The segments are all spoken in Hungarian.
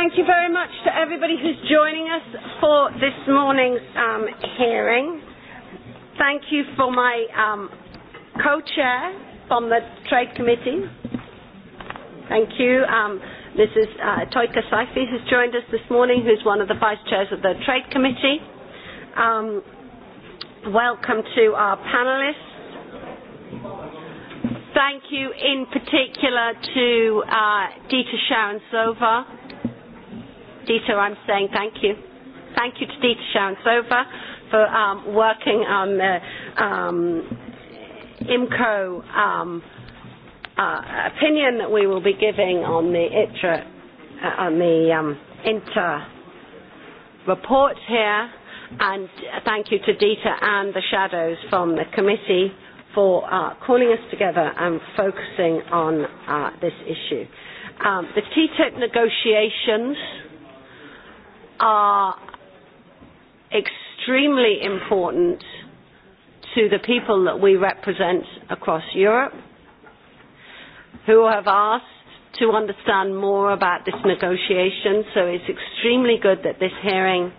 Thank you very much to everybody who's joining us for this morning's um, hearing. Thank you for my um, co-chair from the Trade Committee. Thank you. Um, Mrs. Uh, Toika Saifi who's joined us this morning, who's one of the vice chairs of the Trade Committee. Um, welcome to our panelists. Thank you in particular to uh, Dieter Sharon Sova Dita, I'm saying thank you. Thank you to Sharon-Sova for um, working on the um, IMCO um, uh, opinion that we will be giving on the ITRA, uh, on the um, INTER report here. And thank you to Dita and the shadows from the committee for uh, calling us together and focusing on uh, this issue. Um, the TTIP negotiations are extremely important to the people that we represent across Europe who have asked to understand more about this negotiation. So it's extremely good that this hearing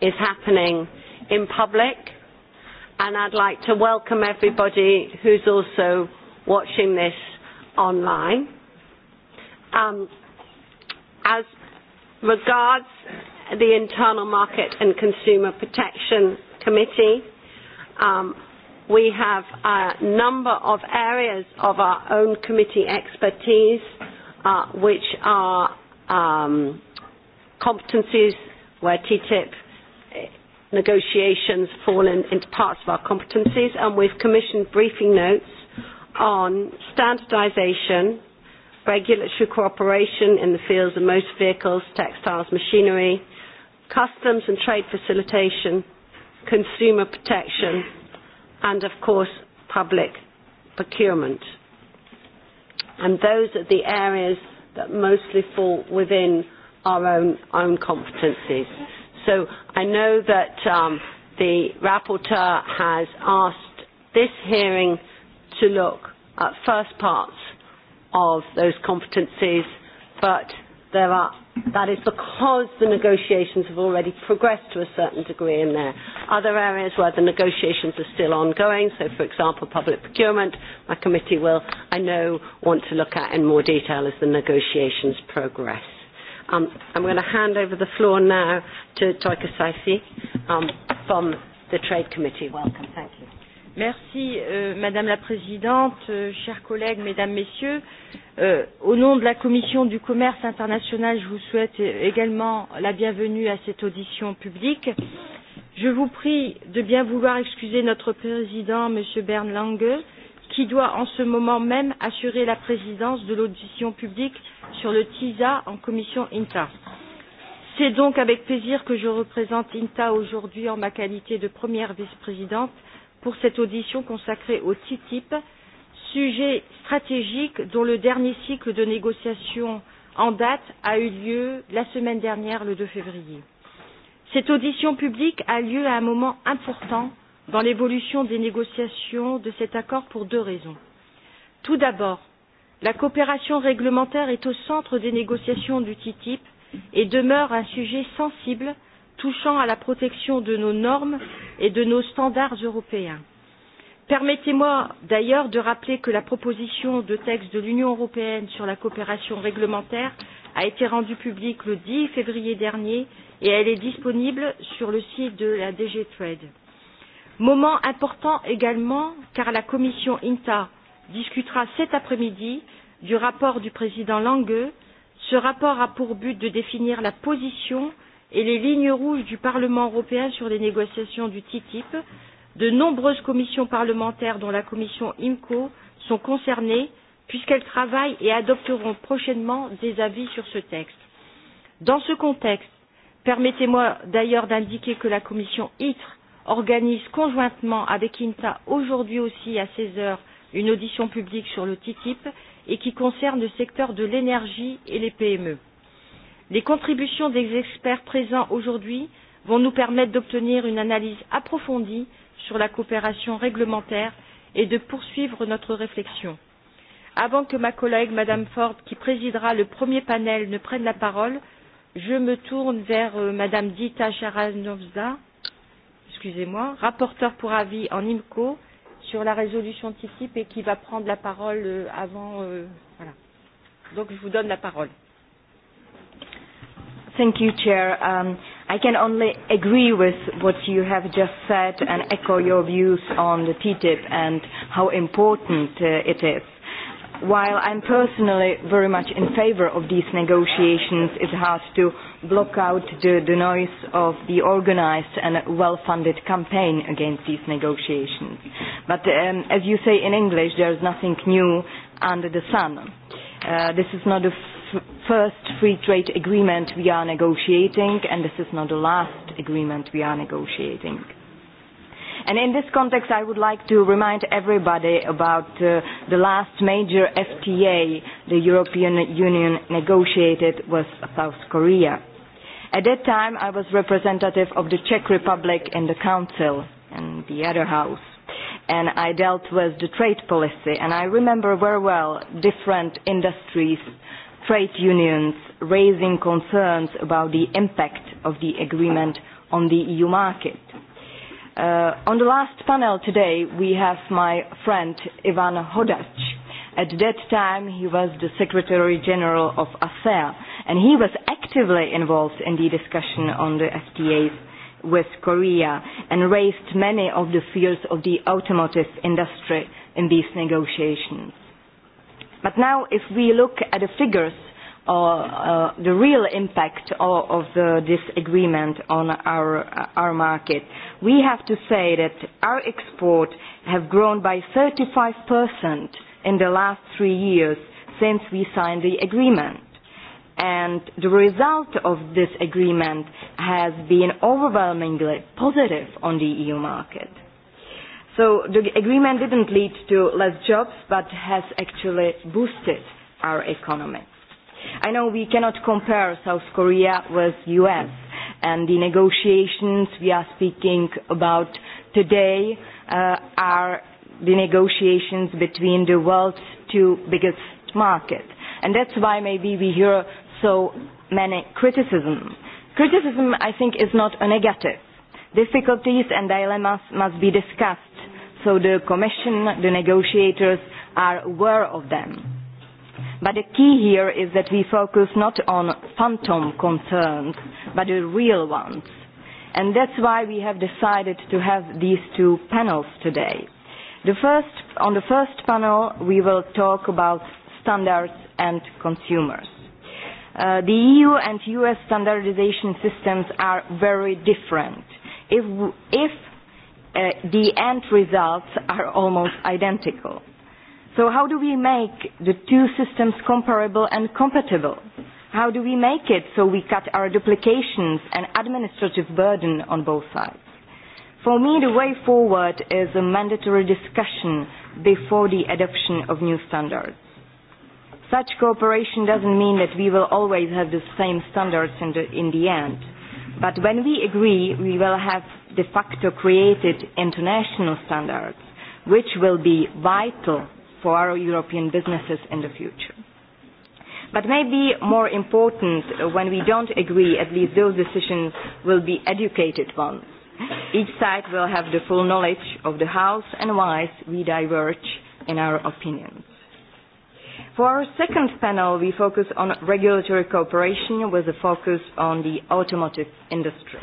is happening in public. And I'd like to welcome everybody who's also watching this online. Um, as regards the Internal Market and Consumer Protection Committee. Um, we have a number of areas of our own committee expertise uh, which are um, competencies where TTIP negotiations fall in, into parts of our competencies and we've commissioned briefing notes on standardization, regulatory cooperation in the fields of motor vehicles, textiles, machinery, customs and trade facilitation, consumer protection, and of course, public procurement. And those are the areas that mostly fall within our own, own competencies. So I know that um, the rapporteur has asked this hearing to look at first parts of those competencies, but there are That is because the negotiations have already progressed to a certain degree in there. Other areas where the negotiations are still ongoing, so for example public procurement, my committee will, I know, want to look at in more detail as the negotiations progress. Um, I'm going to hand over the floor now to Toika Saisi um, from the Trade Committee. Welcome. Thank you. Merci, euh, Madame la Présidente, euh, chers collègues, Mesdames, Messieurs. Euh, au nom de la Commission du commerce international, je vous souhaite euh, également la bienvenue à cette audition publique. Je vous prie de bien vouloir excuser notre président, Monsieur Bern Lange, qui doit en ce moment même assurer la présidence de l'audition publique sur le TISA en commission INTA. C'est donc avec plaisir que je représente INTA aujourd'hui en ma qualité de première vice-présidente pour cette audition consacrée au TTIP, sujet stratégique dont le dernier cycle de négociations en date a eu lieu la semaine dernière, le 2 février. Cette audition publique a lieu à un moment important dans l'évolution des négociations de cet accord pour deux raisons. Tout d'abord, la coopération réglementaire est au centre des négociations du TTIP et demeure un sujet sensible touchant à la protection de nos normes et de nos standards européens. Permettez moi d'ailleurs de rappeler que la proposition de texte de l'Union européenne sur la coopération réglementaire a été rendue publique le 10 février dernier et elle est disponible sur le site de la DG Trade. Moment important également car la commission INTA discutera cet après-midi du rapport du président Lange. Ce rapport a pour but de définir la position et les lignes rouges du Parlement européen sur les négociations du TTIP, de nombreuses commissions parlementaires, dont la commission IMCO, sont concernées puisqu'elles travaillent et adopteront prochainement des avis sur ce texte. Dans ce contexte, permettez-moi d'ailleurs d'indiquer que la commission ITRE organise conjointement avec INTA aujourd'hui aussi à 16 heures une audition publique sur le TTIP et qui concerne le secteur de l'énergie et les PME. Les contributions des experts présents aujourd'hui vont nous permettre d'obtenir une analyse approfondie sur la coopération réglementaire et de poursuivre notre réflexion. Avant que ma collègue Madame Ford, qui présidera le premier panel, ne prenne la parole, je me tourne vers euh, Madame Dita Sharanovza, excusez-moi, rapporteure pour avis en IMCO sur la résolution TTIP et qui va prendre la parole euh, avant. Euh, voilà. Donc je vous donne la parole. Thank you, Chair. Um, I can only agree with what you have just said and echo your views on the TTIP and how important uh, it is. While I'm personally very much in favor of these negotiations, it's hard to block out the, the noise of the organized and well-funded campaign against these negotiations. But um, as you say in English, there's nothing new under the sun. Uh, this is not the first free trade agreement we are negotiating, and this is not the last agreement we are negotiating. And in this context, I would like to remind everybody about uh, the last major FTA the European Union negotiated with South Korea. At that time, I was representative of the Czech Republic in the Council and the other house and I dealt with the trade policy, and I remember very well different industries trade unions raising concerns about the impact of the agreement on the EU market. Uh, on the last panel today, we have my friend Ivan Hodac. At that time, he was the Secretary General of ASEA, and he was actively involved in the discussion on the FTAs with Korea and raised many of the fears of the automotive industry in these negotiations. But now if we look at the figures, uh, uh, the real impact of, of the, this agreement on our, uh, our market, we have to say that our export have grown by 35% in the last three years since we signed the agreement. And the result of this agreement has been overwhelmingly positive on the EU market. So the agreement didn't lead to less jobs, but has actually boosted our economy. I know we cannot compare South Korea with US, and the negotiations we are speaking about today uh, are the negotiations between the world's two biggest markets. And that's why maybe we hear so many criticism. Criticism, I think, is not a negative. Difficulties and dilemmas must be discussed so the Commission, the negotiators are aware of them. But the key here is that we focus not on phantom concerns, but the real ones. And that's why we have decided to have these two panels today. The first, on the first panel, we will talk about standards and consumers. Uh, the EU and US standardization systems are very different. If, if uh, the end results are almost identical. So how do we make the two systems comparable and compatible? How do we make it so we cut our duplications and administrative burden on both sides? For me, the way forward is a mandatory discussion before the adoption of new standards. Such cooperation doesn't mean that we will always have the same standards in the, in the end But when we agree, we will have de facto created international standards, which will be vital for our European businesses in the future. But maybe more important, when we don't agree, at least those decisions will be educated ones. Each side will have the full knowledge of the house and why we diverge in our opinions. For our second panel, we focus on regulatory cooperation with a focus on the automotive industry.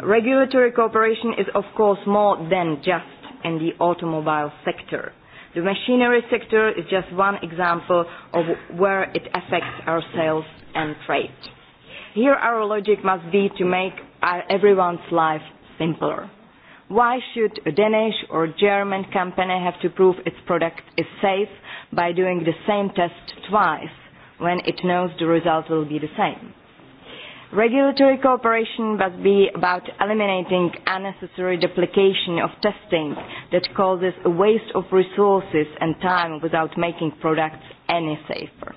Regulatory cooperation is, of course, more than just in the automobile sector. The machinery sector is just one example of where it affects our sales and trade. Here our logic must be to make everyone's life simpler. Why should a Danish or German company have to prove its product is safe by doing the same test twice when it knows the result will be the same. Regulatory cooperation must be about eliminating unnecessary duplication of testing that causes a waste of resources and time without making products any safer.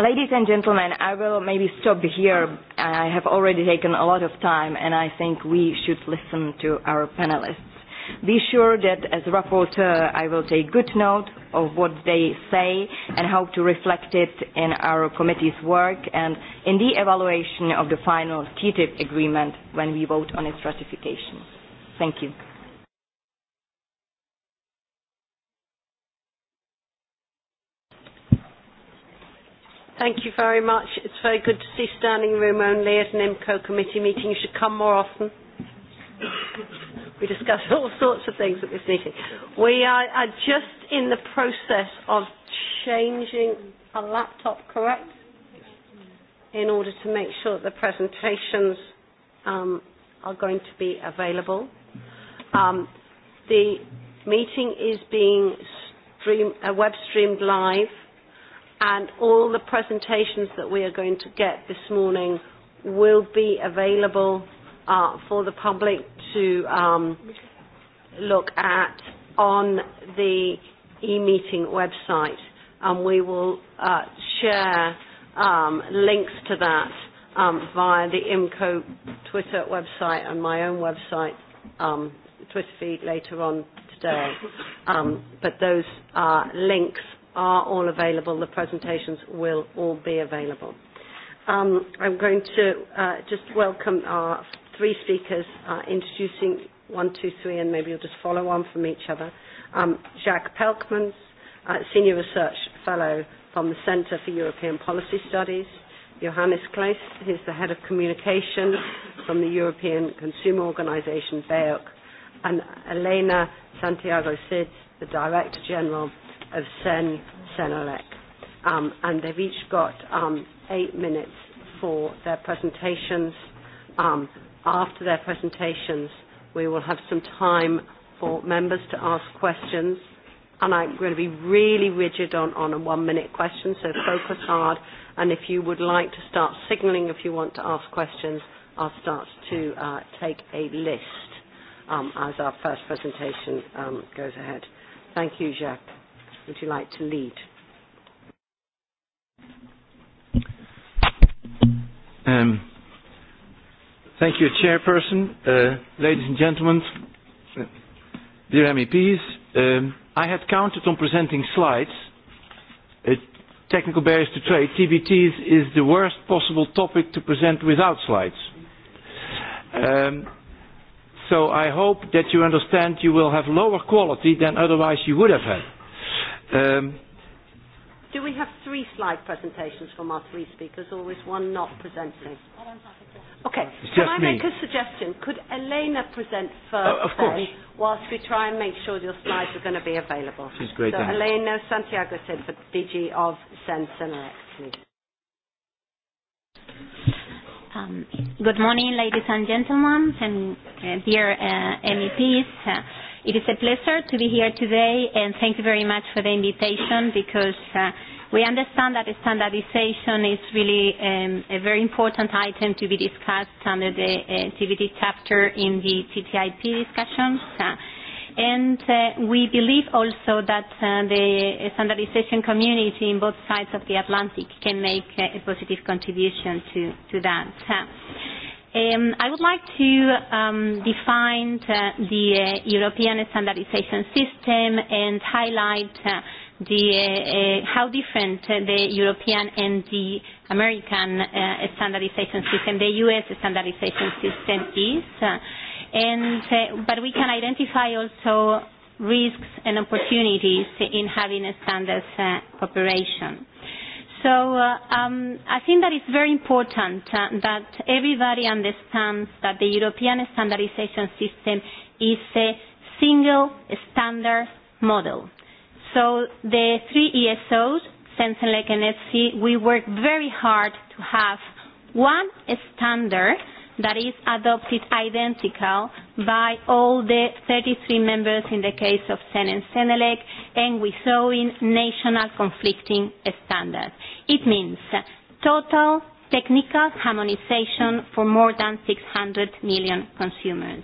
Ladies and gentlemen, I will maybe stop here. I have already taken a lot of time and I think we should listen to our panelists. Be sure that as rapporteur I will take good note of what they say and hope to reflect it in our committee's work and in the evaluation of the final TTIP agreement when we vote on its ratification. Thank you. Thank you very much. It's very good to see standing room only at an IMCO committee meeting. You should come more often. We discuss all sorts of things at this meeting. We are, are just in the process of changing our laptop, correct? In order to make sure that the presentations um, are going to be available. Um, the meeting is being stream, uh, web streamed live, and all the presentations that we are going to get this morning will be available uh, for the public to um, look at on the e-meeting website, and we will uh, share um, links to that um, via the IMCO Twitter website and my own website um, Twitter feed later on today. Um, but those uh, links are all available. The presentations will all be available. Um, I'm going to uh, just welcome our three speakers uh, introducing one, two, three, and maybe you'll just follow on from each other. Um, Jacques Pelkmans, uh, Senior Research Fellow from the Center for European Policy Studies. Johannes Kleis, who's the Head of Communication from the European Consumer Organization, BEOC, and Elena Santiago Sid, the Director General of CEN, CENELEC. Um, and they've each got um, eight minutes for their presentations Um, after their presentations, we will have some time for members to ask questions. And I'm going to be really rigid on, on a one minute question, so focus hard. And if you would like to start signaling if you want to ask questions, I'll start to uh, take a list um, as our first presentation um, goes ahead. Thank you, Jacques. Would you like to lead? Um, Thank you, Chairperson. Uh, ladies and gentlemen, dear MEPs, um, I had counted on presenting slides. Uh, technical barriers to trade, TBTs, is the worst possible topic to present without slides. Um, so I hope that you understand you will have lower quality than otherwise you would have had. Um, Do we have three slide presentations from our three speakers, or is one not presenting? Okay. It's Can I make me. a suggestion? Could Elena present first, uh, of course. then, whilst we try and make sure your slides are going to be available? She's great. So, Elena Santiago said for DG of Sensenerec, please. Um, good morning, ladies and gentlemen, and uh, dear uh, MEPs. Uh, It is a pleasure to be here today, and thank you very much for the invitation because uh, we understand that standardization is really um, a very important item to be discussed under the uh, TBD chapter in the TTIP discussions. Uh, and uh, we believe also that uh, the standardization community in both sides of the Atlantic can make uh, a positive contribution to, to that. Uh, Um, I would like to um, define uh, the uh, European standardization system and highlight uh, the, uh, uh, how different uh, the European and the American uh, standardization system, the U.S. standardization system is. Uh, and, uh, but we can identify also risks and opportunities in having a standards uh, cooperation. So uh, um, I think that it's very important uh, that everybody understands that the European standardization system is a single standard model. So the three ESOs, Sensenlec and FC, we work very hard to have one standard that is adopted identical by all the 33 members in the case of SEN and Senelec and withdrawing national conflicting standards. It means total technical harmonization for more than 600 million consumers.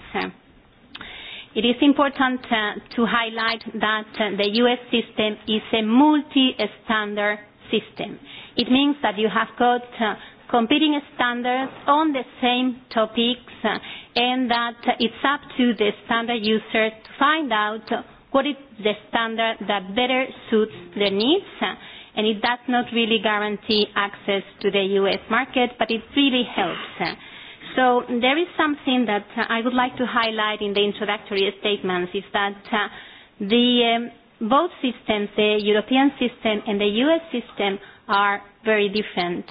It is important uh, to highlight that uh, the US system is a multi-standard system. It means that you have got uh, competing standards on the same topics uh, and that it's up to the standard user to find out what is the standard that better suits their needs. Uh, and it does not really guarantee access to the U.S. market, but it really helps. So there is something that uh, I would like to highlight in the introductory statements is that the um, both systems, the European system and the U.S. system, are very different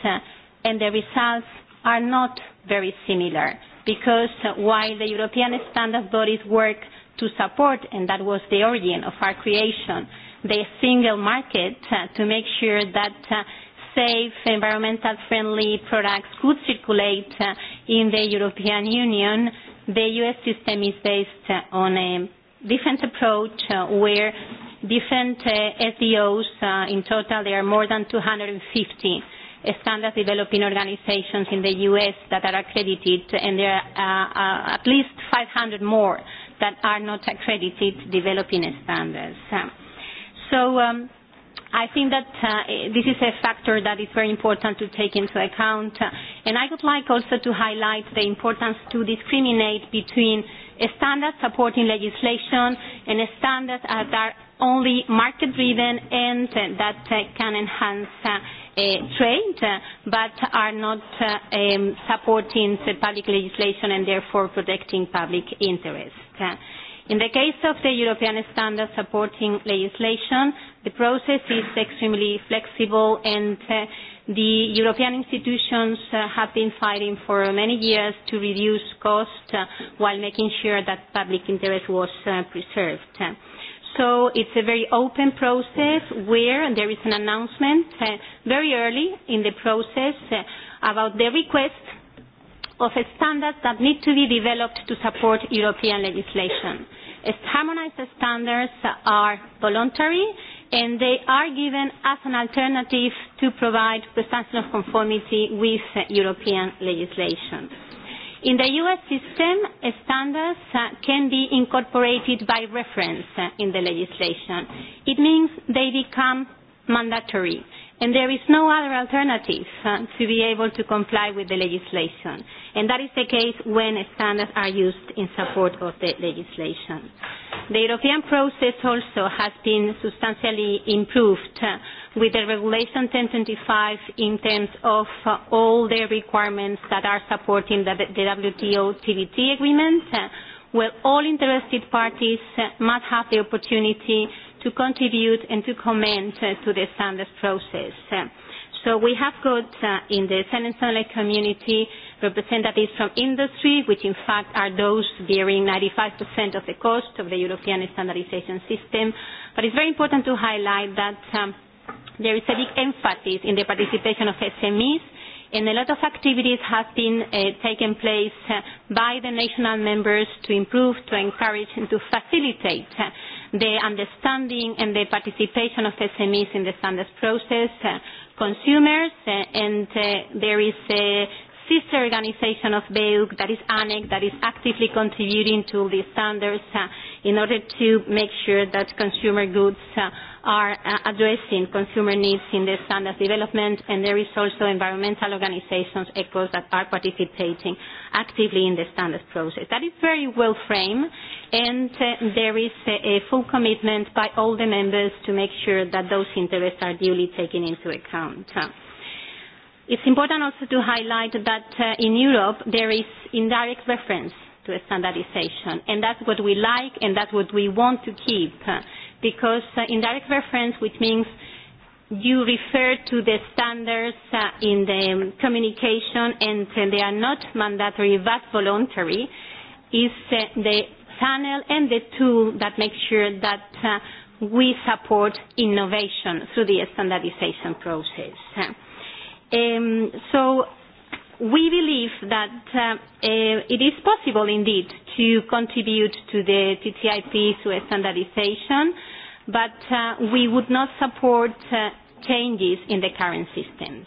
and the results are not very similar because while the European standard bodies work to support, and that was the origin of our creation, the single market uh, to make sure that uh, safe, environmental friendly products could circulate uh, in the European Union, the US system is based uh, on a different approach uh, where different uh, SDOs, uh, in total there are more than 250, standards developing organizations in the US that are accredited, and there are uh, uh, at least 500 more that are not accredited developing standards. Um, so um, I think that uh, this is a factor that is very important to take into account. Uh, and I would like also to highlight the importance to discriminate between standards supporting legislation and standards that are only market-driven and that uh, can enhance uh, trade, uh, but are not um, supporting the public legislation and therefore protecting public interest. In the case of the European standard supporting legislation, the process is extremely flexible and the European institutions have been fighting for many years to reduce costs while making sure that public interest was preserved. So it's a very open process where there is an announcement uh, very early in the process uh, about the request of standards that need to be developed to support European legislation. As harmonized standards are voluntary and they are given as an alternative to provide the of conformity with European legislation. In the US system, standards uh, can be incorporated by reference uh, in the legislation. It means they become mandatory, and there is no other alternative uh, to be able to comply with the legislation. And that is the case when standards are used in support of the legislation. The European process also has been substantially improved with the Regulation 1025 in terms of uh, all the requirements that are supporting the, the WTO TBT agreement, uh, where all interested parties uh, must have the opportunity to contribute and to comment uh, to the standards process. Uh, so we have got uh, in the Senate community representatives from industry, which in fact are those bearing 95% of the cost of the European standardization system. But it's very important to highlight that um, There is a big emphasis in the participation of SMEs, and a lot of activities have been uh, taken place uh, by the national members to improve, to encourage, and to facilitate uh, the understanding and the participation of SMEs in the standards process, uh, consumers, uh, and uh, there is a sister organization of BEUC that is ANEC, that is actively contributing to the standards uh, in order to make sure that consumer goods uh, are uh, addressing consumer needs in the standards development, and there is also environmental organizations, ECOS, that are participating actively in the standards process. That is very well framed, and uh, there is a, a full commitment by all the members to make sure that those interests are duly taken into account. Uh, it's important also to highlight that uh, in Europe there is indirect reference to a standardization, and that's what we like and that's what we want to keep. Uh, because uh, indirect reference, which means you refer to the standards uh, in the um, communication and uh, they are not mandatory but voluntary, is uh, the channel and the tool that makes sure that uh, we support innovation through the standardization process. Um, so we believe that uh, uh, it is possible indeed to contribute to the TTIP through standardization but uh, we would not support uh, changes in the current systems.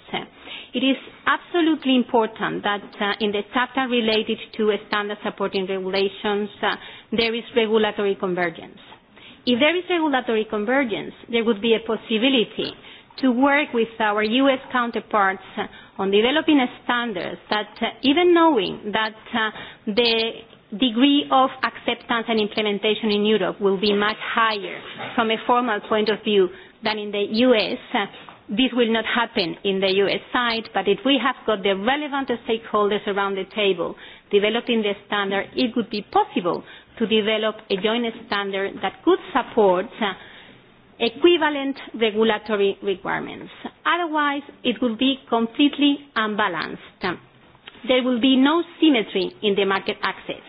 It is absolutely important that uh, in the chapter related to standard supporting regulations, uh, there is regulatory convergence. If there is regulatory convergence, there would be a possibility to work with our U.S. counterparts on developing standards that uh, even knowing that uh, the degree of acceptance and implementation in Europe will be much higher from a formal point of view than in the US. This will not happen in the US side, but if we have got the relevant stakeholders around the table developing the standard, it would be possible to develop a joint standard that could support uh, equivalent regulatory requirements. Otherwise, it would be completely unbalanced there will be no symmetry in the market access,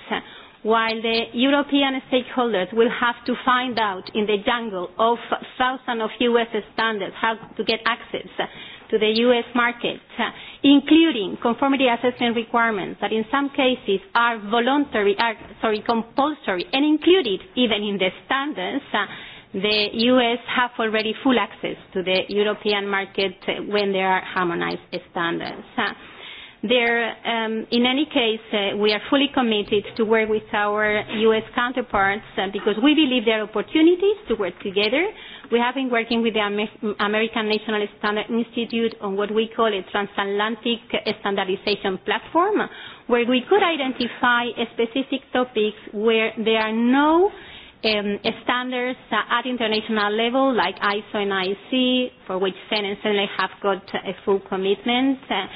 while the European stakeholders will have to find out in the jungle of thousands of US standards how to get access to the US market, including conformity assessment requirements that in some cases are voluntary, are, sorry, compulsory and included even in the standards, the US have already full access to the European market when there are harmonized standards. There, um, in any case, uh, we are fully committed to work with our U.S. counterparts uh, because we believe there are opportunities to work together. We have been working with the Amer American National Standard Institute on what we call a transatlantic standardization platform, where we could identify specific topics where there are no um, standards at international level like ISO and IEC, for which Senate and Senate have got a full commitment. Uh,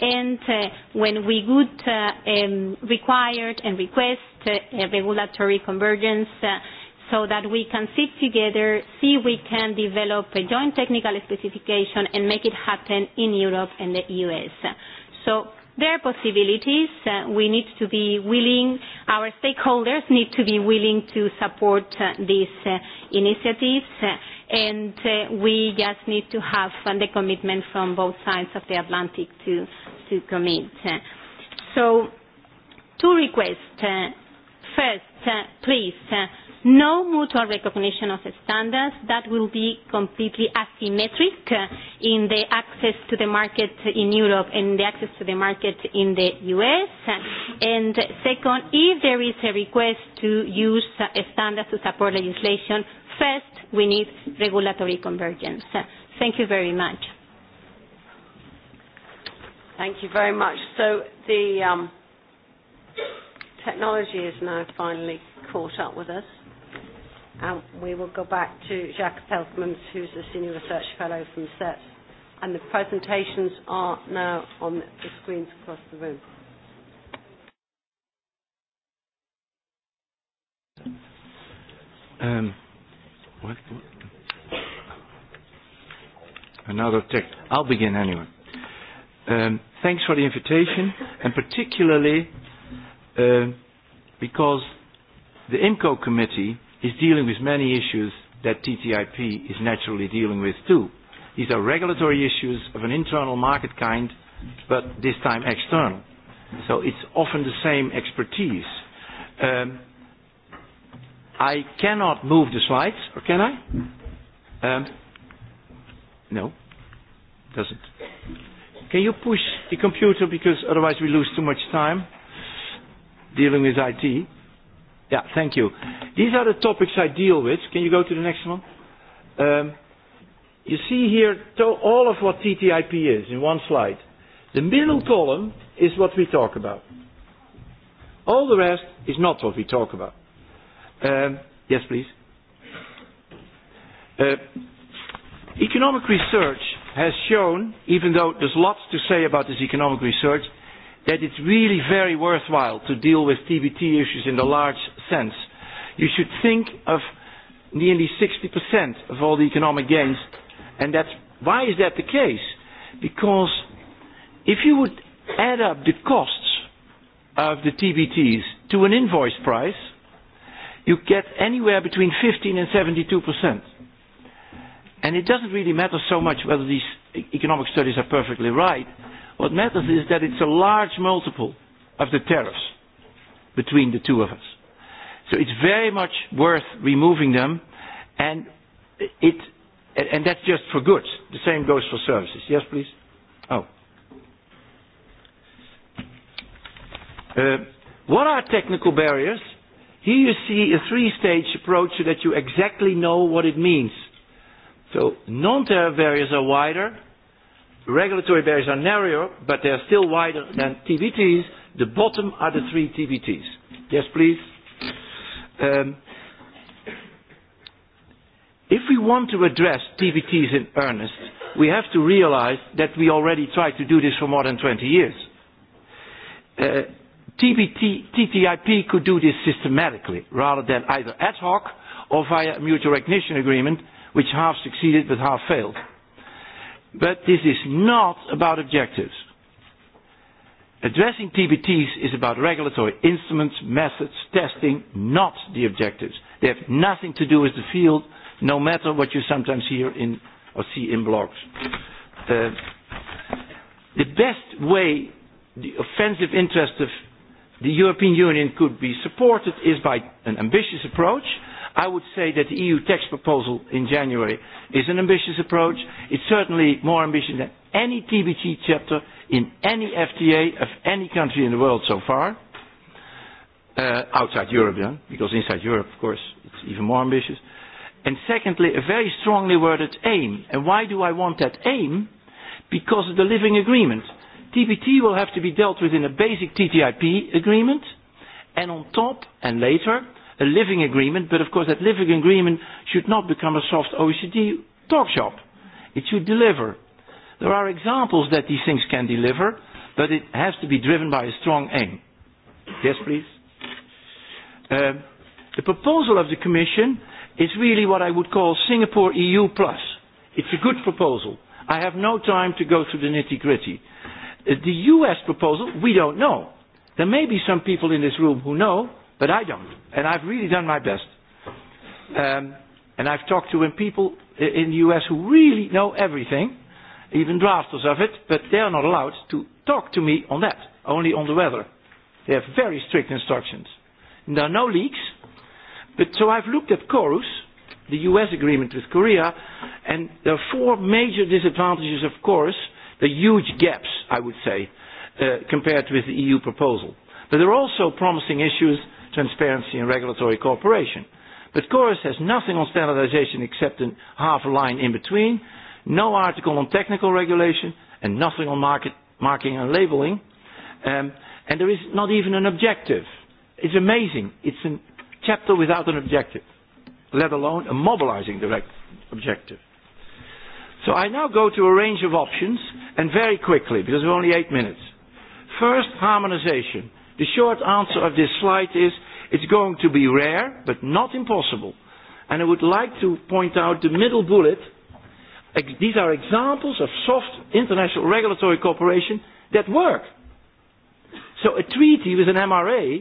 and uh, when we would uh, um, require and request uh, regulatory convergence uh, so that we can sit together, see we can develop a joint technical specification and make it happen in Europe and the US. So there are possibilities. Uh, we need to be willing, our stakeholders need to be willing to support uh, these uh, initiatives. Uh, and uh, we just need to have uh, the commitment from both sides of the Atlantic to, to commit. So, two requests. Uh, first, uh, please, uh, no mutual recognition of standards. That will be completely asymmetric uh, in the access to the market in Europe and the access to the market in the US. And second, if there is a request to use uh, standards to support legislation, First, we need regulatory convergence. Thank you very much. Thank you very much. So the um, technology is now finally caught up with us. And we will go back to Jacques Pelkmans, who's a Senior Research Fellow from CETS. And the presentations are now on the screens across the room. Um, What? Another text. I'll begin anyway. Um, thanks for the invitation, and particularly uh, because the IMCO committee is dealing with many issues that TTIP is naturally dealing with too. These are regulatory issues of an internal market kind, but this time external. So it's often the same expertise. Um, I cannot move the slides, or can I? Hmm. Um, no, doesn't. Can you push the computer because otherwise we lose too much time dealing with IT? Yeah, thank you. These are the topics I deal with. Can you go to the next one? Um, you see here to all of what TTIP is in one slide. The middle column is what we talk about. All the rest is not what we talk about. Uh, yes, please. Uh, economic research has shown, even though there's lots to say about this economic research, that it's really very worthwhile to deal with TBT issues in the large sense. You should think of nearly 60% of all the economic gains, and that's why is that the case? Because if you would add up the costs of the TBTs to an invoice price, you get anywhere between 15 and 72 percent. And it doesn't really matter so much whether these e-, economic studies are perfectly right. What matters is that it's a large multiple of the tariffs between the two of us. So it's very much worth removing them, and it, and that's just for goods. The same goes for services. Yes, please. Oh. Uh, what are technical barriers? Here you see a three-stage approach so that you exactly know what it means. So non-tariff barriers are wider, regulatory barriers are narrower, but they are still wider than TBTs. The bottom are the three TBTs. Yes, please. Um, if we want to address TBTs in earnest, we have to realize that we already tried to do this for more than 20 years. Uh, TBT, TTIP could do this systematically rather than either ad hoc or via a mutual recognition agreement, which half succeeded but half failed. But this is not about objectives. Addressing TBTs is about regulatory instruments, methods, testing, not the objectives. They have nothing to do with the field, no matter what you sometimes hear in or see in blogs. Uh, the best way the offensive interest of the European Union could be supported is by an ambitious approach. I would say that the EU tax proposal in January is an ambitious approach. It's certainly more ambitious than any TBT chapter in any FTA of any country in the world so far. Uh, outside Europe, yeah? because inside Europe, of course, it's even more ambitious. And secondly, a very strongly worded aim. And why do I want that aim? Because of the living agreement. TPT will have to be dealt with in a basic TTIP agreement, and on top and later a living agreement. But of course, that living agreement should not become a soft OECD talk shop. It should deliver. There are examples that these things can deliver, but it has to be driven by a strong aim. Yes, please. Uh, the proposal of the Commission is really what I would call Singapore EU plus. It's a good proposal. I have no time to go through the nitty gritty. Uh, the US proposal, we don't know. There may be some people in this room who know, but I don't. And I've really done my best. Um, and I've talked to people in the US who really know everything, even drafters of it, but they are not allowed to talk to me on that, only on the weather. They have very strict instructions. And there are no leaks. But so I've looked at CORUS, the US agreement with Korea, and there are four major disadvantages of CORUS There are huge gaps, I would say, uh, compared with the EU proposal. But there are also promising issues, transparency and regulatory cooperation. But CORUS has nothing on standardization except a half line in between, no article on technical regulation, and nothing on market, marking and labeling. Um, and there is not even an objective. It's amazing. It's a chapter without an objective, let alone a mobilizing direct objective. So I now go to a range of options, and very quickly, because we're only eight minutes. First, harmonization. The short answer of this slide is it's going to be rare, but not impossible. And I would like to point out the middle bullet. These are examples of soft international regulatory cooperation that work. So a treaty with an MRA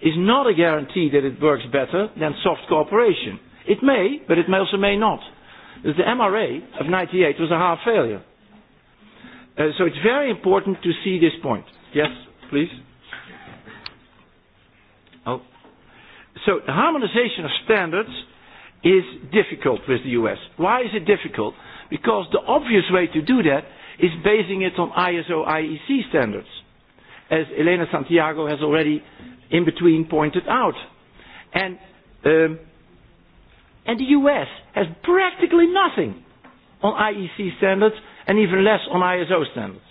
is not a guarantee that it works better than soft cooperation. It may, but it may also may not that the MRA of 98 was a half failure. Uh, so it's very important to see this point. Yes, please. Oh. So the harmonization of standards is difficult with the US. Why is it difficult? Because the obvious way to do that is basing it on ISO IEC standards, as Elena Santiago has already in between pointed out. And um, and the US has practically nothing on IEC standards and even less on ISO standards.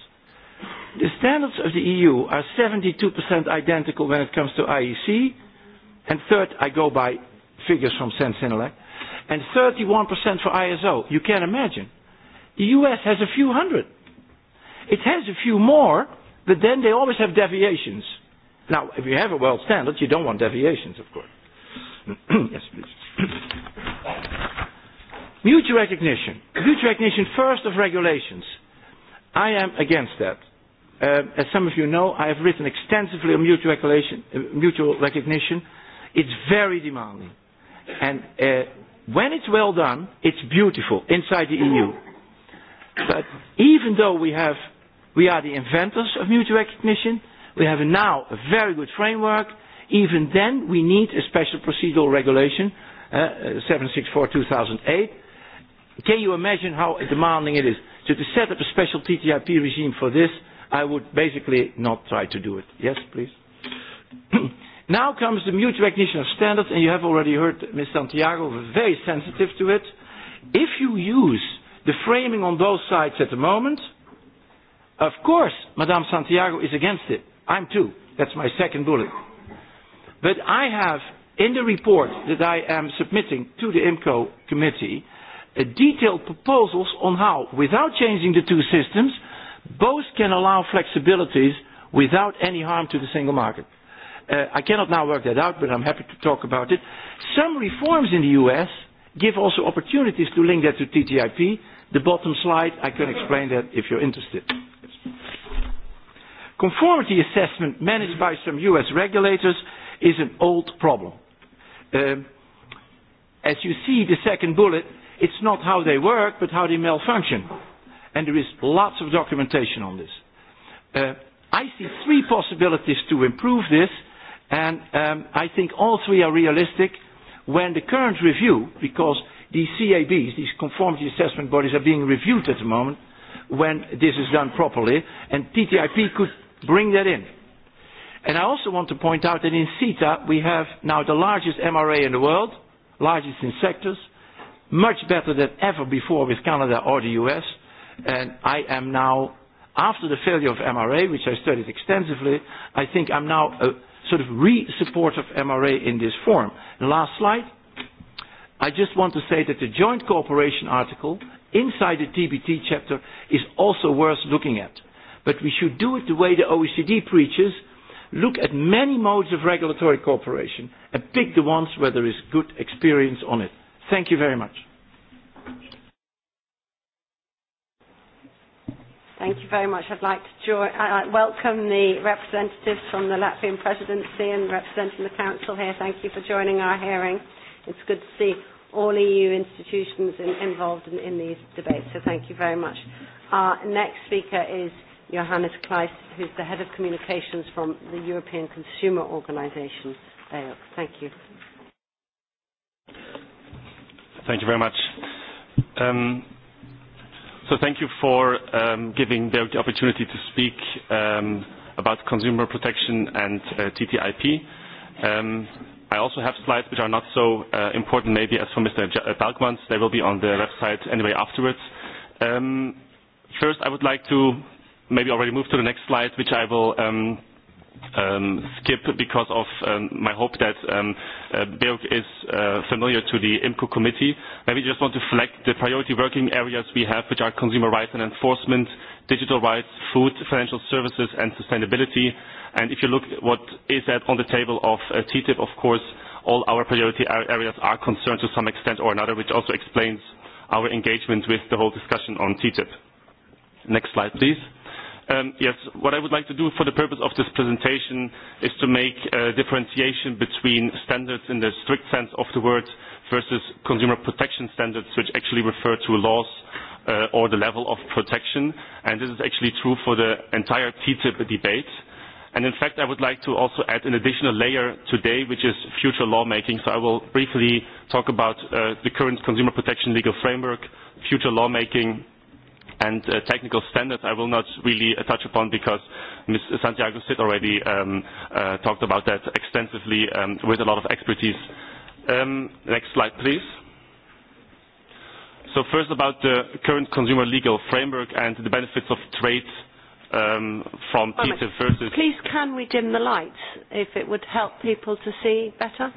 The standards of the EU are 72% identical when it comes to IEC, and third, I go by figures from Sensenelec, and 31% for ISO. You can imagine. The US has a few hundred. It has a few more, but then they always have deviations. Now, if you have a world standard, you don't want deviations, of course. yes, please. Mutual recognition. Mutual recognition first of regulations. I am against that. Uh, as some of you know, I have written extensively on mutual recognition. Uh, mutual recognition. It's very demanding. And uh, when it's well done, it's beautiful inside the EU. But even though we, have, we are the inventors of mutual recognition, we have now a very good framework, even then we need a special procedural regulation 764-2008. Eh, Can you imagine how demanding it is? So to set up a special TTIP regime for this, I would basically not try to do it. Yes, please. now comes the mutual recognition of standards, and you have already heard Ms. Santiago very sensitive to it. If you use the framing on both sides at the moment, of course, Madame Santiago is against it. I'm too. That's my second bullet. But I have in the report that I am submitting to the IMCO committee uh, detailed proposals on how, without changing the two systems, both can allow flexibilities without any harm to the single market. Uh, I cannot now work that out, but I'm happy to talk about it. Some reforms in the US give also opportunities to link that to TTIP. The bottom slide, I can explain that if you're interested. Conformity assessment managed by some US regulators is an old problem uh, as you see, the second bullet, it's not how they work, but how they malfunction. And there is lots of documentation on this. Uh, I see three possibilities to improve this, and um, I think all three are realistic. When the current review, because these CABs, these conformity assessment bodies, are being reviewed at the moment, when this is done properly, and TTIP could bring that in. And I also want to point out that in CETA we have now the largest MRA in the world, largest in sectors, much better than ever before with Canada or the US. And I am now, after the failure of MRA, which I studied extensively, I think I'm now a sort of re-support of MRA in this form. And last slide. I just want to say that the joint cooperation article inside the TBT chapter is also worth looking at. But we should do it the way the OECD preaches, look at many modes of regulatory cooperation and pick the ones where there is good experience on it. Thank you very much. Thank you very much. I'd like to join, uh, welcome the representatives from the Latvian presidency and representing the council here. Thank you for joining our hearing. It's good to see all EU institutions in, involved in, in these debates, so thank you very much. Our next speaker is Johannes Kleist, who's the head of communications from the European Consumer Organization. Thank you. Thank you very much. Um, so thank you for um, giving the opportunity to speak um, about consumer protection and uh, TTIP. Um, I also have slides which are not so uh, important maybe as for Mr. Balkmans. They will be on the website anyway afterwards. Um, first, I would like to maybe already move to the next slide, which I will um, um, skip because of um, my hope that um, uh, Berg is uh, familiar to the IMCO committee. Maybe just want to flag the priority working areas we have, which are consumer rights and enforcement, digital rights, food, financial services, and sustainability. And if you look at what is at on the table of uh, TTIP, of course, all our priority areas are concerned to some extent or another, which also explains our engagement with the whole discussion on TTIP. Next slide, please. Um, yes, what I would like to do for the purpose of this presentation is to make a differentiation between standards in the strict sense of the word versus consumer protection standards, which actually refer to laws uh, or the level of protection. And this is actually true for the entire TTIP debate. And in fact, I would like to also add an additional layer today, which is future lawmaking. So I will briefly talk about uh, the current consumer protection legal framework, future lawmaking, and uh, technical standards I will not really uh, touch upon because Ms. Santiago Sid already um, uh, talked about that extensively um, with a lot of expertise. Um, next slide, please. So first about the current consumer legal framework and the benefits of trade um, from oh, Peter versus... Please can we dim the lights if it would help people to see better?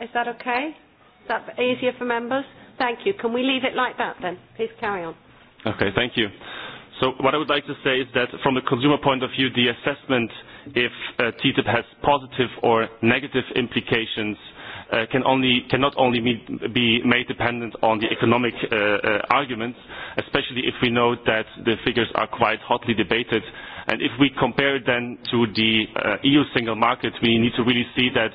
Is that okay? Is that easier for members? Thank you. Can we leave it like that then? Please carry on. Okay, thank you. So what I would like to say is that from the consumer point of view, the assessment if uh, TTIP has positive or negative implications uh, can only, cannot only meet, be made dependent on the economic uh, uh, arguments, especially if we know that the figures are quite hotly debated. And if we compare then to the uh, EU single market, we need to really see that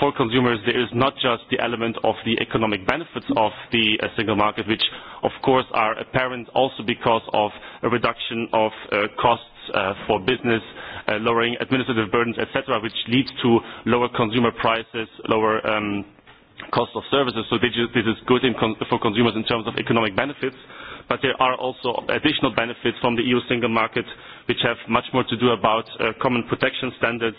for consumers there is not just the element of the economic benefits of the uh, single market which of course are apparent also because of a reduction of uh, costs uh, for business, uh, lowering administrative burdens, etc., which leads to lower consumer prices, lower um, cost of services. So this is good in con for consumers in terms of economic benefits, but there are also additional benefits from the EU single market, which have much more to do about uh, common protection standards,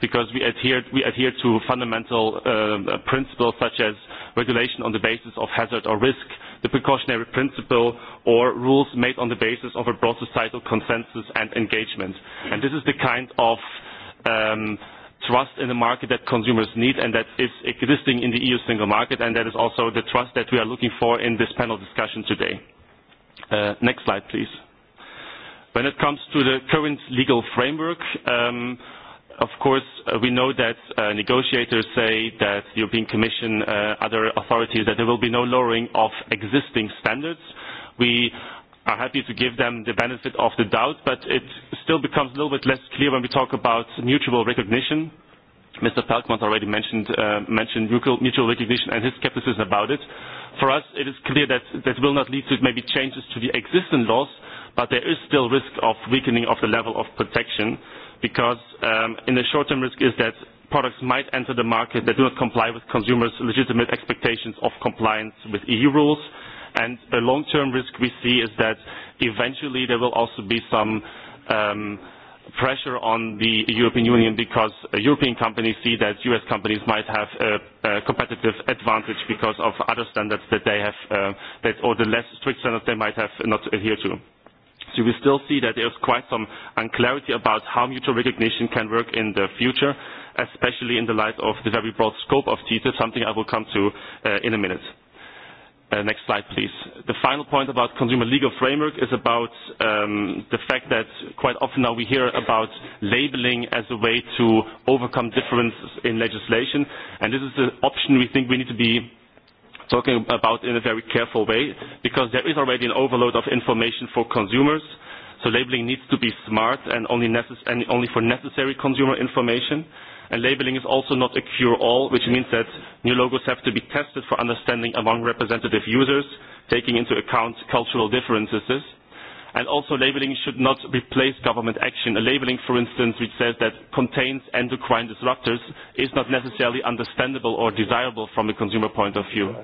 because we adhere, we adhere to fundamental uh, uh, principles such as regulation on the basis of hazard or risk, the precautionary principle, or rules made on the basis of a broad societal consensus and engagement. And this is the kind of um, trust in the market that consumers need and that is existing in the EU single market and that is also the trust that we are looking for in this panel discussion today. Uh, next slide please. When it comes to the current legal framework, um, of course, uh, we know that uh, negotiators say that the European Commission, uh, other authorities, that there will be no lowering of existing standards. We are happy to give them the benefit of the doubt, but it still becomes a little bit less clear when we talk about mutual recognition. Mr. Pelkmont already mentioned, uh, mentioned mutual recognition and his skepticism about it. For us, it is clear that that will not lead to maybe changes to the existing laws, but there is still risk of weakening of the level of protection because um, in the short term risk is that products might enter the market that do not comply with consumers' legitimate expectations of compliance with EU rules. And a long-term risk we see is that eventually there will also be some um, pressure on the European Union because European companies see that US companies might have a, a competitive advantage because of other standards that they have, uh, that, or the less strict standards they might have not adhered to. So we still see that there's quite some unclarity about how mutual recognition can work in the future, especially in the light of the very broad scope of TTIP, something I will come to uh, in a minute. Uh, next slide, please. The final point about consumer legal framework is about um, the fact that quite often now we hear about labeling as a way to overcome differences in legislation, and this is an option we think we need to be talking about in a very careful way because there is already an overload of information for consumers. So labeling needs to be smart and only, necess and only for necessary consumer information. And labeling is also not a cure-all, which means that new logos have to be tested for understanding among representative users, taking into account cultural differences And also labeling should not replace government action. A labeling, for instance, which says that contains endocrine disruptors is not necessarily understandable or desirable from a consumer point of view.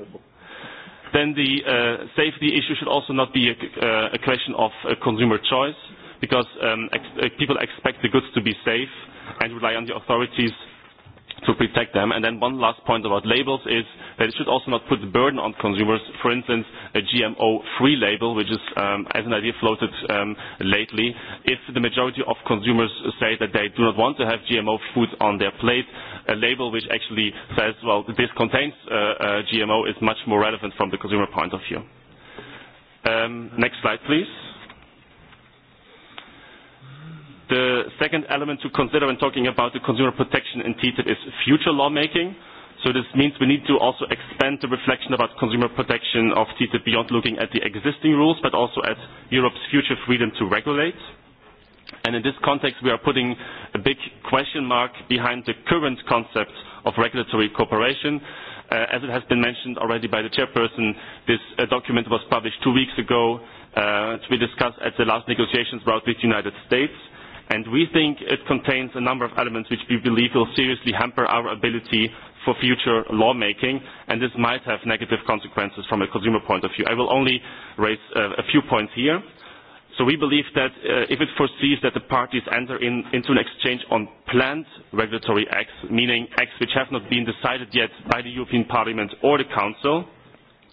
Then the uh, safety issue should also not be a, uh, a question of a consumer choice because um, ex uh, people expect the goods to be safe and rely on the authorities to protect them. And then one last point about labels is that it should also not put the burden on consumers. For instance, a GMO-free label, which is um, as an idea floated um, lately, if the majority of consumers say that they do not want to have GMO food on their plate, a label which actually says, well, this contains uh, uh, GMO is much more relevant from the consumer point of view. Um, next slide, please. The second element to consider when talking about the consumer protection in TTIP is future lawmaking. So this means we need to also expand the reflection about consumer protection of TTIP beyond looking at the existing rules, but also at Europe's future freedom to regulate. And in this context, we are putting a big question mark behind the current concept of regulatory cooperation. Uh, as it has been mentioned already by the chairperson, this uh, document was published two weeks ago uh, to be discussed at the last negotiations round with the United States and we think it contains a number of elements which we believe will seriously hamper our ability for future lawmaking, and this might have negative consequences from a consumer point of view. I will only raise uh, a few points here. So we believe that uh, if it foresees that the parties enter in, into an exchange on planned regulatory acts, meaning acts which have not been decided yet by the European Parliament or the Council,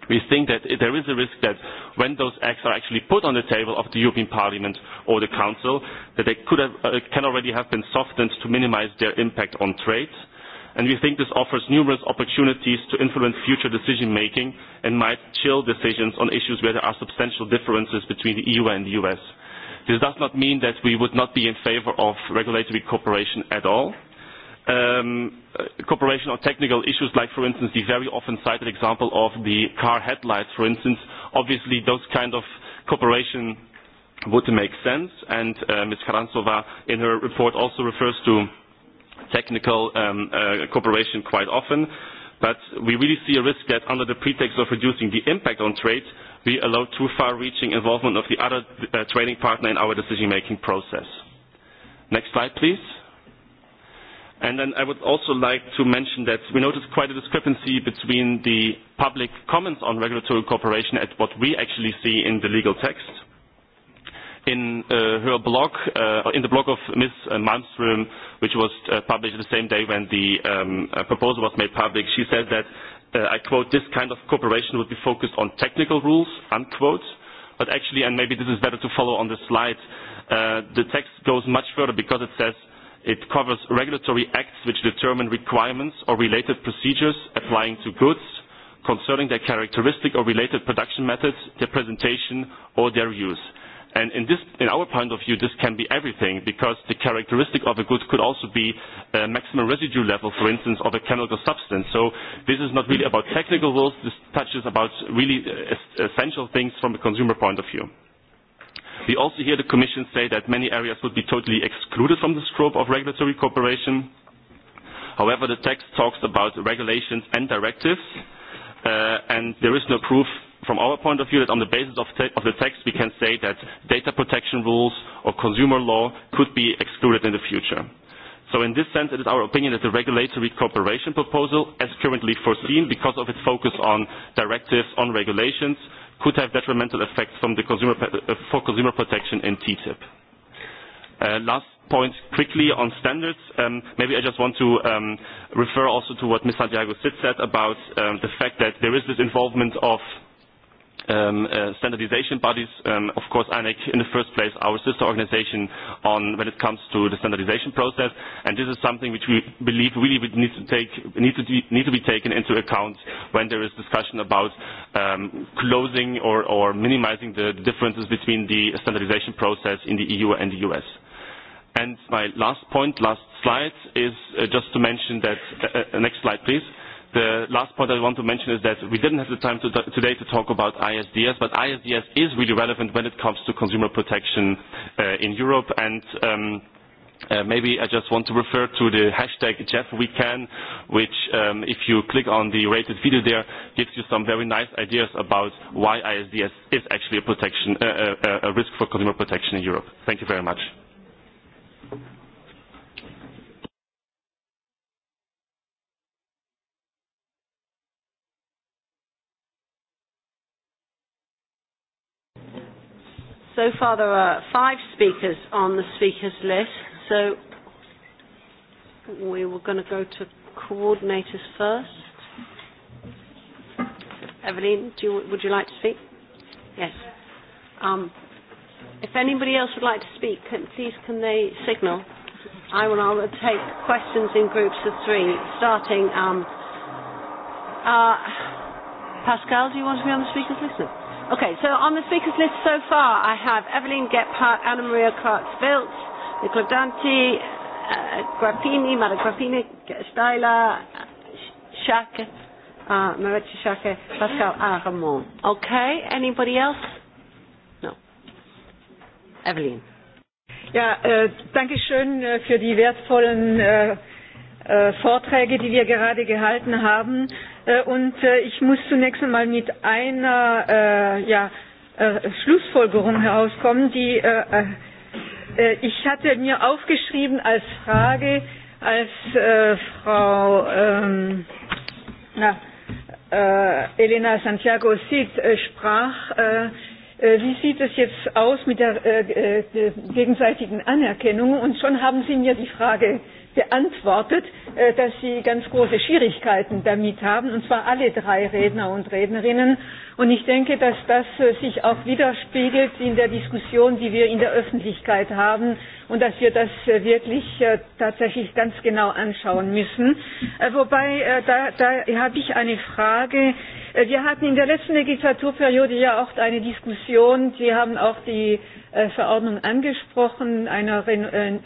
we think that there is a risk that when those acts are actually put on the table of the European Parliament or the Council, that they could have, uh, can already have been softened to minimize their impact on trade. And we think this offers numerous opportunities to influence future decision making and might chill decisions on issues where there are substantial differences between the EU and the US. This does not mean that we would not be in favor of regulatory cooperation at all um, cooperation on technical issues like, for instance, the very often cited example of the car headlights, for instance. Obviously, those kind of cooperation would make sense, and uh, Ms. Karantsova in her report also refers to technical um, uh, cooperation quite often. But we really see a risk that under the pretext of reducing the impact on trade, we allow too far-reaching involvement of the other uh, trading partner in our decision-making process. Next slide, please. And then I would also like to mention that we noticed quite a discrepancy between the public comments on regulatory cooperation and what we actually see in the legal text. In uh, her blog, uh, in the blog of Ms. Uh, Malmström, which was uh, published the same day when the um, uh, proposal was made public, she said that, uh, I quote, this kind of cooperation would be focused on technical rules, unquote. But actually, and maybe this is better to follow on the slide, uh, the text goes much further because it says It covers regulatory acts which determine requirements or related procedures applying to goods concerning their characteristic or related production methods, their presentation or their use. And in, this, in our point of view, this can be everything because the characteristic of a good could also be a maximum residue level, for instance, of a chemical substance. So this is not really about technical rules. This touches about really uh, essential things from a consumer point of view. We also hear the Commission say that many areas would be totally excluded from the scope of regulatory cooperation. However, the text talks about regulations and directives, uh, and there is no proof from our point of view that on the basis of, of the text we can say that data protection rules or consumer law could be excluded in the future. So in this sense, it is our opinion that the regulatory cooperation proposal, as currently foreseen because of its focus on directives, on regulations, could have detrimental effects from the consumer, uh, for consumer protection in TTIP. Uh, last point quickly on standards. Um, maybe I just want to um, refer also to what Ms. Santiago Sid said about um, the fact that there is this involvement of um, uh, standardization bodies. Um, of course, INEC in the first place, our sister organization on when it comes to the standardization process, and this is something which we believe really would need to, take, need to, need to be taken into account when there is discussion about um, closing or, or minimizing the differences between the standardization process in the EU and the US. And my last point, last slide, is uh, just to mention that, uh, uh, next slide please, the last point I want to mention is that we didn't have the time to, today to talk about ISDS, but ISDS is really relevant when it comes to consumer protection uh, in Europe. And um, uh, maybe I just want to refer to the hashtag JeffWeCan, which um, if you click on the rated video there, gives you some very nice ideas about why ISDS is actually a, protection, uh, uh, uh, a risk for consumer protection in Europe. Thank you very much. Thank you. So far there are five speakers on the speakers list, so we were going to go to coordinators first. Evelyn, do you, would you like to speak? Yes. Um, if anybody else would like to speak, can, please can they signal? I will, I will take questions in groups of three, starting. Um, uh, Pascal, do you want to be on the speakers list? Okay, so on the speakers list so far, I have Evelyn Gephardt, Anna Maria Kratz vilt Nicola Dante, uh, Grappini, Mara Grappini, Steiler, Shaka, uh, Marietje Shaka, Pascal Aramon. Okay, anybody else? No. Evelyn. Ja, äh, danke schön äh, für die wertvollen äh, äh, Vorträge, die wir gerade gehalten haben. Äh, Äh, und äh, ich muss zunächst einmal mit einer äh, ja, äh, Schlussfolgerung herauskommen, die äh, äh, äh, ich hatte mir aufgeschrieben als Frage, als äh, Frau ähm, na, äh, Elena Santiago Sid äh, sprach, äh, wie sieht es jetzt aus mit der äh, gegenseitigen Anerkennung? Und schon haben Sie mir die Frage äh, beantwortet, äh, dass Sie ganz große Schwierigkeiten damit haben, und zwar alle drei Redner und Rednerinnen Und ich denke, dass das äh, sich auch widerspiegelt in der Diskussion, die wir in der Öffentlichkeit haben und dass wir das äh, wirklich äh, tatsächlich ganz genau anschauen müssen. Wobei, da, da habe ich eine Frage. Wir hatten in der letzten Legislaturperiode ja auch eine Diskussion, Sie haben auch die Verordnung angesprochen, einer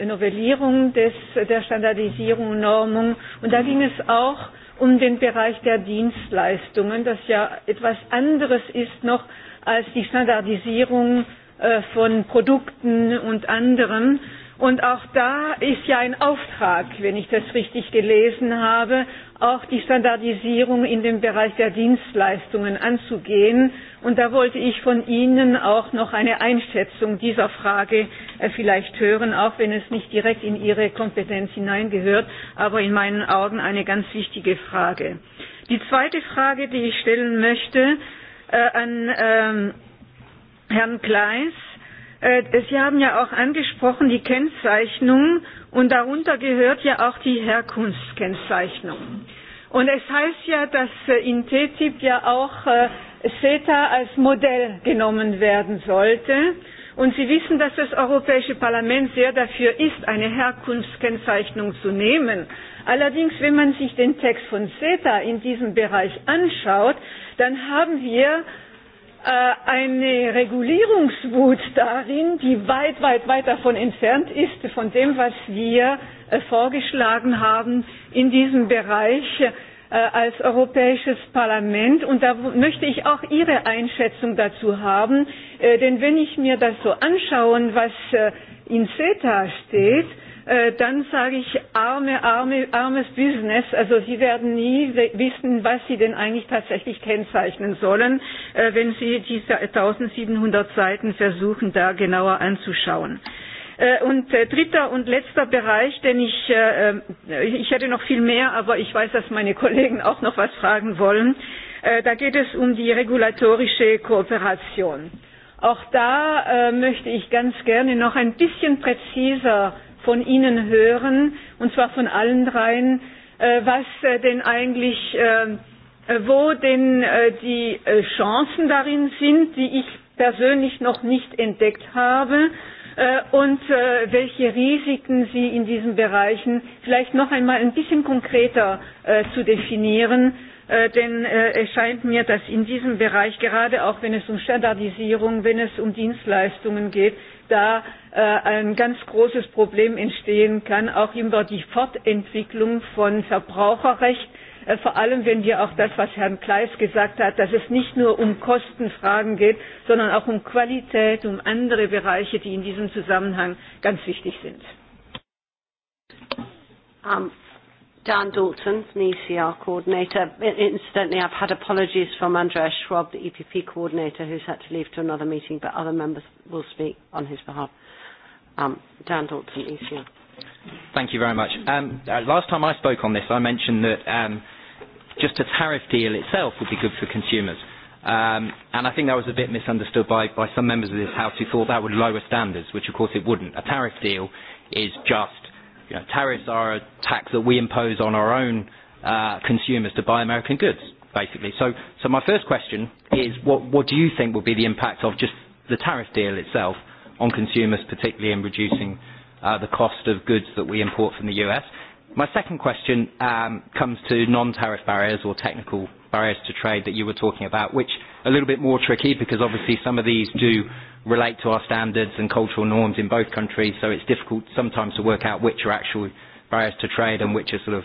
Novellierung des, der Standardisierung und Normung. Und da ging es auch um den Bereich der Dienstleistungen, das ja etwas anderes ist noch als die Standardisierung äh, von Produkten und anderem. Und auch da ist ja ein Auftrag, wenn ich das richtig gelesen habe, auch die Standardisierung in dem Bereich der Dienstleistungen anzugehen. Und da wollte ich von Ihnen auch noch eine Einschätzung dieser Frage äh, vielleicht hören, auch wenn es nicht direkt in Ihre Kompetenz hineingehört, aber in meinen Augen eine ganz wichtige Frage. Die zweite Frage, die ich stellen möchte äh, an ähm, Herrn Kleis, äh, Äh, Sie haben ja auch angesprochen die Kennzeichnung und darunter gehört ja auch die Herkunftskennzeichnung. Und es heißt ja, dass äh, in TTIP ja auch CETA äh, als Modell genommen werden sollte. Und Sie wissen, dass das Europäische Parlament sehr dafür ist, eine Herkunftskennzeichnung zu nehmen. Allerdings, wenn man sich den Text von CETA in diesem Bereich anschaut, dann haben wir Äh, eine Regulierungswut darin, die weit, weit, weit davon entfernt ist, von dem, was wir äh, vorgeschlagen haben in diesem Bereich äh, als Europäisches Parlament. Und da möchte ich auch Ihre Einschätzung dazu haben. Denn wenn ich mir das so anschaue, was in CETA steht, Äh, dann sage ich arme, arme, armes Business. Also Sie werden nie wissen, was Sie denn eigentlich tatsächlich kennzeichnen sollen, äh, wenn Sie diese 1700 Seiten versuchen, da genauer anzuschauen. Äh, und dritter und letzter Bereich, denn ich, ich hätte noch viel mehr, aber ich weiß, dass meine Kollegen auch noch was fragen wollen. Da geht es um die regulatorische Kooperation. Auch da möchte ich ganz gerne noch ein bisschen präziser von Ihnen hören, und zwar von allen dreien, äh, was äh, denn eigentlich, äh, äh, wo denn äh, die äh, Chancen darin sind, die ich persönlich noch nicht entdeckt habe äh, und äh, welche Risiken Sie in diesen Bereichen vielleicht noch einmal ein bisschen konkreter äh, zu definieren, Äh, denn äh, es scheint mir, dass in diesem Bereich, gerade auch wenn es um Standardisierung, wenn es um Dienstleistungen geht, äh, da äh, ein ganz großes Problem entstehen kann, auch über die Fortentwicklung von Verbraucherrecht, äh, vor allem wenn wir auch das, was Herrn Kleis gesagt hat, dass es nicht nur um Kostenfragen geht, sondern auch um Qualität, um andere Bereiche, die in diesem Zusammenhang ganz wichtig sind. Um, Dan Dalton from the ECR coordinator. Incidentally, I've had apologies from Andrea Schwab, the EPP coordinator, who's had to leave to another meeting, but other members will speak on his behalf. Um, Dan Dalton, ECR. Thank you very much. Um, uh, last time I spoke on this, I mentioned that um, just a tariff deal itself would be good for consumers. Um, and I think that was a bit misunderstood by, by some members of this House who thought that would lower standards, which of course it wouldn't. A tariff deal is just You know, tariffs are a tax that we impose on our own uh, consumers to buy American goods, basically. So, so my first question is, what, what do you think will be the impact of just the tariff deal itself on consumers, particularly in reducing uh, the cost of goods that we import from the US? My second question um, comes to non-tariff barriers or technical barriers to trade that you were talking about, which are a little bit more tricky because obviously some of these do relate to our standards and cultural norms in both countries, so it's difficult sometimes to work out which are actual barriers to trade and which are sort of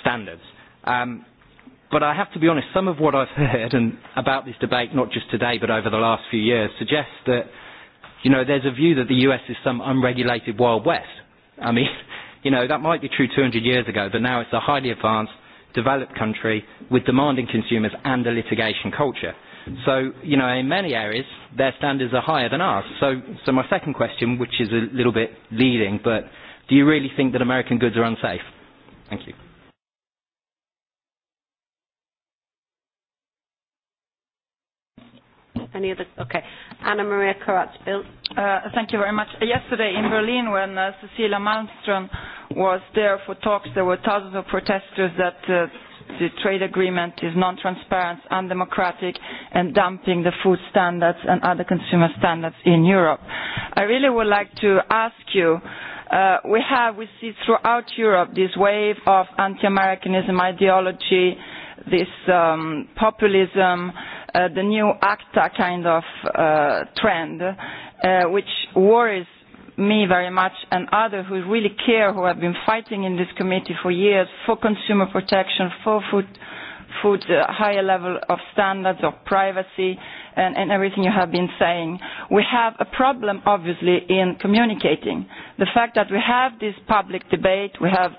standards. Um, but I have to be honest, some of what I've heard and about this debate, not just today but over the last few years, suggests that you know, there's a view that the US is some unregulated Wild West. I mean, you know, that might be true 200 years ago, but now it's a highly advanced, developed country with demanding consumers and a litigation culture. So, you know, in many areas, their standards are higher than ours. So, so my second question, which is a little bit leading, but do you really think that American goods are unsafe? Thank you. Any other? Okay. Anna Maria karatz Bill. Uh, thank you very much. Yesterday in Berlin, when uh, Cecilia Malmström was there for talks, there were thousands of protesters that uh, the trade agreement is non-transparent, undemocratic, and dumping the food standards and other consumer standards in Europe. I really would like to ask you, uh, we have, we see throughout Europe this wave of anti-Americanism ideology, this um, populism, Uh, the new ACTA kind of uh, trend, uh, which worries me very much and others who really care, who have been fighting in this committee for years for consumer protection, for food, food uh, higher level of standards of privacy and, and everything you have been saying. We have a problem, obviously, in communicating. The fact that we have this public debate, we have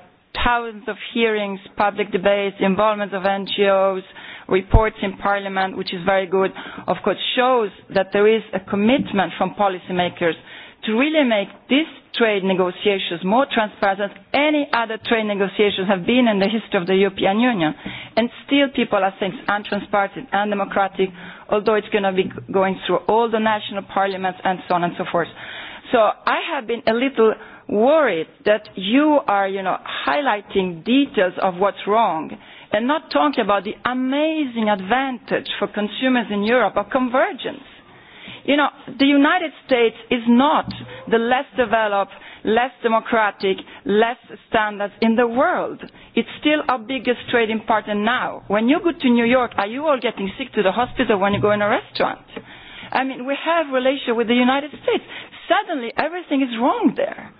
thousands of hearings, public debates, involvement of NGOs, reports in Parliament, which is very good, of course shows that there is a commitment from policymakers to really make these trade negotiations more transparent than any other trade negotiations have been in the history of the European Union. And still people are saying it's untransparent, undemocratic, although it's going to be going through all the national parliaments and so on and so forth. So I have been a little worried that you are, you know, highlighting details of what's wrong and not talking about the amazing advantage for consumers in Europe of convergence. You know, the United States is not the less developed, less democratic, less standards in the world. It's still our biggest trading partner now. When you go to New York, are you all getting sick to the hospital when you go in a restaurant? I mean, we have relation with the United States. Suddenly, everything is wrong there.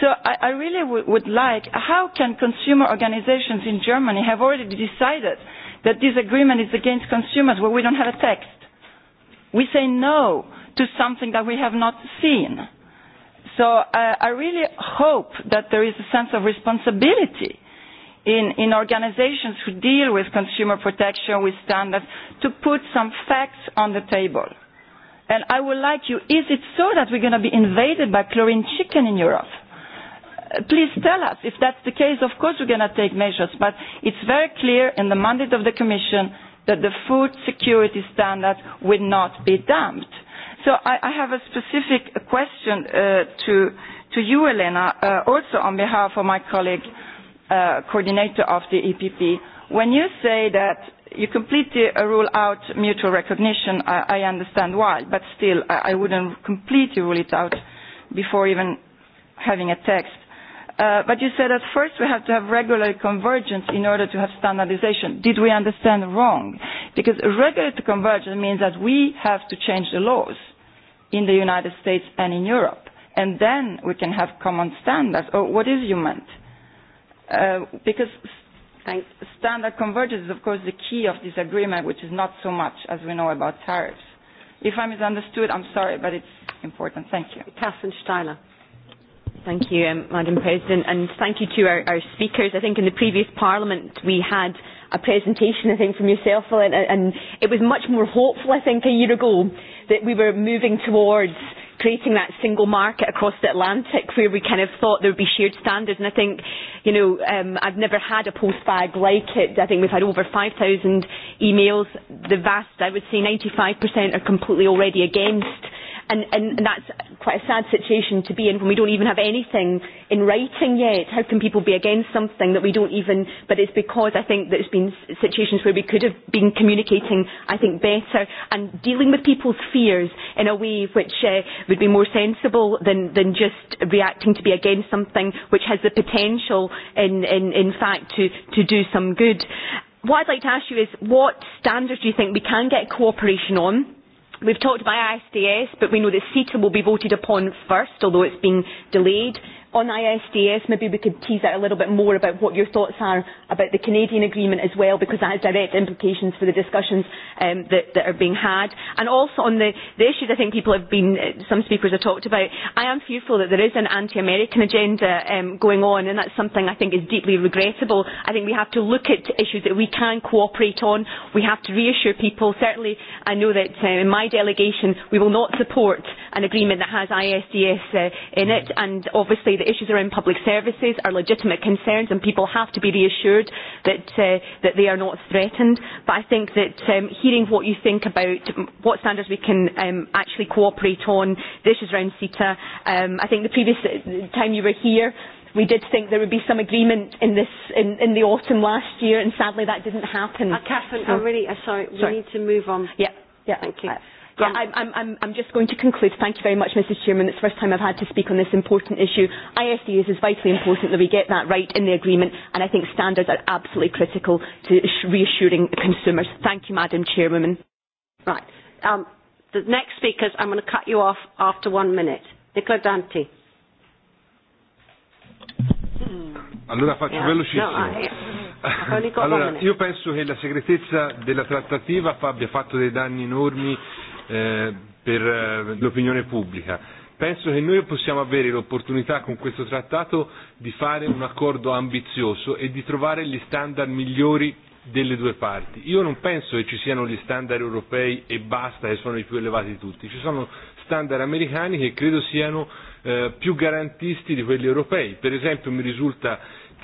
So I, I really w- would like, how can consumer organizations in Germany have already decided that this agreement is against consumers where we don't have a text? We say no to something that we have not seen. So I, uh, I really hope that there is a sense of responsibility in, in organizations who deal with consumer protection, with standards, to put some facts on the table. And I would like you, is it so that we're going to be invaded by chlorine chicken in Europe? please tell us. If that's the case, of course we're going to take measures. But it's very clear in the mandate of the Commission that the food security standards will not be dumped. So I, I have a specific question uh, to, to you, Elena, uh, also on behalf of my colleague, uh, coordinator of the EPP. When you say that you completely rule out mutual recognition, I, I understand why, but still I, I wouldn't completely rule it out before even having a text. Uh, but you said at first we have to have regular convergence in order to have standardization. Did we understand wrong? Because regular convergence means that we have to change the laws in the United States and in Europe. And then we can have common standards. Or oh, what is you meant? Uh, because Thanks. standard convergence is, of course, the key of this agreement, which is not so much as we know about tariffs. If I misunderstood, I'm sorry, but it's important. Thank you. Catherine Steiner. Thank you, um, Madam President, and thank you to our, our speakers. I think in the previous Parliament we had a presentation, I think, from yourself, and, and it was much more hopeful, I think, a year ago that we were moving towards creating that single market across the Atlantic where we kind of thought there would be shared standards. And I think, you know, um, I've never had a post bag like it. I think we've had over 5,000 emails. The vast, I would say 95% are completely already against. And, and, and that's quite a sad situation to be in when we don't even have anything in writing yet. How can people be against something that we don't even, but it's because I think there's been situations where we could have been communicating, I think, better and dealing with people's fears in a way which uh, would be more sensible than, than just reacting to be against something which has the potential, in, in, in fact, to, to do some good. What I'd like to ask you is what standards do you think we can get cooperation on? We've talked about ISDS, but we know that CETA will be voted upon first, although it's been delayed on ISDS, maybe we could tease out a little bit more about what your thoughts are about the Canadian agreement as well, because that has direct implications for the discussions um, that, that are being had. And also on the, the issues I think people have been, uh, some speakers have talked about, I am fearful that there is an anti-American agenda um, going on, and that's something I think is deeply regrettable. I think we have to look at issues that we can cooperate on. We have to reassure people. Certainly, I know that uh, in my delegation, we will not support an agreement that has ISDS uh, in it, and obviously the issues around public services are legitimate concerns and people have to be reassured that, uh, that they are not threatened. But I think that um, hearing what you think about what standards we can um, actually cooperate on, the issues around CETA, um, I think the previous uh, time you were here, we did think there would be some agreement in this in, in the autumn last year, and sadly that didn't happen. Uh, Catherine, so, I'm really uh, sorry. sorry, We need to move on. Yeah, yeah. Thank you. Uh, Yeah, I'm, I'm, I'm, I'm just going to conclude. Thank you very much, Mrs. Chairman. It's the first time I've had to speak on this important issue. ISDS is vitally important that we get that right in the agreement, and I think standards are absolutely critical to reassuring consumers. Thank you, Madam Chairwoman. Right. Um, the next speakers, I'm going to cut you off after one minute. Nicola Dante. Mm. Allora faccio yeah. velocissimo. No, I... Allora, io penso che la segretezza della trattativa abbia fatto dei danni enormi Eh, per eh, l'opinione pubblica. Penso che noi possiamo avere l'opportunità con questo trattato di fare un accordo ambizioso e di trovare gli standard migliori delle due parti. Io non penso che ci siano gli standard europei e basta, che sono i più elevati di tutti. Ci sono standard americani che credo siano eh, più garantisti di quelli europei. Per esempio mi risulta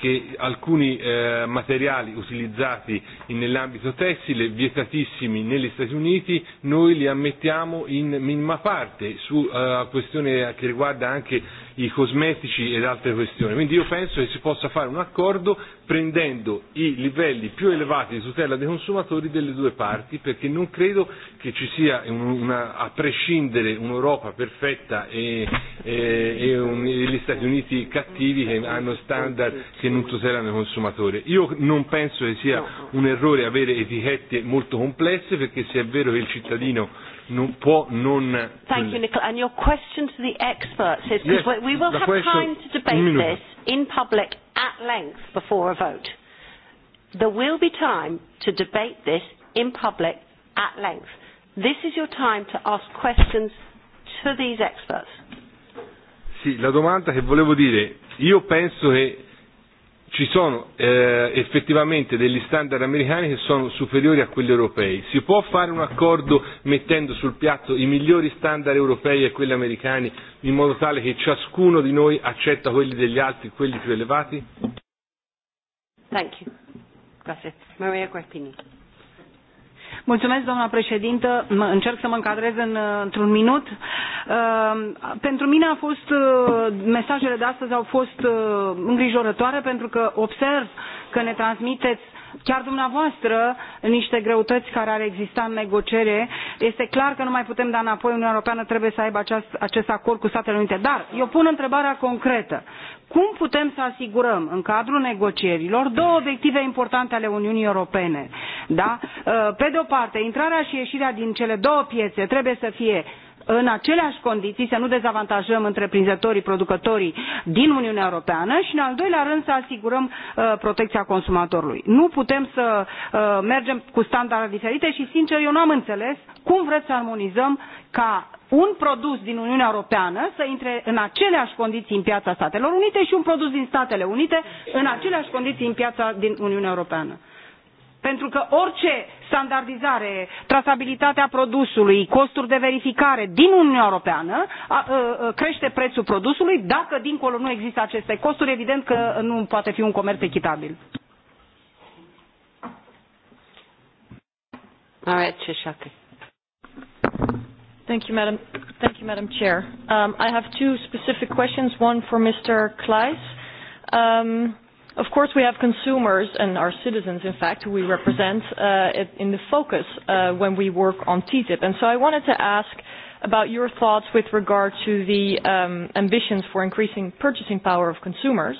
che alcuni eh, materiali utilizzati nell'ambito tessile, vietatissimi negli Stati Uniti, noi li ammettiamo in minima parte su eh, questione che riguarda anche i cosmetici ed altre questioni. Quindi io penso che si possa fare un accordo prendendo i livelli più elevati di tutela dei consumatori delle due parti perché non credo che ci sia una, una, a prescindere un'Europa perfetta e, e, e un, e gli Stati Uniti cattivi che hanno standard che non tutelano i consumatori. Io non penso che sia un errore avere etichette molto complesse perché se è vero che il cittadino non può non. Thank you, Nicola. And your question to the experts is because yes, we will have question, time to debate this in public at length before a vote. There will be time to debate this in public at length. This is your time to ask questions to these experts. Sì, la domanda che volevo dire, io penso che ci sono eh, effettivamente degli standard americani che sono superiori a quelli europei. Si può fare un accordo mettendo sul piatto i migliori standard europei e quelli americani in modo tale che ciascuno di noi accetta quelli degli altri, quelli più elevati? Thank you. Grazie. Maria Guarpini. Mulțumesc, doamna președintă. Încerc să mă încadrez în, uh, într-un minut. Uh, pentru mine a fost, uh, mesajele de astăzi au fost îngrijorătoare pentru că observ că ne transmiteți chiar dumneavoastră niște greutăți care ar exista în negociere. Este clar că nu mai putem da înapoi. Uniunea Europeană trebuie să aibă acest, acest acord cu Statele Unite. Dar eu pun întrebarea concretă. Cum putem să asigurăm în cadrul negocierilor două obiective importante ale Uniunii Europene? Da? Pe de o parte, intrarea și ieșirea din cele două piețe trebuie să fie în aceleași condiții, să nu dezavantajăm întreprinzătorii, producătorii din Uniunea Europeană și, în al doilea rând, să asigurăm uh, protecția consumatorului. Nu putem să uh, mergem cu standarde diferite și, sincer, eu nu am înțeles cum vreți să armonizăm ca un produs din Uniunea Europeană să intre în aceleași condiții în piața Statelor Unite și un produs din Statele Unite în aceleași condiții în piața din Uniunea Europeană pentru că orice standardizare, trasabilitatea produsului, costuri de verificare din Uniunea Europeană crește prețul produsului. Dacă dincolo nu există aceste costuri, evident că nu poate fi un comerț echitabil. All right, Chishake. Thank you, Madam, Thank you, Madam Chair. Um, I have two specific questions, one for Mr. Kleiss. Um, Of course, we have consumers and our citizens, in fact, who we represent uh, in the focus uh, when we work on TTIP. And so I wanted to ask about your thoughts with regard to the um, ambitions for increasing purchasing power of consumers.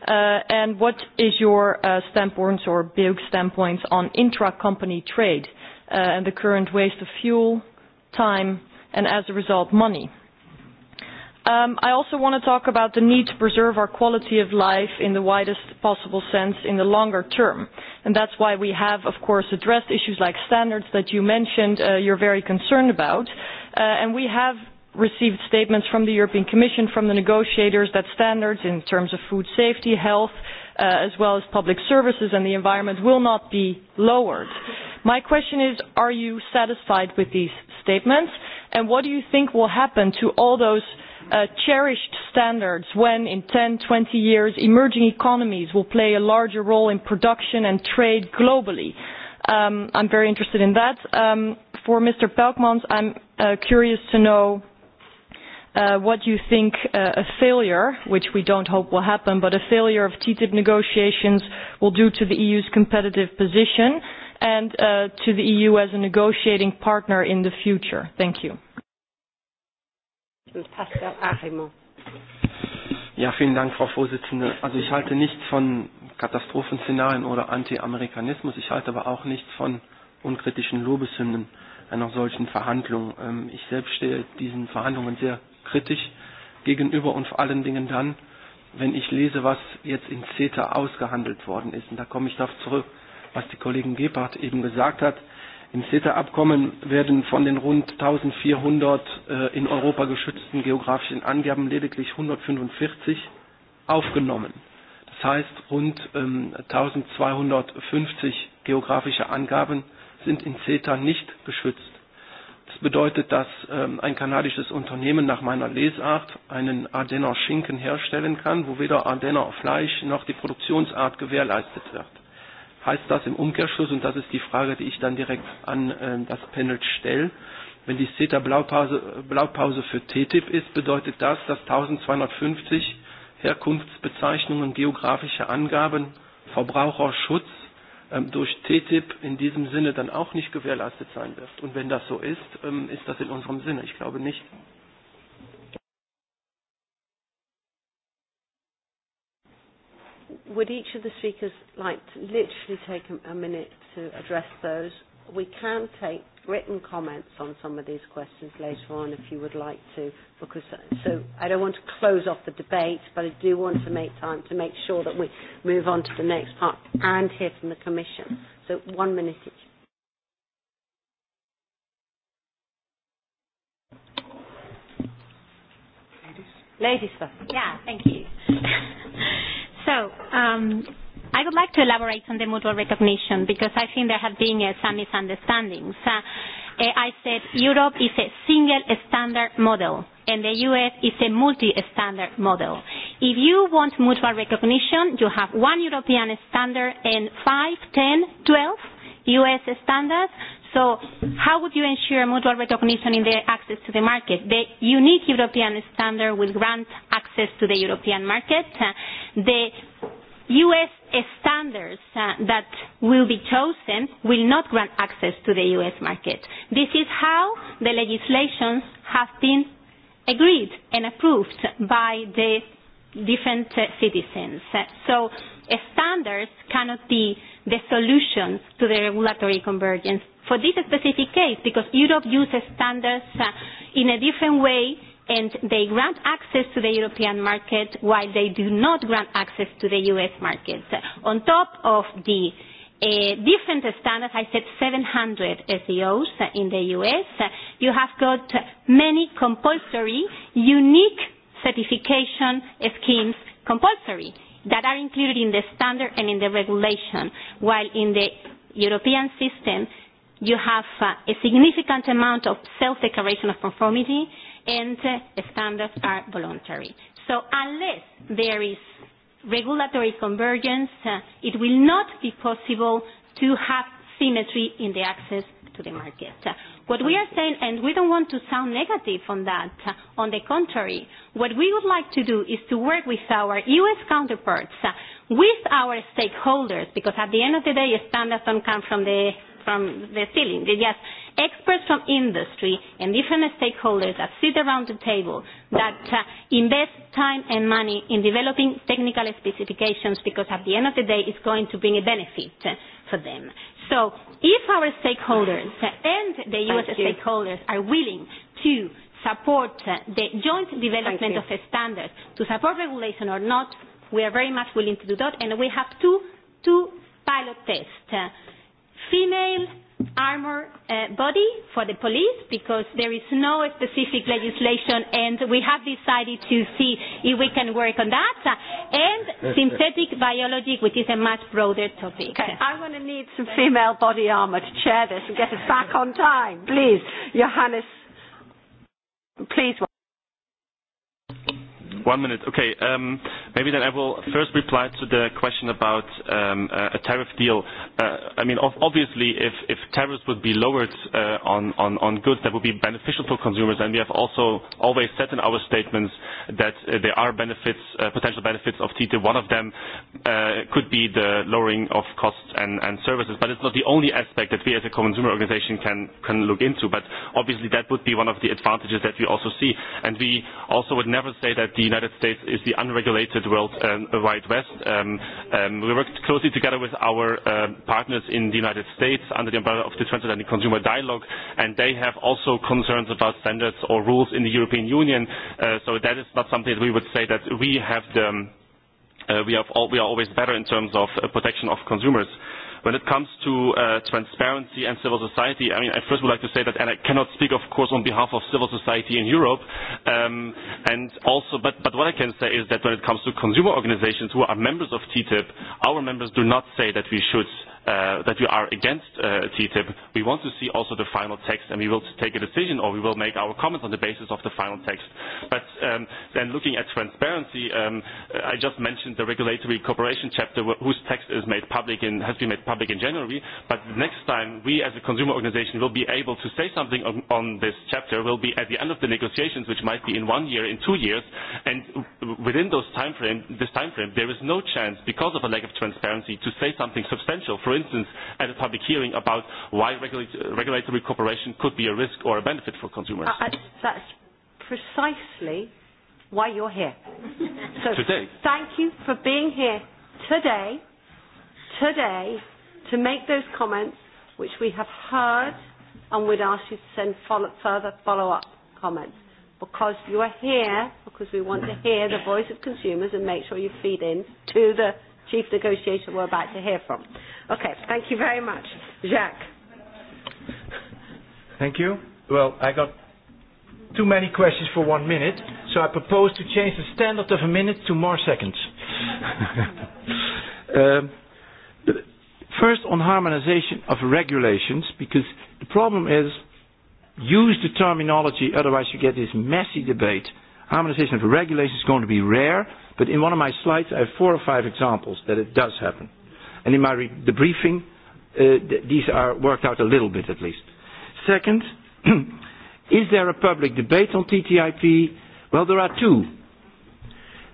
Uh, and what is your uh, standpoint or big standpoint on intra-company trade uh, and the current waste of fuel, time, and as a result, money? Um, I also want to talk about the need to preserve our quality of life in the widest possible sense in the longer term. And that's why we have, of course, addressed issues like standards that you mentioned you uh, you're very concerned about. Uh, and we have received statements from the European Commission, from the negotiators, that standards in terms of food safety, health, uh, as well as public services and the environment will not be lowered. My question is, are you satisfied with these statements? And what do you think will happen to all those uh, cherished standards when in 10, 20 years emerging economies will play a larger role in production and trade globally. Um, I'm very interested in that. Um, for Mr. Pelkmans, I'm uh, curious to know uh, what you think uh, a failure, which we don't hope will happen, but a failure of TTIP negotiations will do to the EU's competitive position and uh, to the EU as a negotiating partner in the future. Thank you und Pascal Ja, vielen Dank, Frau Vorsitzende. Also ich halte nichts von Katastrophenszenarien oder Anti-Amerikanismus. Ich halte aber auch nichts von unkritischen Lobeshymnen einer solchen Verhandlung. Ähm, ich selbst stehe diesen Verhandlungen sehr kritisch gegenüber und vor allen Dingen dann, wenn ich lese, was jetzt in CETA ausgehandelt worden ist. Und da komme ich darauf zurück, was die Kollegin Gebhardt eben gesagt hat. Im CETA-Abkommen werden von den rund 1400 äh, in Europa geschützten geografischen Angaben lediglich 145 aufgenommen. Das heißt, rund ähm, 1250 geografische Angaben sind in CETA nicht geschützt. Das bedeutet, dass ähm, ein kanadisches Unternehmen nach meiner Lesart einen Ardenner Schinken herstellen kann, wo weder Ardenner Fleisch noch die Produktionsart gewährleistet wird heißt das im Umkehrschluss, und das ist die Frage, die ich dann direkt an äh, das Panel stelle, wenn die CETA-Blaupause Blaupause für TTIP ist, bedeutet das, dass 1250 Herkunftsbezeichnungen, geografische Angaben, Verbraucherschutz ähm, durch TTIP in diesem Sinne dann auch nicht gewährleistet sein wird. Und wenn das so ist, ähm, ist das in unserem Sinne. Ich glaube nicht. would each of the speakers like to literally take a, a minute to address those? We can take written comments on some of these questions later on if you would like to, because so I don't want to close off the debate, but I do want to make time to make sure that we move on to the next part and hear from the Commission. So one minute each. Ladies first. Yeah, thank you. So, um, I would like to elaborate on the mutual recognition because I think there have been uh, some misunderstandings. Uh, uh I said Europe is a single standard model and the US is a multi-standard model. If you want mutual recognition, you have one European standard and five, ten, twelve US standards So how would you ensure mutual recognition in the access to the market? The unique European standard will grant access to the European market. The US standards uh, that will be chosen will not grant access to the US market. This is how the legislations have been agreed and approved by the different uh, citizens. So standards cannot be the solution to the regulatory convergence. For this specific case, because Europe uses standards uh, in a different way and they grant access to the European market while they do not grant access to the US market. On top of the uh, different standards, I said 700 SEOs in the US, you have got many compulsory, unique certification schemes compulsory that are included in the standard and in the regulation, while in the European system you have uh, a significant amount of self-declaration of conformity and uh, standards are voluntary. So unless there is regulatory convergence, uh, it will not be possible to have symmetry in the access to the market. What we are saying, and we don't want to sound negative on that, on the contrary, what we would like to do is to work with our U.S. counterparts, with our stakeholders, because at the end of the day, standards don't come from the from the ceiling. They just experts from industry and different stakeholders that sit around the table that uh, invest time and money in developing technical specifications because at the end of the day it's going to bring a benefit for them. So if our stakeholders uh, and the U.S. stakeholders are willing to support uh, the joint development of a standard to support regulation or not, we are very much willing to do that. And we have two, two pilot tests. Uh, female armor uh, body for the police because there is no specific legislation and we have decided to see if we can work on that and synthetic biology which is a much broader topic. Okay, I'm going to need some female body armor to chair this and get us back on time. Please, Johannes, please. One minute. Okay. Um, Maybe then I will first reply to the question about um, uh, a tariff deal. Uh, I mean, obviously, if, if tariffs would be lowered uh, on, on, on goods, that would be beneficial for consumers. And we have also always said in our statements that uh, there are benefits, uh, potential benefits of TTIP. One of them uh, could be the lowering of costs and, and services. But it's not the only aspect that we as a consumer organization can, can look into. But obviously, that would be one of the advantages that we also see. And we also would never say that the United States is the unregulated The World um, Wide West. Um, um, we worked closely together with our uh, partners in the United States under the umbrella of the Transatlantic Consumer Dialogue, and they have also concerns about standards or rules in the European Union. Uh, so that is not something that we would say that we have the, um, uh, we, have all, we are always better in terms of uh, protection of consumers. When it comes to uh, transparency and civil society, I mean, I first would like to say that, and I cannot speak, of course, on behalf of civil society in Europe, um, and also, but, but what I can say is that when it comes to consumer organizations who are members of TTIP, our members do not say that we should uh, that we are against uh, TTIP. We want to see also the final text, and we will take a decision, or we will make our comments on the basis of the final text. But um, then looking at transparency, um, I just mentioned the regulatory cooperation chapter, whose text is made public and has been made public in January. But next time, we as a consumer organization will be able to say something on, on this chapter. Will be at the end of the negotiations, which might be in one year, in two years, and within those time frame, this time frame, there is no chance because of a lack of transparency to say something substantial. For for instance, at a public hearing about why regulat- regulatory cooperation could be a risk or a benefit for consumers. Uh, uh that's precisely why you're here. So today. thank you for being here today, today, to make those comments which we have heard and would ask you to send follow, further follow-up comments because you are here because we want to hear the voice of consumers and make sure you feed in to the chief negotiator we're about to hear from. Okay, thank you very much. Jacques. Thank you. Well, I got too many questions for one minute, so I propose to change the standard of a minute to more seconds. um, first, on harmonization of regulations, because the problem is use the terminology, otherwise you get this messy debate. Harmonization of regulations is going to be rare But in one of my slides, I have four or five examples that it does happen. And in my re- the briefing, uh, th- these are worked out a little bit at least. Second, is there a public debate on TTIP? Well, there are two.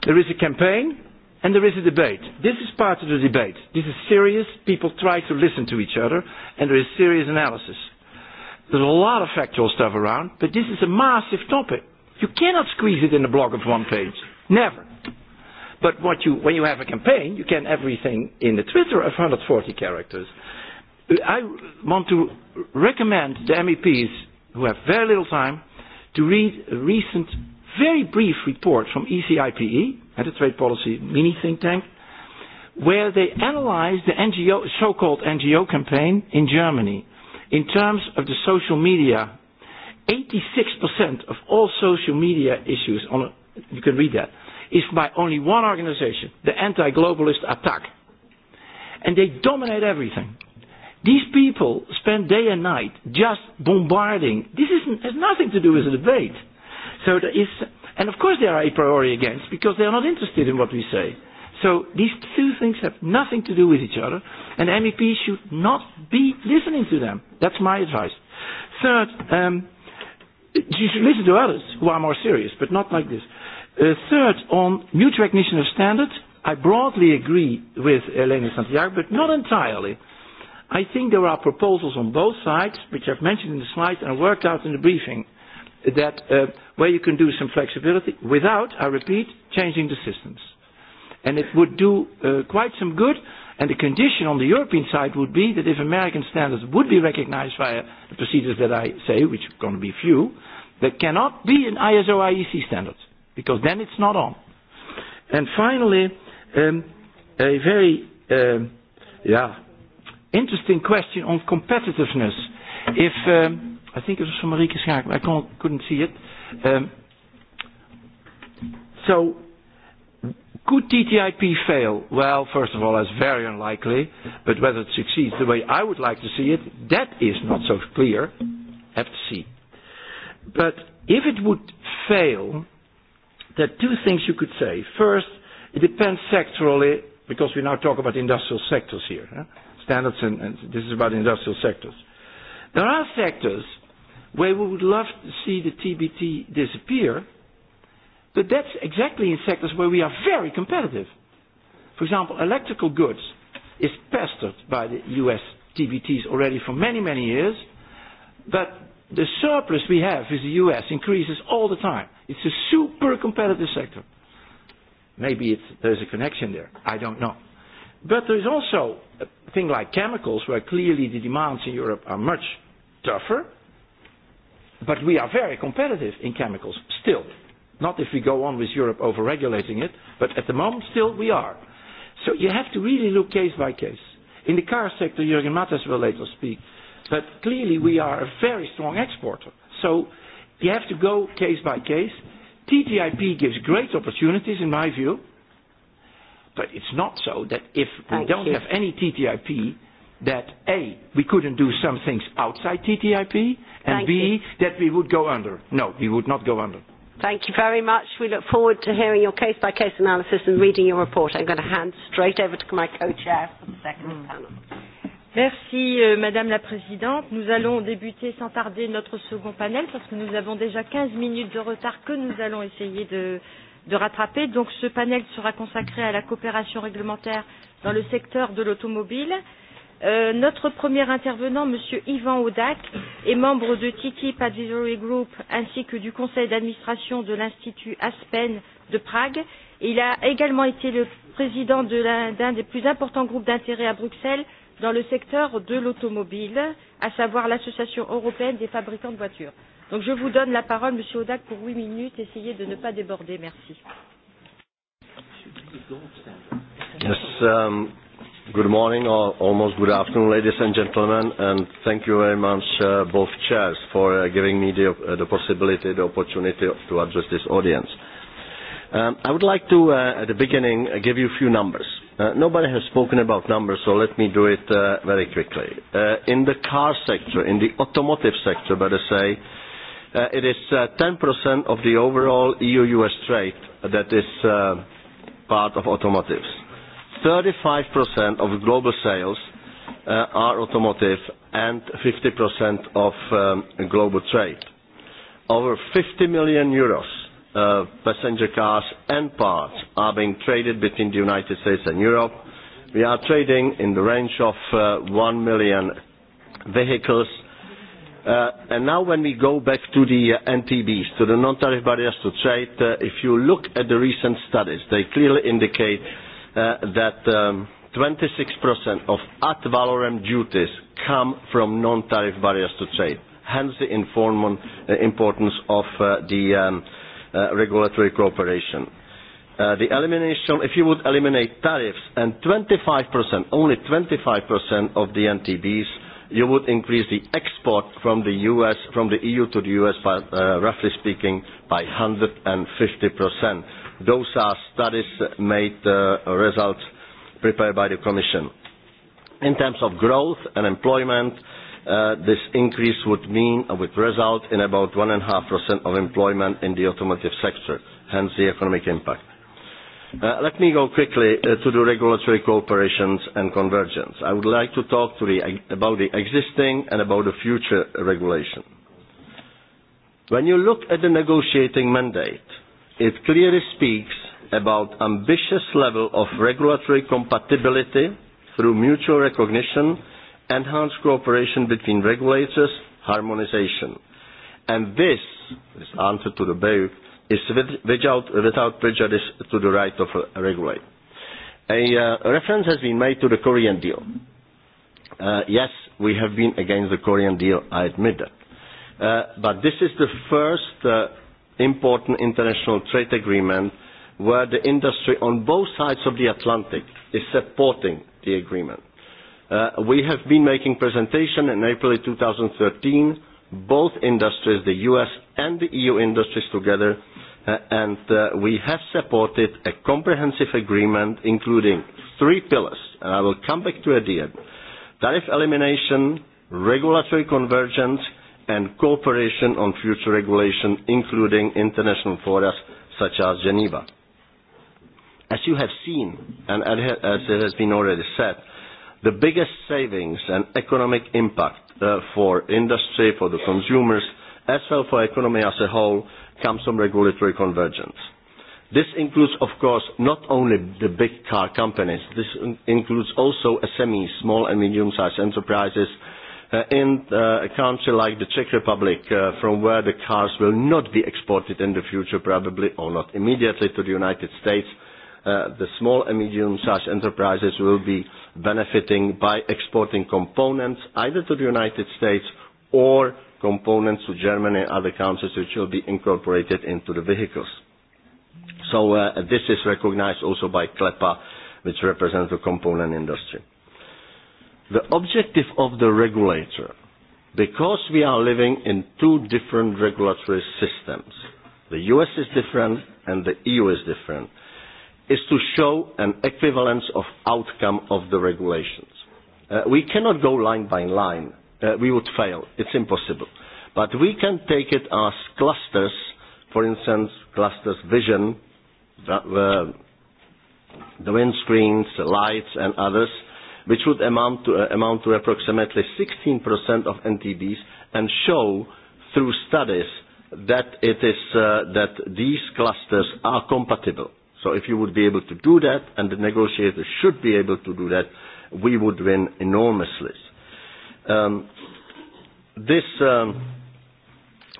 There is a campaign and there is a debate. This is part of the debate. This is serious. People try to listen to each other and there is serious analysis. There's a lot of factual stuff around, but this is a massive topic. You cannot squeeze it in a blog of one page. Never. But what you, when you have a campaign, you can everything in the Twitter of 140 characters. I want to recommend the MEPs who have very little time to read a recent, very brief report from ECIPE, e, the Trade Policy Mini Think Tank, where they analyze the NGO, so-called NGO campaign in Germany in terms of the social media. 86% of all social media issues on a, you can read that is by only one organization, the anti-globalist attack. And they dominate everything. These people spend day and night just bombarding. This isn't, has nothing to do with the debate. So there is, and of course they are a priori against because they are not interested in what we say. So these two things have nothing to do with each other, and MEPs should not be listening to them. That's my advice. Third, um, you should listen to others who are more serious, but not like this. Uh, third, on mutual recognition of standards, I broadly agree with Elena Santiago, but not entirely. I think there are proposals on both sides, which I've mentioned in the slides and worked out in the briefing, that uh, where you can do some flexibility without, I repeat, changing the systems. And it would do uh, quite some good. And the condition on the European side would be that if American standards would be recognized via the procedures that I say, which are going to be few, there cannot be an ISO IEC standard because then it's not on. And finally, um, a very uh, yeah, interesting question on competitiveness. If um, I think it was from Marieke Schaak, I can't, couldn't see it. Um, so, could TTIP fail? Well, first of all, that's very unlikely. But whether it succeeds the way I would like to see it, that is not so clear. Have to see. But if it would fail, There are two things you could say. First, it depends sectorally, because we now talk about industrial sectors here. Huh? Standards and, and this is about industrial sectors. There are sectors where we would love to see the TBT disappear, but that's exactly in sectors where we are very competitive. For example, electrical goods is pestered by the US TBTs already for many, many years, but the surplus we have with the US increases all the time. It's a super competitive sector. Maybe it's, there's a connection there. I don't know. But there's also a thing like chemicals where clearly the demands in Europe are much tougher. But we are very competitive in chemicals still. Not if we go on with Europe over-regulating it, but at the moment still we are. So you have to really look case by case. In the car sector, Jürgen Mattes will later speak But clearly, we are a very strong exporter. So you have to go case by case. TTIP gives great opportunities, in my view. But it's not so that if we Thank don't you. have any TTIP, that A, we couldn't do some things outside TTIP, and Thank B, you. that we would go under. No, we would not go under. Thank you very much. We look forward to hearing your case by case analysis and reading your report. I'm going to hand straight over to my co chair for the second panel. Merci euh, Madame la Présidente. Nous allons débuter sans tarder notre second panel parce que nous avons déjà 15 minutes de retard que nous allons essayer de, de rattraper. Donc ce panel sera consacré à la coopération réglementaire dans le secteur de l'automobile. Euh, notre premier intervenant, Monsieur Yvan Audac, est membre de TTIP Advisory Group ainsi que du conseil d'administration de l'Institut Aspen de Prague. Il a également été le président d'un de des plus importants groupes d'intérêt à Bruxelles, dans le secteur de l'automobile, à savoir l'Association européenne des fabricants de voitures. Donc je vous donne la parole, Monsieur Audac, pour huit minutes. Essayez de ne pas déborder. Merci. Yes, um, good morning or almost good afternoon, ladies and gentlemen, and thank you very much, uh, both chairs, for uh, giving me the, uh, the possibility, the opportunity to address this audience. Um, I would like to, uh, at the beginning, uh, give you a few numbers Uh, nobody has spoken about numbers, so let me do it uh, very quickly. Uh, in the car sector, in the automotive sector, better say, uh, it is uh, 10% of the overall EU-US trade that is uh, part of automotives. 35% of global sales uh, are automotive and 50% of um, global trade. Over 50 million euros Uh, passenger cars and parts are being traded between the United States and Europe. We are trading in the range of uh, 1 million vehicles. Uh, and now when we go back to the uh, NTBs, to the non-tariff barriers to trade, uh, if you look at the recent studies, they clearly indicate uh, that um, 26% of ad valorem duties come from non-tariff barriers to trade, hence the uh, importance of uh, the um, Uh, regulatory cooperation. Uh, the elimination, if you would eliminate tariffs and 25%, only 25% of the NTBs, you would increase the export from the US, from the EU to the US, by, uh, roughly speaking, by 150%. Those are studies made, uh, results prepared by the Commission. In terms of growth and employment, Uh, this increase would mean, uh, would result in about 1.5% of employment in the automotive sector, hence the economic impact. Uh, let me go quickly uh, to the regulatory cooperations and convergence. I would like to talk to the, uh, about the existing and about the future regulation. When you look at the negotiating mandate, it clearly speaks about ambitious level of regulatory compatibility through mutual recognition enhanced cooperation between regulators, harmonization. And this, this answer to the BEU, is without, without prejudice to the right of a regulate. A uh, reference has been made to the Korean deal. Uh, yes, we have been against the Korean deal, I admit that. Uh, but this is the first uh, important international trade agreement where the industry on both sides of the Atlantic is supporting the agreement. Uh, we have been making presentation in April 2013, both industries, the US and the EU industries together, uh, and uh, we have supported a comprehensive agreement including three pillars, and I will come back to it here. Tariff elimination, regulatory convergence, and cooperation on future regulation, including international fora such as Geneva. As you have seen, and as it has been already said, The biggest savings and economic impact uh, for industry, for the consumers, as well for economy as a whole, comes from regulatory convergence. This includes, of course, not only the big car companies, this includes also SMEs, e, small and medium-sized enterprises, uh, in uh, a country like the Czech Republic, uh, from where the cars will not be exported in the future, probably, or not immediately to the United States, Uh, the small and medium-sized enterprises will be benefiting by exporting components either to the United States or components to Germany and other countries which will be incorporated into the vehicles. So uh, this is recognized also by CLEPA, which represents the component industry. The objective of the regulator, because we are living in two different regulatory systems, the US is different and the EU is different is to show an equivalence of outcome of the regulations. Uh, we cannot go line by line. Uh, we would fail. It's impossible. But we can take it as clusters, for instance, clusters vision, the, uh, the windscreens, the lights, and others, which would amount to, uh, amount to approximately 16% of NTBs and show through studies that, it is, uh, that these clusters are compatible. So if you would be able to do that, and the negotiators should be able to do that, we would win enormously. Um, this um,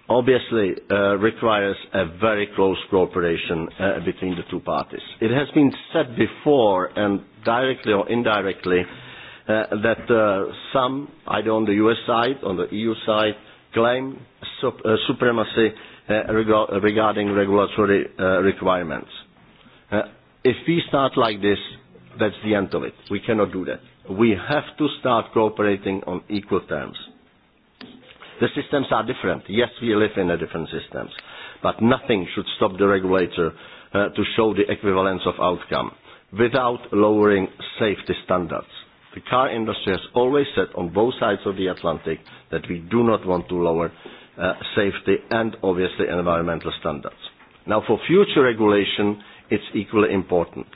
obviously uh, requires a very close cooperation uh, between the two parties. It has been said before, and directly or indirectly, uh, that uh, some, either on the US side, on the EU side, claim sup- uh, supremacy uh, regarding regulatory uh, requirements Uh, if we start like this, that's the end of it. We cannot do that. We have to start cooperating on equal terms. The systems are different. Yes, we live in a different systems, but nothing should stop the regulator uh, to show the equivalence of outcome without lowering safety standards. The car industry has always said on both sides of the Atlantic that we do not want to lower uh, safety and obviously environmental standards. Now for future regulation, it's equally important.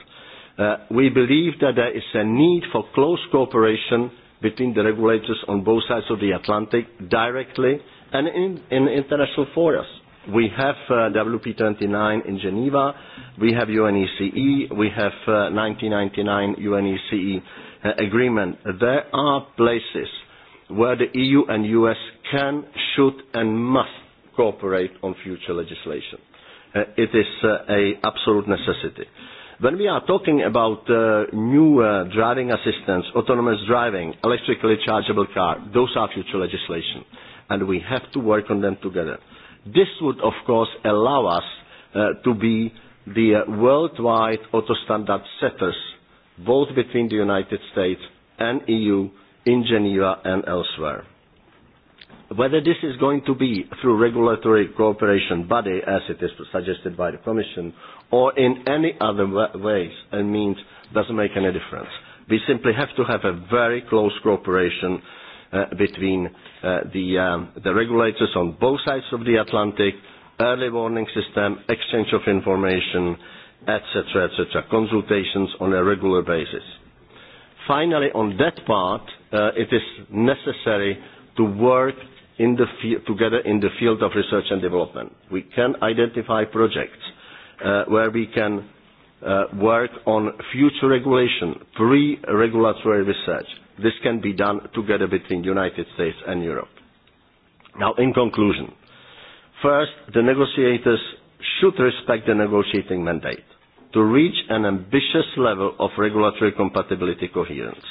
Uh, we believe that there is a need for close cooperation between the regulators on both sides of the Atlantic directly and in, in international forums. We have uh, WP29 in Geneva, we have UNECE, e. we have uh, 1999 UNECE e, uh, agreement. There are places where the EU and US can, should and must cooperate on future legislation uh, it is uh, an absolute necessity. When we are talking about uh, new uh, driving assistance, autonomous driving, electrically chargeable car, those are future legislation, and we have to work on them together. This would, of course, allow us uh, to be the uh, worldwide auto standard setters, both between the United States and EU, in Geneva and elsewhere. Whether this is going to be through regulatory cooperation body, as it is suggested by the Commission, or in any other ways and means, doesn't make any difference. We simply have to have a very close cooperation uh, between uh, the, um, the regulators on both sides of the Atlantic, early warning system, exchange of information, etc., etc., consultations on a regular basis. Finally, on that part, uh, it is necessary to work in the together in the field of research and development. We can identify projects uh, where we can uh, work on future regulation, pre-regulatory research. This can be done together between the United States and Europe. Now, in conclusion, first, the negotiators should respect the negotiating mandate to reach an ambitious level of regulatory compatibility coherence.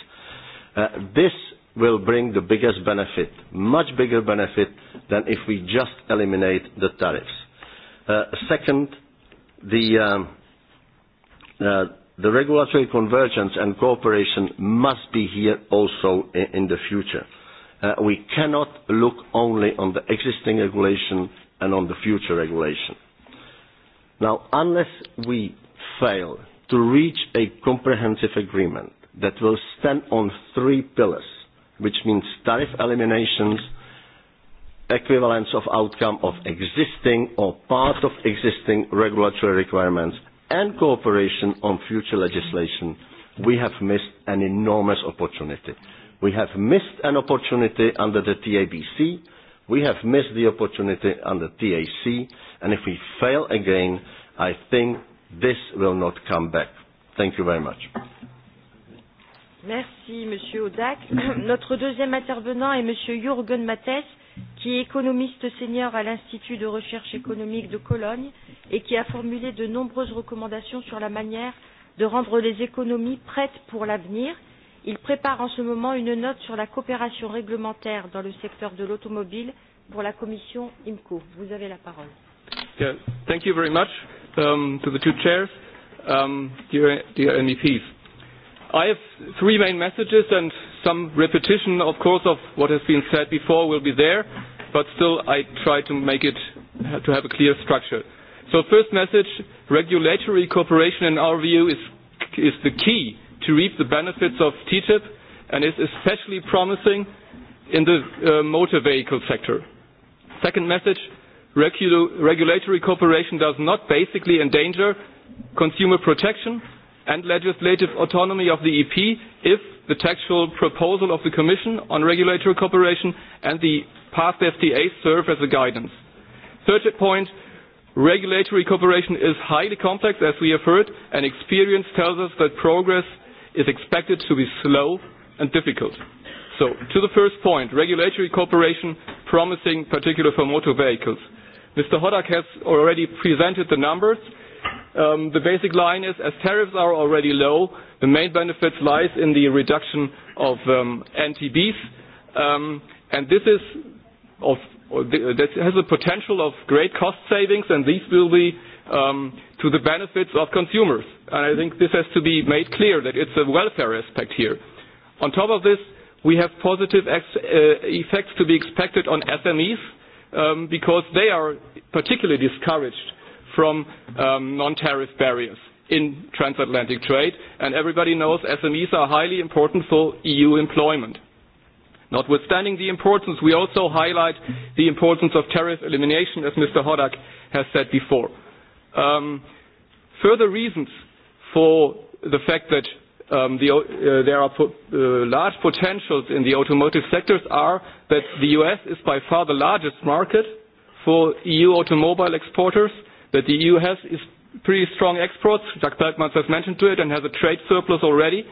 Uh, this will bring the biggest benefit, much bigger benefit than if we just eliminate the tariffs. Uh, second, the, um, uh, the regulatory convergence and cooperation must be here also in, in the future. Uh, we cannot look only on the existing regulation and on the future regulation. Now, unless we fail to reach a comprehensive agreement that will stand on three pillars, which means tariff eliminations, equivalence of outcome of existing or part of existing regulatory requirements, and cooperation on future legislation, we have missed an enormous opportunity. We have missed an opportunity under the TABC, we have missed the opportunity under TAC, and if we fail again, I think this will not come back. Thank you very much. Merci, Monsieur Audac. Notre deuxième intervenant est Monsieur Jürgen Mattes, qui est économiste senior à l'Institut de recherche économique de Cologne et qui a formulé de nombreuses recommandations sur la manière de rendre les économies prêtes pour l'avenir. Il prépare en ce moment une note sur la coopération réglementaire dans le secteur de l'automobile pour la commission IMCO. Vous avez la parole. Yeah, thank you very much um, to the two chairs, um, dear, dear MEPs. I have three main messages and some repetition, of course, of what has been said before will be there, but still I try to make it to have a clear structure. So first message, regulatory cooperation in our view is, is the key to reap the benefits of TTIP and is especially promising in the uh, motor vehicle sector. Second message, regu regulatory cooperation does not basically endanger consumer protection and legislative autonomy of the EP if the textual proposal of the Commission on regulatory cooperation and the past FTA serve as a guidance. Third point, regulatory cooperation is highly complex, as we have heard, and experience tells us that progress is expected to be slow and difficult. So, to the first point, regulatory cooperation promising, particularly for motor vehicles. Mr. Hodak has already presented the numbers Um, the basic line is, as tariffs are already low, the main benefits lies in the reduction of um, NTBs. Um, and this is of, this has a potential of great cost savings, and these will be um, to the benefits of consumers. And I think this has to be made clear that it's a welfare aspect here. On top of this, we have positive ex uh, effects to be expected on SMEs um, because they are particularly discouraged from um, non-tariff barriers in transatlantic trade. And everybody knows SMEs are highly important for EU employment. Notwithstanding the importance, we also highlight the importance of tariff elimination, as Mr. Hodak has said before. Um, further reasons for the fact that um, the, uh, there are po uh, large potentials in the automotive sectors are that the US is by far the largest market for EU automobile exporters that the EU has is pretty strong exports. Jack Bergmans has mentioned to it and has a trade surplus already.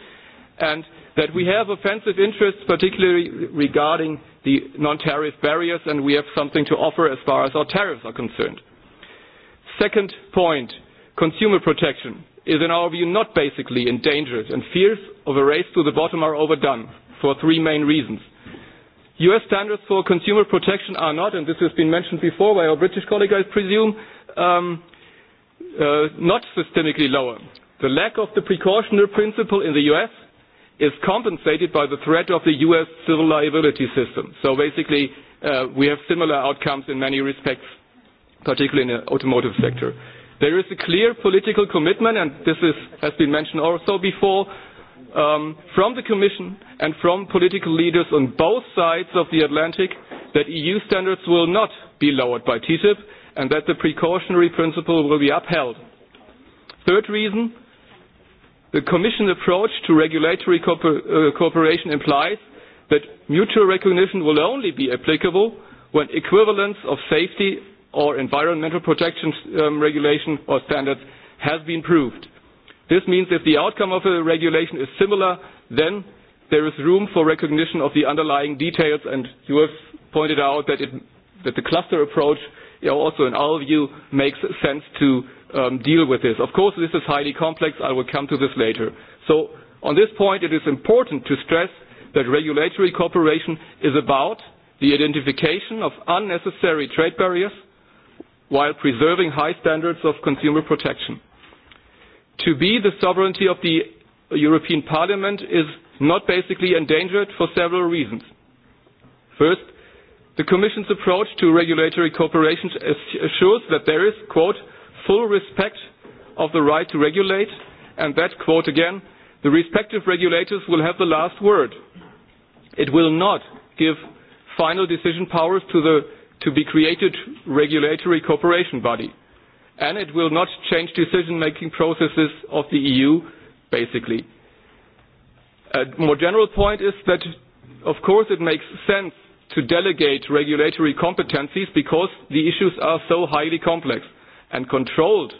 And that we have offensive interests, particularly regarding the non-tariff barriers, and we have something to offer as far as our tariffs are concerned. Second point, consumer protection is in our view not basically endangered, and fears of a race to the bottom are overdone for three main reasons. US standards for consumer protection are not, and this has been mentioned before by our British colleague, I presume, um, uh, not systemically lower. The lack of the precautionary principle in the US is compensated by the threat of the US civil liability system. So basically, uh, we have similar outcomes in many respects, particularly in the automotive sector. There is a clear political commitment, and this is, has been mentioned also before, um, from the Commission and from political leaders on both sides of the Atlantic that EU standards will not be lowered by TTIP and that the precautionary principle will be upheld. Third reason, the Commission approach to regulatory cooper, uh, cooperation implies that mutual recognition will only be applicable when equivalence of safety or environmental protection um, regulation or standards has been proved. This means if the outcome of a regulation is similar, then there is room for recognition of the underlying details, and you have pointed out that, it, that the cluster approach you know, also in our view makes sense to um, deal with this. Of course, this is highly complex. I will come to this later. So on this point, it is important to stress that regulatory cooperation is about the identification of unnecessary trade barriers while preserving high standards of consumer protection to be the sovereignty of the European Parliament is not basically endangered for several reasons. First, the Commission's approach to regulatory cooperation assures that there is, quote, full respect of the right to regulate, and that, quote again, the respective regulators will have the last word. It will not give final decision powers to the to be created regulatory cooperation body and it will not change decision-making processes of the EU, basically. A more general point is that, of course, it makes sense to delegate regulatory competencies because the issues are so highly complex and controlled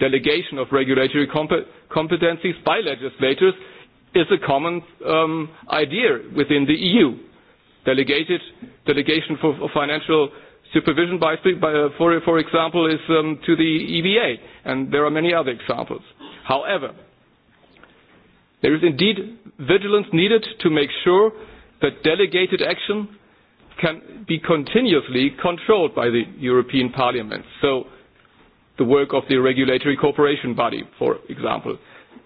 delegation of regulatory comp competencies by legislators is a common um, idea within the EU. Delegated, delegation for, for financial Supervision, by, by, uh, for, for example, is um, to the EBA, and there are many other examples. However, there is indeed vigilance needed to make sure that delegated action can be continuously controlled by the European Parliament. So the work of the regulatory cooperation body, for example.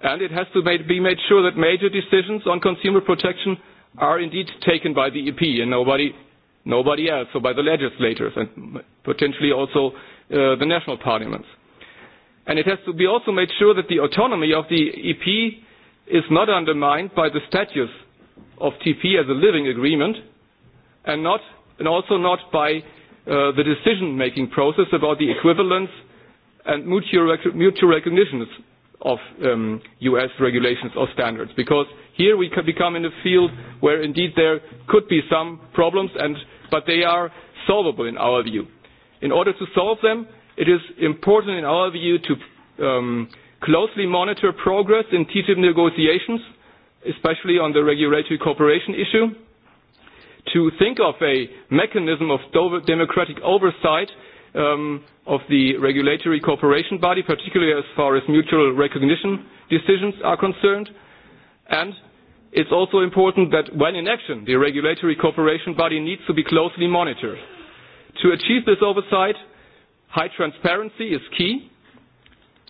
And it has to made, be made sure that major decisions on consumer protection are indeed taken by the EP and nobody nobody else, so by the legislators and potentially also uh, the national parliaments. And it has to be also made sure that the autonomy of the EP is not undermined by the status of TP as a living agreement and, not, and also not by uh, the decision-making process about the equivalence and mutual, rec mutual recognitions of um, US regulations or standards. Because here we could become in a field where indeed there could be some problems and but they are solvable in our view. In order to solve them, it is important in our view to um, closely monitor progress in TTIP negotiations, especially on the regulatory cooperation issue, to think of a mechanism of democratic oversight um, of the regulatory cooperation body, particularly as far as mutual recognition decisions are concerned, and It's also important that when in action, the regulatory cooperation body needs to be closely monitored. To achieve this oversight, high transparency is key.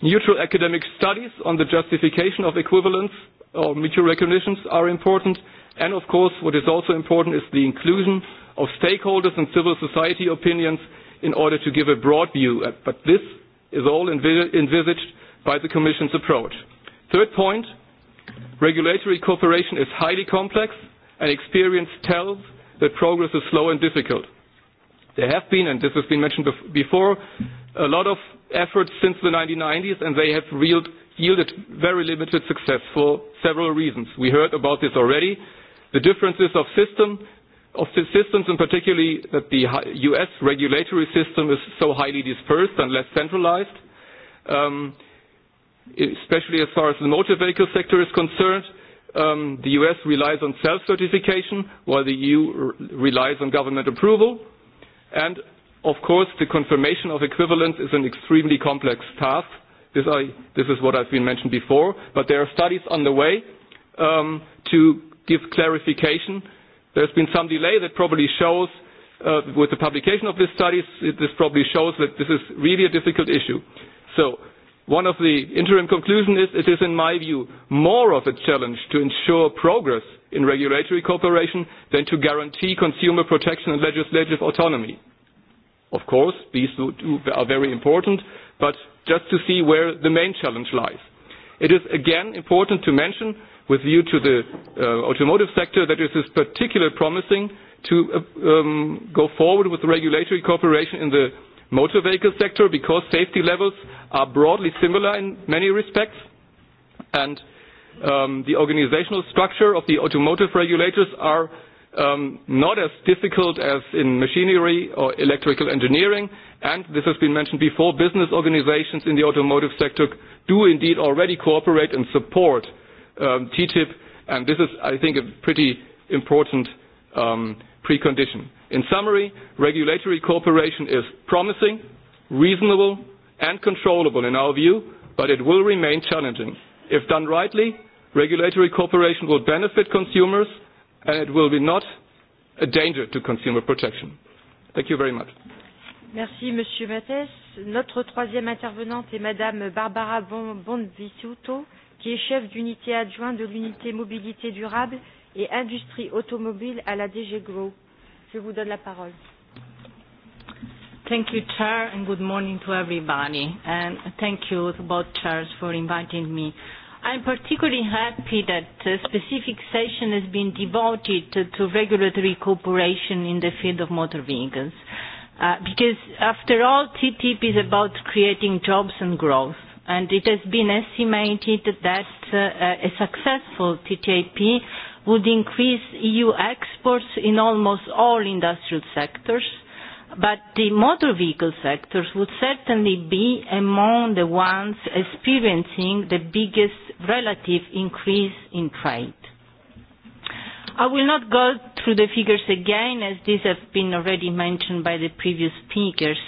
Neutral academic studies on the justification of equivalence or mutual recognitions are important. And of course, what is also important is the inclusion of stakeholders and civil society opinions in order to give a broad view. But this is all envisaged by the Commission's approach. Third point, Regulatory cooperation is highly complex, and experience tells that progress is slow and difficult. There have been, and this has been mentioned before, a lot of efforts since the 1990s, and they have yielded very limited success for several reasons. We heard about this already. The differences of system, of the systems, and particularly that the U.S. regulatory system is so highly dispersed and less centralized. Um, especially as far as the motor vehicle sector is concerned. Um, the US relies on self-certification, while the EU r- relies on government approval. And of course, the confirmation of equivalence is an extremely complex task. This, I, this is what I've been mentioned before, but there are studies on the way um, to give clarification. There's been some delay that probably shows, uh, with the publication of these studies, this probably shows that this is really a difficult issue. So One of the interim conclusions is it is, in my view, more of a challenge to ensure progress in regulatory cooperation than to guarantee consumer protection and legislative autonomy. Of course, these two are very important, but just to see where the main challenge lies. It is again important to mention, with view to the uh, automotive sector, that it is particularly promising to uh, um, go forward with regulatory cooperation in the motor vehicle sector because safety levels are broadly similar in many respects and um, the organizational structure of the automotive regulators are um, not as difficult as in machinery or electrical engineering and this has been mentioned before business organizations in the automotive sector do indeed already cooperate and support um, TTIP and this is I think a pretty important um, precondition. In summary, regulatory cooperation is promising, reasonable, and controllable in our view, but it will remain challenging. If done rightly, regulatory cooperation will benefit consumers, and it will be not a danger to consumer protection. Thank you very much. Merci, Monsieur Mathès. Notre troisième intervenante est Madame Barbara Bonvisuto, qui est chef d'unité adjointe de l'unité mobilité durable et industrie automobile à la DG Group. Je vous donne la parole. Thank you, Chair, and good morning to everybody. And thank you to both chairs for inviting me. I'm particularly happy that a specific session has been devoted to, to regulatory cooperation in the field of motor vehicles. Uh, because after all, TTIP is about creating jobs and growth and it has been estimated that uh, a successful TTIP would increase EU exports in almost all industrial sectors, but the motor vehicle sectors would certainly be among the ones experiencing the biggest relative increase in trade. I will not go through the figures again, as these have been already mentioned by the previous speakers.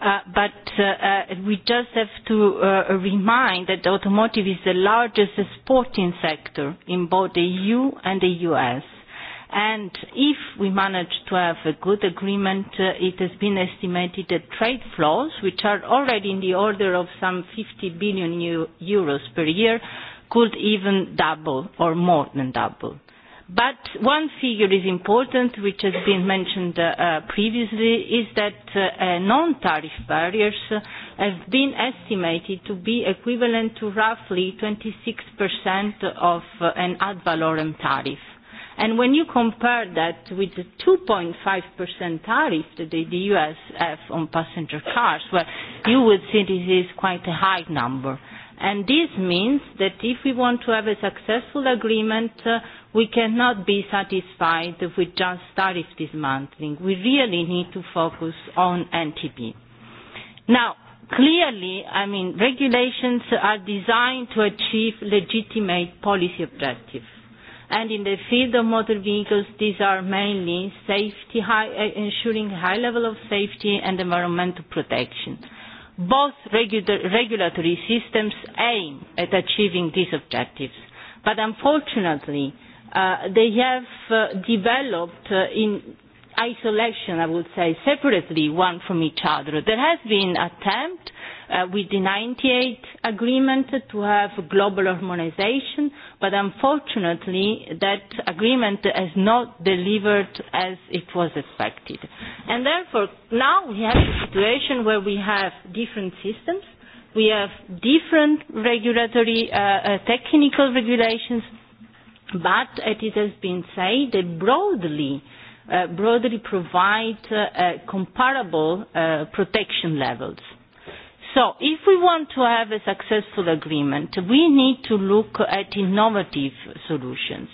Uh, but uh, uh, we just have to uh, remind that automotive is the largest exporting sector in both the EU and the US. And if we manage to have a good agreement, uh, it has been estimated that trade flows, which are already in the order of some 50 billion euros per year, could even double or more than double. But one figure is important, which has been mentioned uh, uh previously, is that uh, uh non-tariff barriers uh, have been estimated to be equivalent to roughly 26% of uh, an ad valorem tariff. And when you compare that with the 2.5% tariff that the US have on passenger cars, well, you would see this is quite a high number. And this means that if we want to have a successful agreement, uh, We cannot be satisfied if we just with dismantling. We really need to focus on NTP. Now, clearly, I mean, regulations are designed to achieve legitimate policy objectives. And in the field of motor vehicles, these are mainly safety, high, uh, ensuring high level of safety and environmental protection. Both regu- regulatory systems aim at achieving these objectives. But unfortunately, Uh, they have uh, developed uh, in isolation, I would say, separately, one from each other. There has been attempt uh, with the 98 agreement to have global harmonization, but unfortunately that agreement has not delivered as it was expected. And therefore, now we have a situation where we have different systems, we have different regulatory, uh, uh, technical regulations, But as it has been said, they broadly uh, broadly provide uh, uh, comparable uh, protection levels. So if we want to have a successful agreement, we need to look at innovative solutions.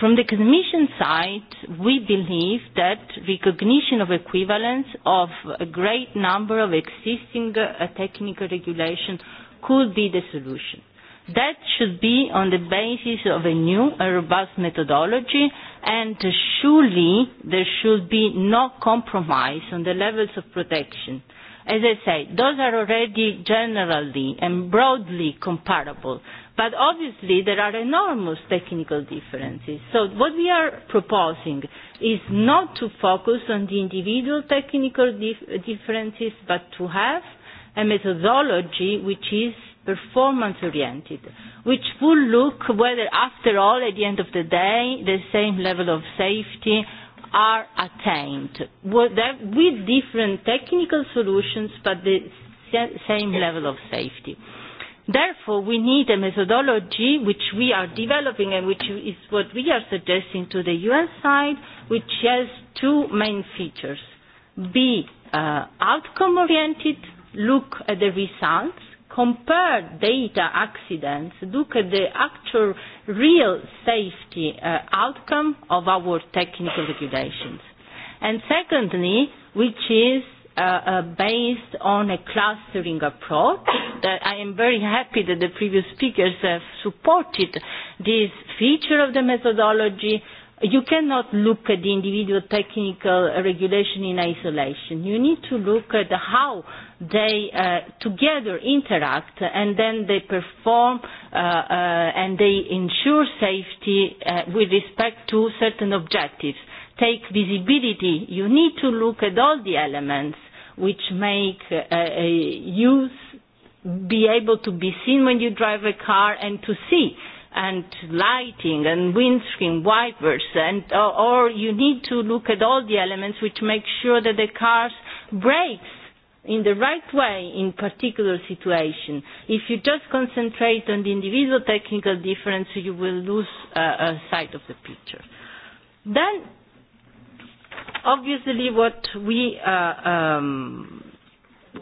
From the Commission side, we believe that recognition of equivalence of a great number of existing uh, technical regulations could be the solution. That should be on the basis of a new and robust methodology and surely there should be no compromise on the levels of protection. As I say, those are already generally and broadly comparable, but obviously there are enormous technical differences. So what we are proposing is not to focus on the individual technical dif differences, but to have a methodology which is performance oriented, which will look whether, after all, at the end of the day, the same level of safety are attained with different technical solutions, but the same level of safety. Therefore, we need a methodology which we are developing and which is what we are suggesting to the US side, which has two main features. Be uh, outcome oriented, look at the results, compare data accidents, look at the actual real safety uh, outcome of our technical regulations. And secondly, which is uh, uh, based on a clustering approach that I am very happy that the previous speakers have supported this feature of the methodology You cannot look at the individual technical regulation in isolation. You need to look at how they uh, together interact and then they perform uh, uh, and they ensure safety uh, with respect to certain objectives. Take visibility. You need to look at all the elements which make uh, use be able to be seen when you drive a car and to see uh, and lighting and windscreen wipers and or you need to look at all the elements which make sure that the cars brakes in the right way in particular situation. If you just concentrate on the individual technical difference, you will lose uh, uh, sight of the picture. Then, obviously, what we uh, um,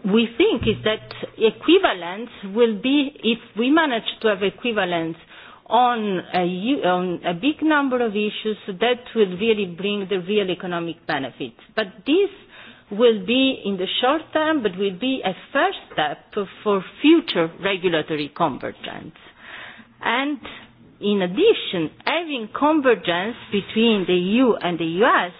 we think is that equivalence will be if we manage to have equivalence on a, on a big number of issues that will really bring the real economic benefits. But this will be in the short term, but will be a first step for future regulatory convergence. And in addition, having convergence between the EU and the US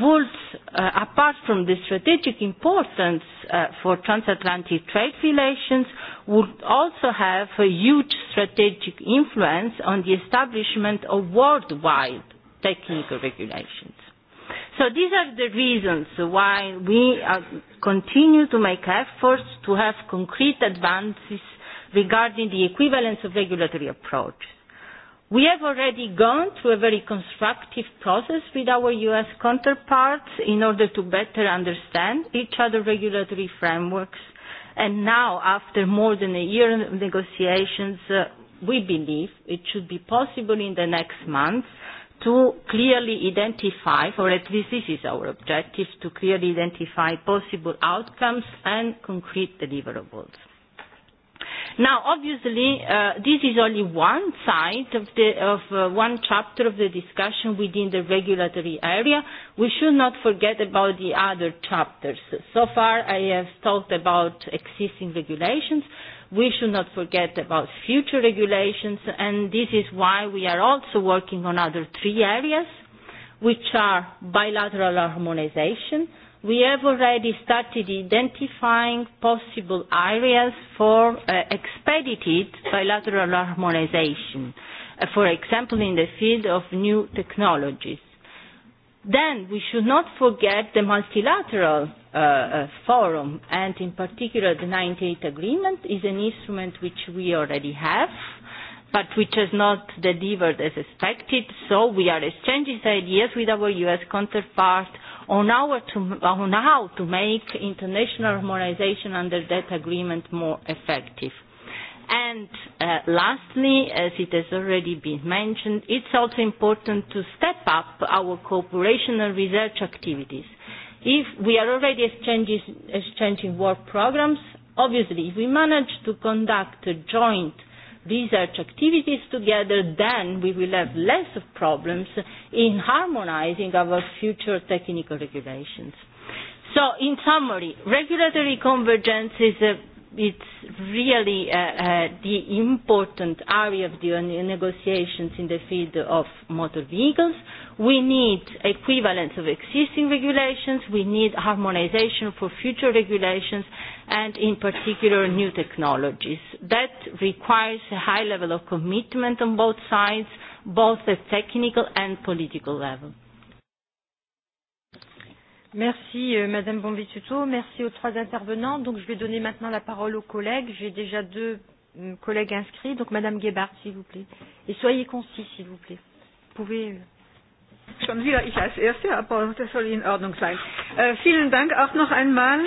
would, uh, apart from the strategic importance uh, for transatlantic trade relations, would also have a huge strategic influence on the establishment of worldwide technical regulations. So these are the reasons why we are, uh, continue to make efforts to have concrete advances regarding the equivalence of regulatory approaches. We have already gone through a very constructive process with our US counterparts in order to better understand each other's regulatory frameworks. And now, after more than a year of negotiations, uh, we believe it should be possible in the next months to clearly identify, or at least this is our objective, to clearly identify possible outcomes and concrete deliverables. Now, obviously, uh, this is only one side of, the, of uh, one chapter of the discussion within the regulatory area. We should not forget about the other chapters. So far, I have talked about existing regulations. We should not forget about future regulations, and this is why we are also working on other three areas, which are bilateral harmonization, we have already started identifying possible areas for uh, expedited bilateral harmonization, uh, for example, in the field of new technologies. Then we should not forget the multilateral uh, uh, forum, and in particular the 98 agreement is an instrument which we already have, but which has not delivered as expected, so we are exchanging ideas with our US counterpart on, our to, on how to make international harmonization under that agreement more effective. And uh, lastly, as it has already been mentioned, it's also important to step up our cooperation and research activities. If we are already exchanging work programs, obviously, if we manage to conduct a joint uh, research activities together, then we will have less of problems in harmonizing our future technical regulations. So in summary, regulatory convergence is a it's really uh, uh, the important area of the negotiations in the field of motor vehicles. We need equivalence of existing regulations, we need harmonization for future regulations, and in particular new technologies. That requires a high level of commitment on both sides, both at technical and political level. Merci euh, Madame Bonvituto, merci aux trois intervenants. Donc je vais donner maintenant la parole aux collègues. J'ai déjà deux euh, collègues inscrits, donc Madame Gebhardt, s'il vous plaît. Et soyez concis, s'il vous plaît. Vous pouvez. Euh. Schon wieder ich als Erste, aber das soll in Ordnung sein. Äh, vielen Dank auch noch einmal.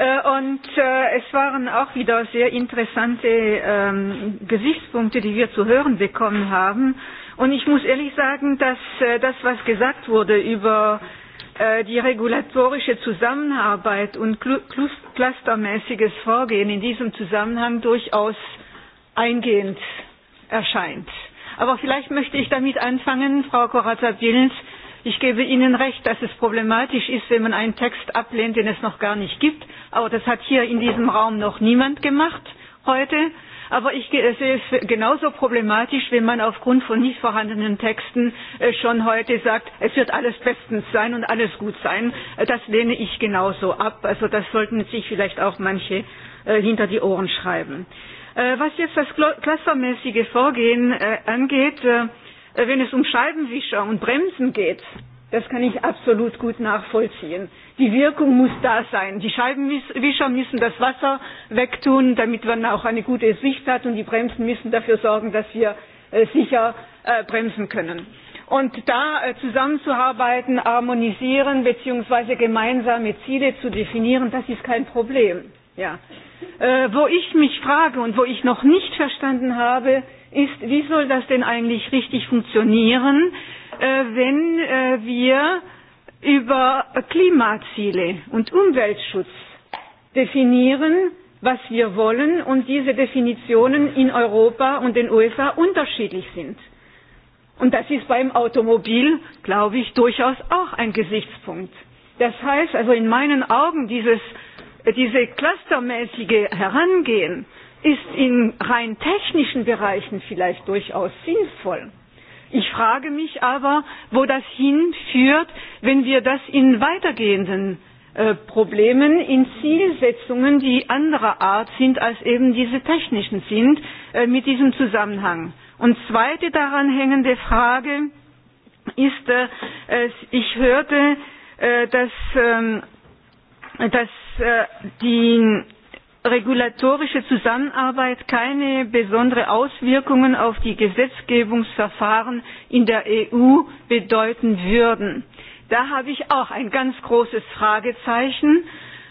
Äh, und äh, es waren auch wieder sehr interessante ähm, Gesichtspunkte, die wir zu hören bekommen haben. Und ich muss ehrlich sagen, dass äh, das, was gesagt wurde über äh, Äh, die regulatorische Zusammenarbeit und clustermäßiges Vorgehen in diesem Zusammenhang durchaus eingehend erscheint. Aber vielleicht möchte ich damit anfangen, Frau Corazza-Bills, ich gebe Ihnen recht, dass es problematisch ist, wenn man einen Text ablehnt, den es noch gar nicht gibt. Aber das hat hier in diesem Raum noch niemand gemacht heute. Aber ich sehe es genauso problematisch, wenn man aufgrund von nicht vorhandenen Texten äh, schon heute sagt, es wird alles bestens sein und alles gut sein. Äh, das lehne ich genauso ab. Also das sollten sich vielleicht auch manche äh, hinter die Ohren schreiben. Was jetzt das clustermäßige Vorgehen angeht, wenn es um Scheibenwischer und Bremsen geht, Das kann ich absolut gut nachvollziehen. Die Wirkung muss da sein. Die Scheibenwischer müssen das Wasser wegtun, damit man auch eine gute Sicht hat und die Bremsen müssen dafür sorgen, dass wir äh, sicher äh, bremsen können. Und da äh, zusammenzuarbeiten, harmonisieren bzw. gemeinsame Ziele zu definieren, das ist kein Problem. Ja. Äh, wo ich mich frage und wo ich noch nicht verstanden habe, ist, wie soll das denn eigentlich richtig funktionieren, äh, wenn äh, wir über Klimaziele und Umweltschutz definieren, was wir wollen und diese Definitionen in Europa und den USA unterschiedlich sind. Und das ist beim Automobil, glaube ich, durchaus auch ein Gesichtspunkt. Das heißt also in meinen Augen, dieses, äh, diese clustermäßige Herangehen ist in rein technischen Bereichen vielleicht durchaus sinnvoll. Ich frage mich aber, wo das hinführt, wenn wir das in weitergehenden äh, Problemen, in Zielsetzungen, die anderer Art sind als eben diese technischen sind, äh, mit diesem Zusammenhang. Und zweite daran hängende Frage ist, äh, ich hörte, dass, ähm, dass die regulatorische Zusammenarbeit keine besonderen Auswirkungen auf die Gesetzgebungsverfahren in der EU bedeuten würden. Da habe ich auch ein ganz großes Fragezeichen,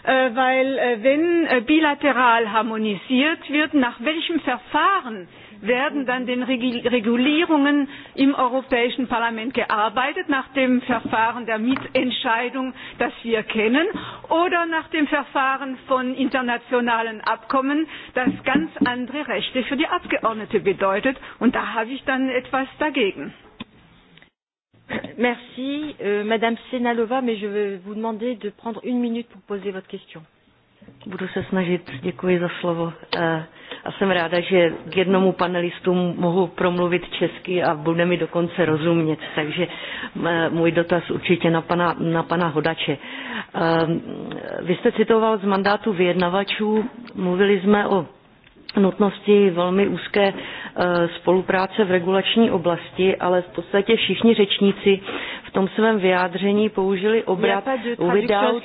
äh, weil äh, wenn äh, bilateral harmonisiert wird, nach welchem Verfahren werden dann den Regulierungen im Europäischen Parlament gearbeitet, nach dem Verfahren der Mitentscheidung, das wir kennen, oder nach dem Verfahren von internationalen Abkommen, das ganz andere Rechte für die Abgeordnete bedeutet. Und da habe ich dann etwas dagegen. Merci, euh, Madame Senalova, mais je vais vous demander de prendre une minute pour poser votre question. Budu se snažit, děkuji za slovo. Eh, a jsem ráda, že k jednomu panelistu mohu promluvit česky a bude mi dokonce rozumět, takže eh, můj dotaz určitě na pana, na pana Hodače. Ehm, vy jste citoval z mandátu vyjednavačů, mluvili jsme o nutnosti velmi úzké eh, spolupráce v regulační oblasti, ale v podstatě všichni řečníci v tom svém vyjádření použili obrat without...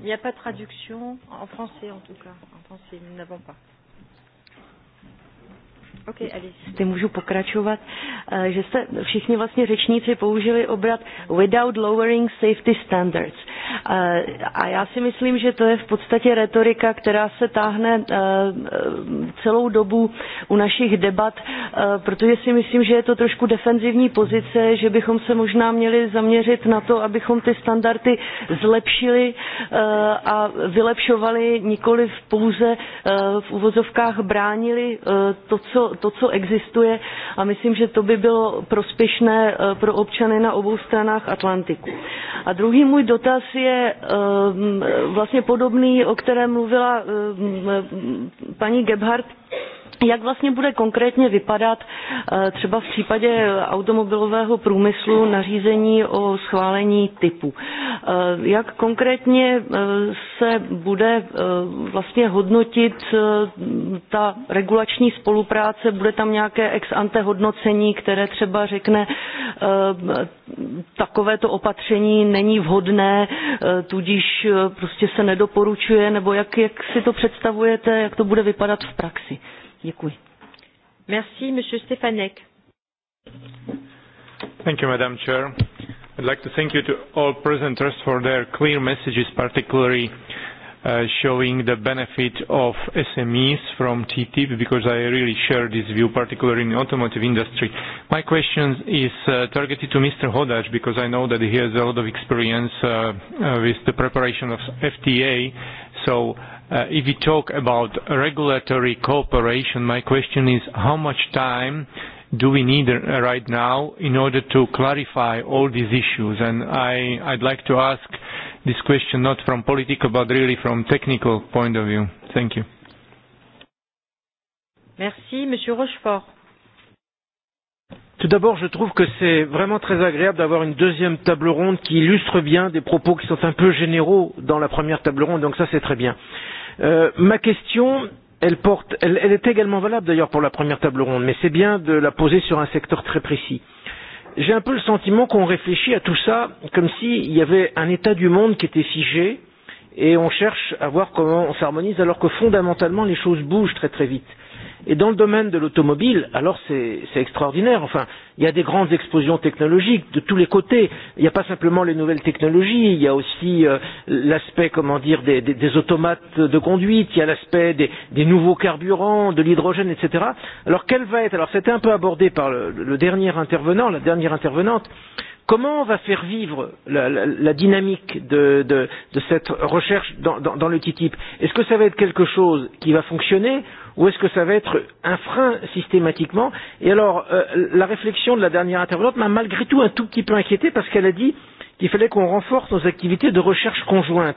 Il n'y a pas de traduction en français en tout cas. En français, nous n'avons pas. Okay, můžu pokračovat, eh, že jste všichni vlastně řečníci použili obrat without lowering safety standards. Eh, a já si myslím, že to je v podstatě retorika, která se táhne eh, celou dobu u našich debat, eh, protože si myslím, že je to trošku defenzivní pozice, že bychom se možná měli zaměřit na to, abychom ty standardy zlepšili a vylepšovali nikoli v pouze v uvozovkách bránili to co, to, co existuje a myslím, že to by bylo prospěšné pro občany na obou stranách Atlantiku. A druhý můj dotaz je ehm, vlastně podobný, o kterém mluvila ehm, paní Gebhardt jak vlastně bude konkrétně vypadat eh, třeba v případě automobilového průmyslu nařízení o schválení typu. Eh, jak konkrétně eh, se bude vlastně hodnotit ta regulační spolupráce, bude tam nějaké ex ante hodnocení, které třeba řekne, takovéto opatření není vhodné, tudíž prostě se nedoporučuje, nebo jak, jak si to představujete, jak to bude vypadat v praxi? Děkuji. Merci, Monsieur Stefanek. Thank you, Madam Chair. I'd like to thank you to all presenters for their clear messages, particularly uh, showing the benefit of SMEs from TTIP, because I really share this view, particularly in the automotive industry. My question is uh, targeted to Mr. Hodaj, because I know that he has a lot of experience uh, uh, with the preparation of FTA. So Uh, if we talk about regulatory cooperation, my question is how much time do we need uh, right now in order to clarify all these issues? And I, I'd like to ask this question not from political but really from technical point of view. Thank you. Merci, Monsieur Rochefort. Tout d'abord, je trouve que c'est vraiment très agréable d'avoir une deuxième table ronde qui illustre bien des propos qui sont un peu généraux dans la première table ronde, donc ça c'est très bien. Euh, Euh, ma question, elle, porte, elle, elle est également valable d'ailleurs pour la première table ronde, mais c'est bien de la poser sur un secteur très précis. J'ai un peu le sentiment qu'on réfléchit à tout ça comme s'il y avait un état du monde qui était figé et on cherche à voir comment on s'harmonise alors que fondamentalement les choses bougent très très vite. Et dans le domaine de l'automobile, alors c'est extraordinaire. Enfin, il y a des grandes explosions technologiques de tous les côtés. Il n'y a pas simplement les nouvelles technologies, il y a aussi euh, l'aspect, comment dire, des, des, des automates de conduite, il y a l'aspect des, des nouveaux carburants, de l'hydrogène, etc. Alors quelle va être Alors c'était un peu abordé par le, le dernier intervenant, la dernière intervenante. Comment on va faire vivre la, la, la dynamique de, de, de cette recherche dans, dans, dans le TTIP Est-ce que ça va être quelque chose qui va fonctionner ou est-ce que ça va être un frein systématiquement Et alors, euh, la réflexion de la dernière intervenante m'a malgré tout un tout petit peu inquiété parce qu'elle a dit qu'il fallait qu'on renforce nos activités de recherche conjointe.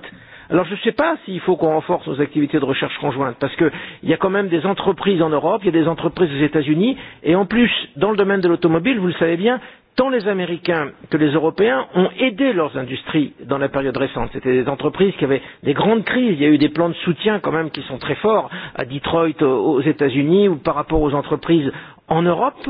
Alors je ne sais pas s'il faut qu'on renforce nos activités de recherche conjointe, parce qu'il y a quand même des entreprises en Europe, il y a des entreprises aux États-Unis, et en plus, dans le domaine de l'automobile, vous le savez bien, tant les Américains que les Européens ont aidé leurs industries dans la période récente. C'était des entreprises qui avaient des grandes crises. Il y a eu des plans de soutien quand même qui sont très forts à Detroit aux États-Unis ou par rapport aux entreprises en Europe.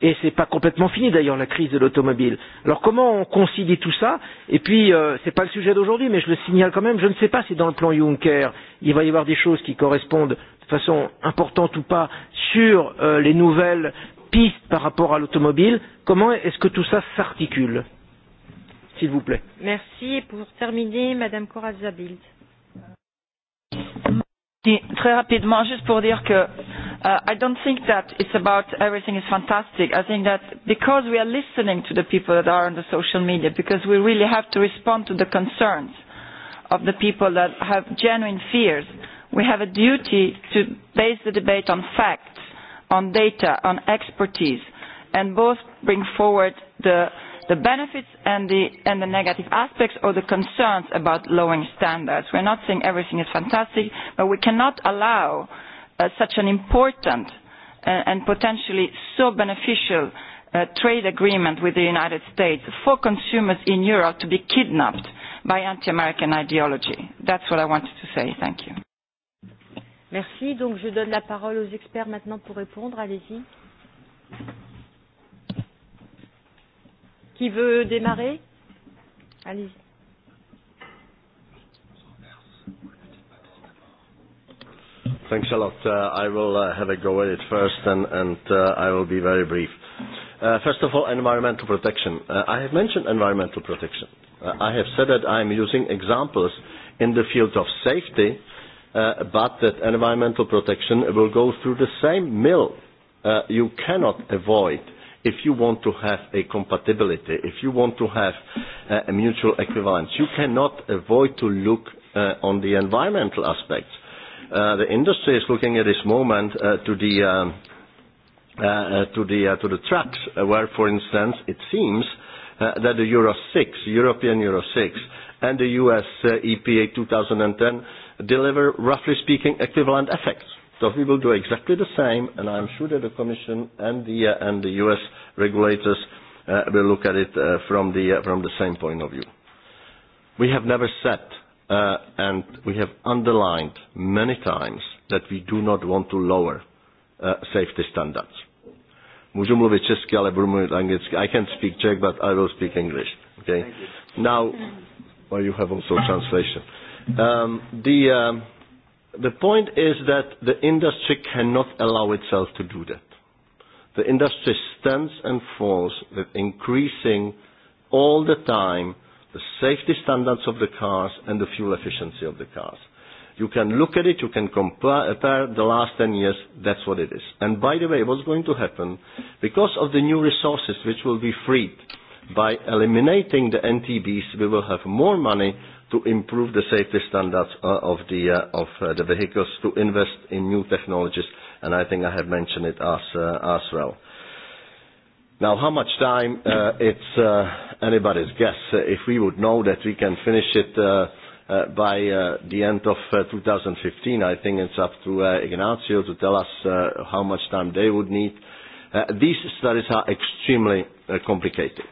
Et ce n'est pas complètement fini d'ailleurs la crise de l'automobile. Alors comment on concilie tout ça Et puis euh, ce n'est pas le sujet d'aujourd'hui, mais je le signale quand même. Je ne sais pas si dans le plan Juncker il va y avoir des choses qui correspondent de façon importante ou pas sur euh, les nouvelles piste par rapport à l'automobile. Comment est-ce que tout ça s'articule S'il vous plaît. Merci. Et pour terminer, Madame Corazza Bild. Très rapidement, juste pour dire que uh, I don't think that it's about everything is fantastic. I think that because we are listening to the people that are on the social media, because we really have to respond to the concerns of the people that have genuine fears, we have a duty to base the debate on facts on data, on expertise, and both bring forward the, the benefits and the, and the negative aspects or the concerns about lowering standards. We're not saying everything is fantastic, but we cannot allow uh, such an important uh, and potentially so beneficial uh, trade agreement with the United States for consumers in Europe to be kidnapped by anti-American ideology. That's what I wanted to say. Thank you. Merci. Donc, je donne la parole aux experts maintenant pour répondre. Allez-y. Qui veut démarrer Allez-y. Thanks a lot. Uh, I will uh, have a go at it first, and, and uh, I will be very brief. Uh, first of all, environmental protection. Uh, I have mentioned environmental protection. Uh, I have said that I am using examples in the field of safety uh, but that environmental protection will go through the same mill. Uh, you cannot avoid if you want to have a compatibility, if you want to have uh, a mutual equivalence, you cannot avoid to look uh, on the environmental aspects. Uh, the industry is looking at this moment uh, to the um, uh, uh to the uh, to the trucks, uh, where, for instance, it seems uh, that the Euro 6, European Euro 6, and the US uh, EPA 2010 deliver, roughly speaking, equivalent effects. So we will do exactly the same, and I'm sure that the Commission and the, uh, and the US regulators uh, will look at it uh, from, the, uh, from the same point of view. We have never said, uh, and we have underlined many times, that we do not want to lower uh, safety standards. Můžu mluvit česky, ale budu mluvit anglicky. I can speak Czech, but I will speak English. Okay? Now, well, you have also translation. Uh, Um, the, um, the point is that the industry cannot allow itself to do that. The industry stands and falls with increasing all the time the safety standards of the cars and the fuel efficiency of the cars. You can look at it, you can compare the last 10 years, that's what it is. And by the way, what's going to happen, because of the new resources which will be freed by eliminating the NTBs, we will have more money to improve the safety standards uh, of the uh, of uh, the vehicles, to invest in new technologies, and I think I have mentioned it as uh, as well. Now, how much time? Uh, it's uh, anybody's guess. Uh, if we would know that we can finish it uh, uh, by uh, the end of uh, 2015, I think it's up to uh, Ignacio to tell us uh, how much time they would need. Uh, these studies are extremely uh, complicated.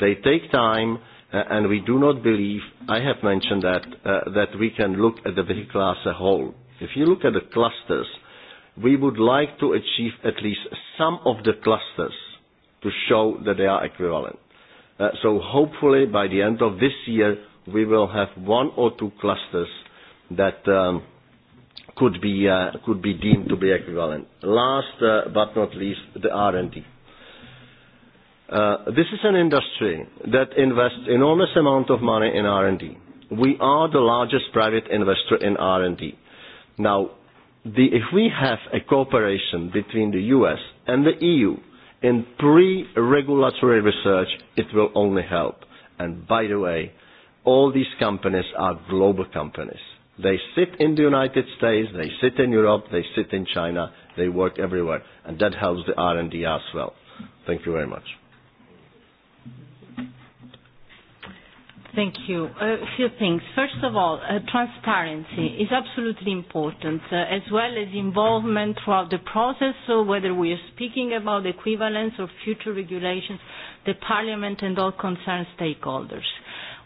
They take time Uh, and we do not believe, I have mentioned that, uh, that we can look at the vehicle as a whole. If you look at the clusters, we would like to achieve at least some of the clusters to show that they are equivalent. Uh, so hopefully by the end of this year, we will have one or two clusters that um, could be uh, could be deemed to be equivalent. Last uh, but not least, the R&D. Uh, this is an industry that invests enormous amount of money in R&D. We are the largest private investor in R&D. Now, the, if we have a cooperation between the US and the EU in pre-regulatory research, it will only help. And by the way, all these companies are global companies. They sit in the United States, they sit in Europe, they sit in China, they work everywhere. And that helps the R&D as well. Thank you very much. Thank you. A few things. First of all, uh, transparency is absolutely important, uh, as well as involvement throughout the process. So whether we are speaking about equivalence or future regulations, the Parliament and all concerned stakeholders.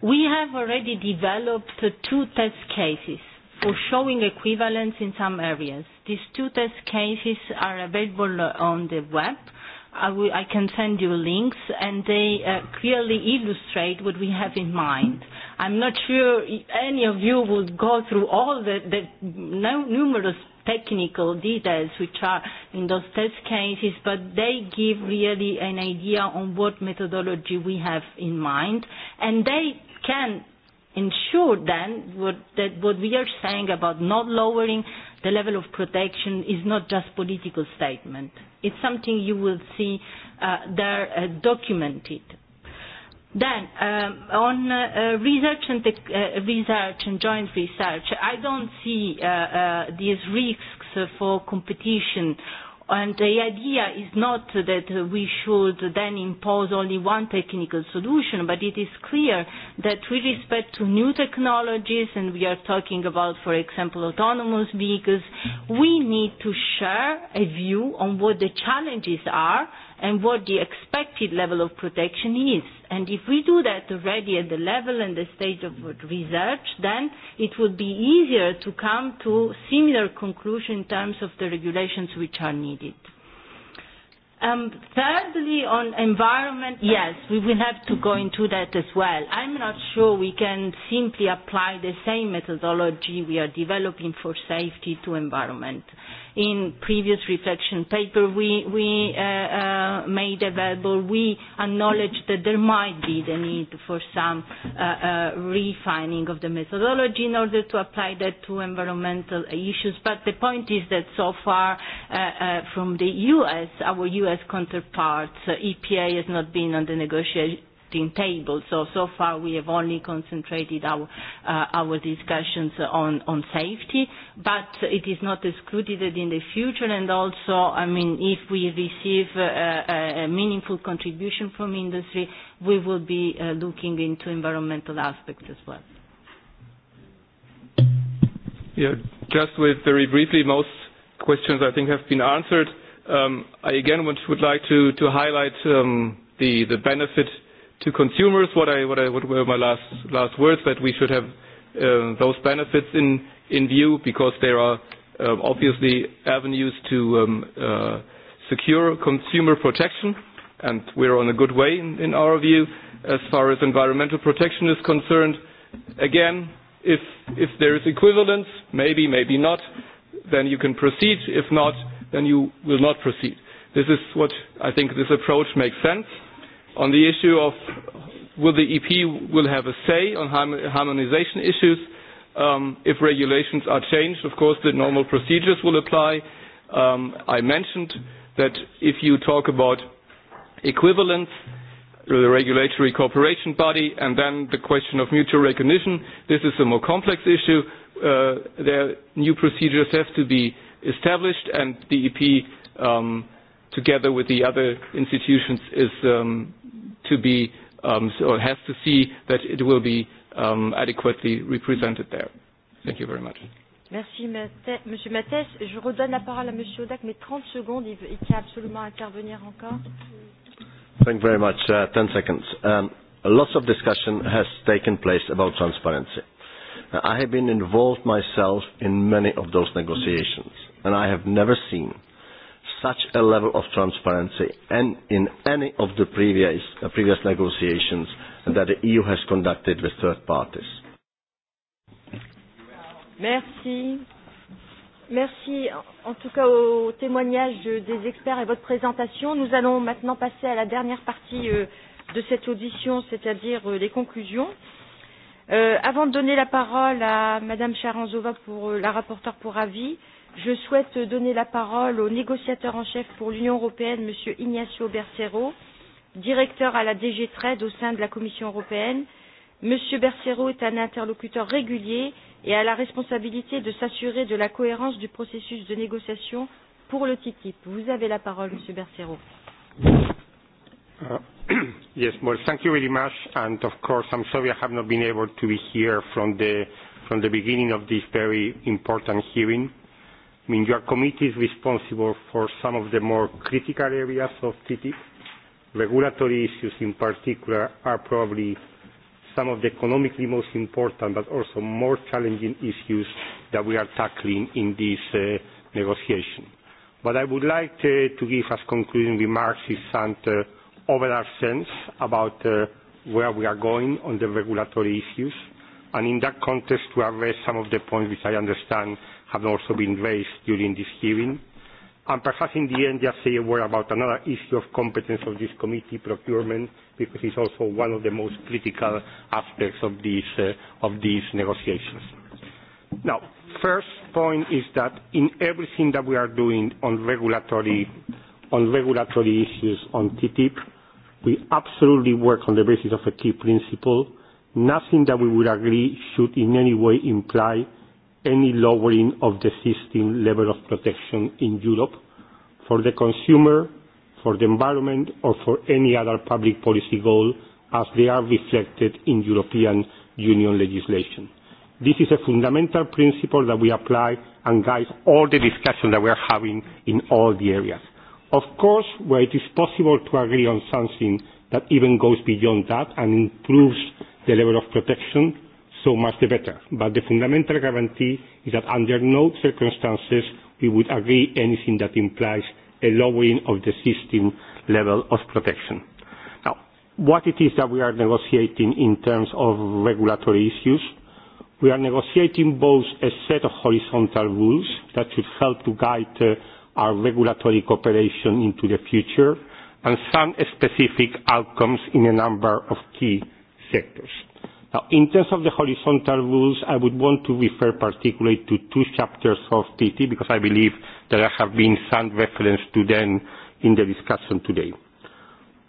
We have already developed two test cases for showing equivalence in some areas. These two test cases are available on the web. I, will, I can send you links, and they uh, clearly illustrate what we have in mind. I'm not sure any of you would go through all the, the no, numerous technical details which are in those test cases, but they give really an idea on what methodology we have in mind, and they can ensure then what, that what we are saying about not lowering the level of protection is not just political statement. It's something you will see uh, there uh, documented. Then um, on uh, uh research and tech, uh, research and joint research, I don't see uh, uh, these risks for competition And the idea is not that we should then impose only one technical solution, but it is clear that with respect to new technologies, and we are talking about, for example, autonomous vehicles, we need to share a view on what the challenges are and what the expected level of protection is. And if we do that already at the level and the stage of research, then it would be easier to come to similar conclusion in terms of the regulations which are needed. Um, thirdly, on environment, yes, we will have to go into that as well. I'm not sure we can simply apply the same methodology we are developing for safety to environment. Uh, in previous reflection paper we, we uh, uh, made available, we acknowledge that there might be the need for some uh, uh, refining of the methodology in order to apply that to environmental issues. But the point is that so far uh, uh, from the US, our US counterparts, uh, EPA has not been on the negotiation 15 tables. So, so far we have only concentrated our, uh, our discussions on, on safety, but it is not excluded that in the future and also, I mean, if we receive a, uh, uh, a meaningful contribution from industry, we will be uh, looking into environmental aspects as well. Yeah, just with very briefly, most questions I think have been answered. Um, I again would, would like to, to highlight um, the, the benefit to consumers, what, I, what, I, what were my last, last words, that we should have uh, those benefits in, in view because there are uh, obviously avenues to um, uh, secure consumer protection, and we're on a good way in, in our view as far as environmental protection is concerned. Again, if, if there is equivalence, maybe, maybe not, then you can proceed. If not, then you will not proceed. This is what I think this approach makes sense. On the issue of will the EP will have a say on harmonization issues, um, if regulations are changed, of course the normal procedures will apply. Um, I mentioned that if you talk about equivalence, the regulatory cooperation body, and then the question of mutual recognition, this is a more complex issue. Uh, there, new procedures have to be established, and the EP, um, together with the other institutions, is um, to be um, so has to see that it will be um, adequately represented there. Thank you very much. Merci, Monsieur Mathès. Je redonne la parole à Monsieur Odak, mais 30 secondes, il, il absolument intervenir encore. Thank you very much. Uh, 10 seconds. Um, lots of discussion has taken place about transparency. Uh, I have been involved myself in many of those negotiations, and I have never seen such a level of transparency and in any of the previous, uh, previous negotiations that the EU has conducted with third parties. Merci. Merci en tout cas au témoignage des experts et votre présentation. Nous allons maintenant passer à la dernière partie euh, de cette audition, c'est-à-dire euh, les conclusions. Euh, avant de donner la parole à Madame Charanzova pour euh, la rapporteure pour avis, euh, Je souhaite donner la parole au négociateur en chef pour l'Union européenne, M. Ignacio Bercero, directeur à la DG Trade au sein de la Commission européenne. M. Bercero est un interlocuteur régulier et a la responsabilité de s'assurer de la cohérence du processus de négociation pour le TTIP. Vous avez la parole, M. Bercero. Uh, yes, well, thank you very much. And of course, I'm sorry I have not been able to be here from the, from the beginning of this very important hearing. I mean, your committee is responsible for some of the more critical areas of TTIP. Regulatory issues in particular are probably some of the economically most important but also more challenging issues that we are tackling in this uh, negotiation. What I would like to, uh, to give as concluding remarks is some uh, overall sense about uh, where we are going on the regulatory issues, and in that context to address some of the points which I understand have also been raised during this hearing. And perhaps in the end, just say a word about another issue of competence of this committee, procurement, because it's also one of the most critical aspects of these, uh, of these negotiations. Now, first point is that in everything that we are doing on regulatory, on regulatory issues on TTIP, we absolutely work on the basis of a key principle. Nothing that we would agree should in any way imply any lowering of the system level of protection in Europe for the consumer, for the environment, or for any other public policy goal as they are reflected in European Union legislation. This is a fundamental principle that we apply and guides all the discussion that we are having in all the areas. Of course, where it is possible to agree on something that even goes beyond that and improves the level of protection, so much the better. But the fundamental guarantee is that under no circumstances we would agree anything that implies a lowering of the system level of protection. Now, what it is that we are negotiating in terms of regulatory issues? We are negotiating both a set of horizontal rules that should help to guide uh, our regulatory cooperation into the future and some specific outcomes in a number of key sectors Now, in terms of the horizontal rules, I would want to refer particularly to two chapters of TT because I believe that there have been some reference to them in the discussion today.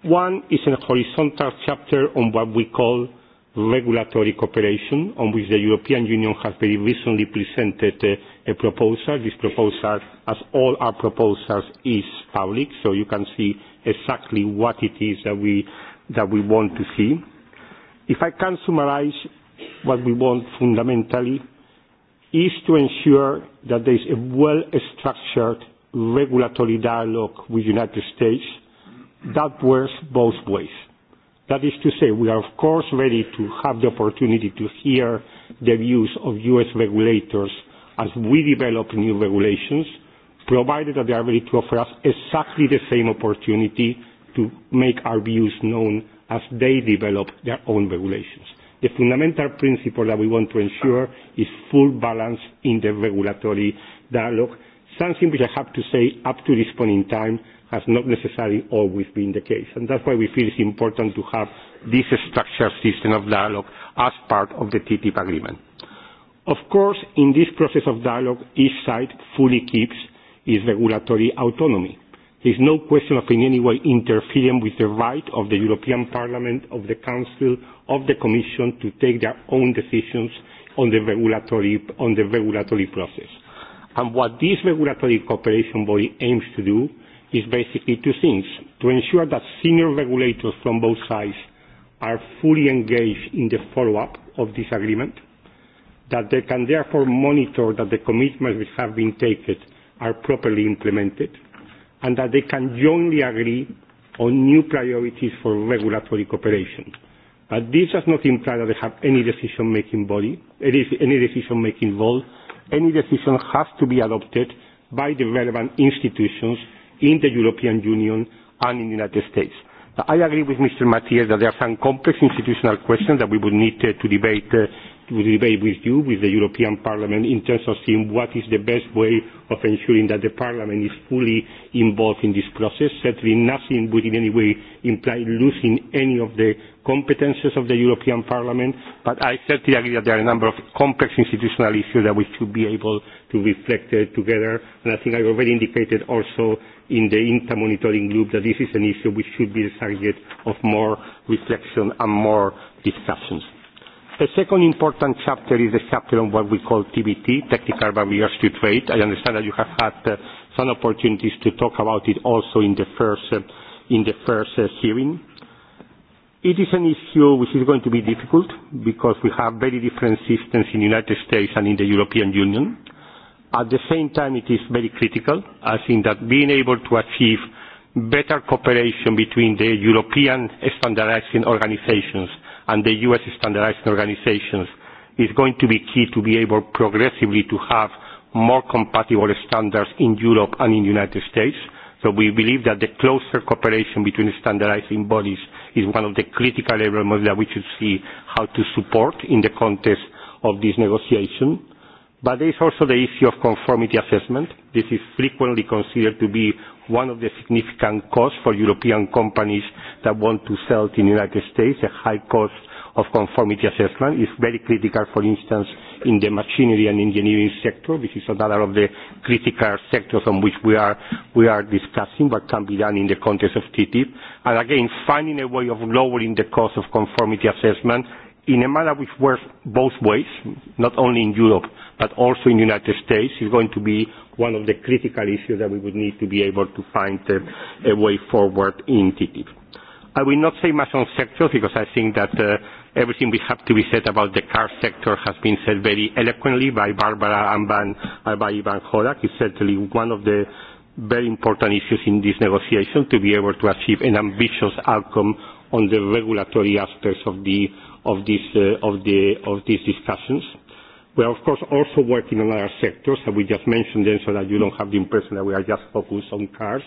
One is a horizontal chapter on what we call regulatory cooperation, on which the European Union has very recently presented a, a proposal. This proposal, as all our proposals, is public, so you can see exactly what it is that we, that we want to see If I can summarize what we want fundamentally is to ensure that there is a well-structured regulatory dialogue with the United States that works both ways. That is to say, we are of course ready to have the opportunity to hear the views of U.S. regulators as we develop new regulations, provided that they are ready to offer us exactly the same opportunity to make our views known as they develop their own regulations. The fundamental principle that we want to ensure is full balance in the regulatory dialogue, something which I have to say up to this point in time has not necessarily always been the case. And that's why we feel it's important to have this structured system of dialogue as part of the TTIP agreement. Of course, in this process of dialogue, each side fully keeps its regulatory autonomy There is no question of in any way interfering with the right of the European Parliament, of the Council, of the Commission to take their own decisions on the regulatory, on the regulatory process. And what this regulatory cooperation body aims to do is basically two things. To ensure that senior regulators from both sides are fully engaged in the follow-up of this agreement, that they can therefore monitor that the commitments which have been taken are properly implemented, and that they can jointly agree on new priorities for regulatory cooperation. But this does not imply that they have any decision-making body, any decision-making role. Any decision has to be adopted by the relevant institutions in the European Union and in the United States. I agree with Mr. Matias that there are some complex institutional questions that we would need to, uh, to debate uh, to debate with you, with the European Parliament, in terms of seeing what is the best way of ensuring that the Parliament is fully involved in this process. Certainly nothing would in any way imply losing any of the competences of the European Parliament, but I certainly agree that there are a number of complex institutional issues that we should be able to reflect uh, together. And I think I already indicated also in the inter-monitoring group that this is an issue which should be the subject of more reflection and more discussions. The second important chapter is the chapter on what we call TBT, Technical Barriers to Trade. I understand that you have had uh, some opportunities to talk about it also in the first, uh, in the first uh, hearing. It is an issue which is going to be difficult because we have very different systems in the United States and in the European Union. At the same time, it is very critical, as in that being able to achieve better cooperation between the European standardizing organizations and the U.S. standardizing organizations is going to be key to be able progressively to have more compatible standards in Europe and in the United States. So we believe that the closer cooperation between standardizing bodies is one of the critical elements that we should see how to support in the context of this negotiation. But there is also the issue of conformity assessment. This is frequently considered to be one of the significant costs for European companies that want to sell to the United States, a high cost of conformity assessment is very critical, for instance, in the machinery and engineering sector. This is another of the critical sectors on which we are, we are discussing what can be done in the context of TTIP. And again, finding a way of lowering the cost of conformity assessment in a manner which works both ways, not only in Europe, but also in the United States, is going to be one of the critical issues that we would need to be able to find a, uh, a way forward in TTIP. I will not say much on sectors because I think that uh, everything we have to be said about the car sector has been said very eloquently by Barbara and by, uh, by Ivan Horak. It's certainly one of the very important issues in this negotiation to be able to achieve an ambitious outcome on the regulatory aspects of, the, of, this, uh, of, the, of these discussions. We are, of course, also working on other sectors, and we just mentioned them so that you don't have the impression that we are just focused on cars.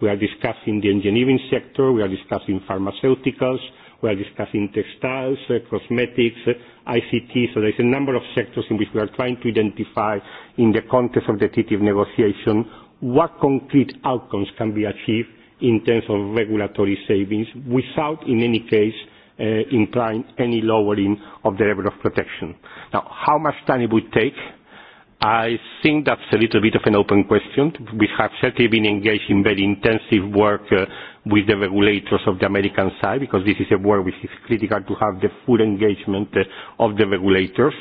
We are discussing the engineering sector, we are discussing pharmaceuticals, We are discussing textiles, uh, cosmetics, uh, ICT. So there's a number of sectors in which we are trying to identify in the context of the TTIP negotiation what concrete outcomes can be achieved in terms of regulatory savings without, in any case, uh, implying any lowering of the level of protection. Now, how much time it would take? I think that's a little bit of an open question. We have certainly been engaged in very intensive work uh, with the regulators of the American side, because this is a work which is critical to have the full engagement uh, of the regulators.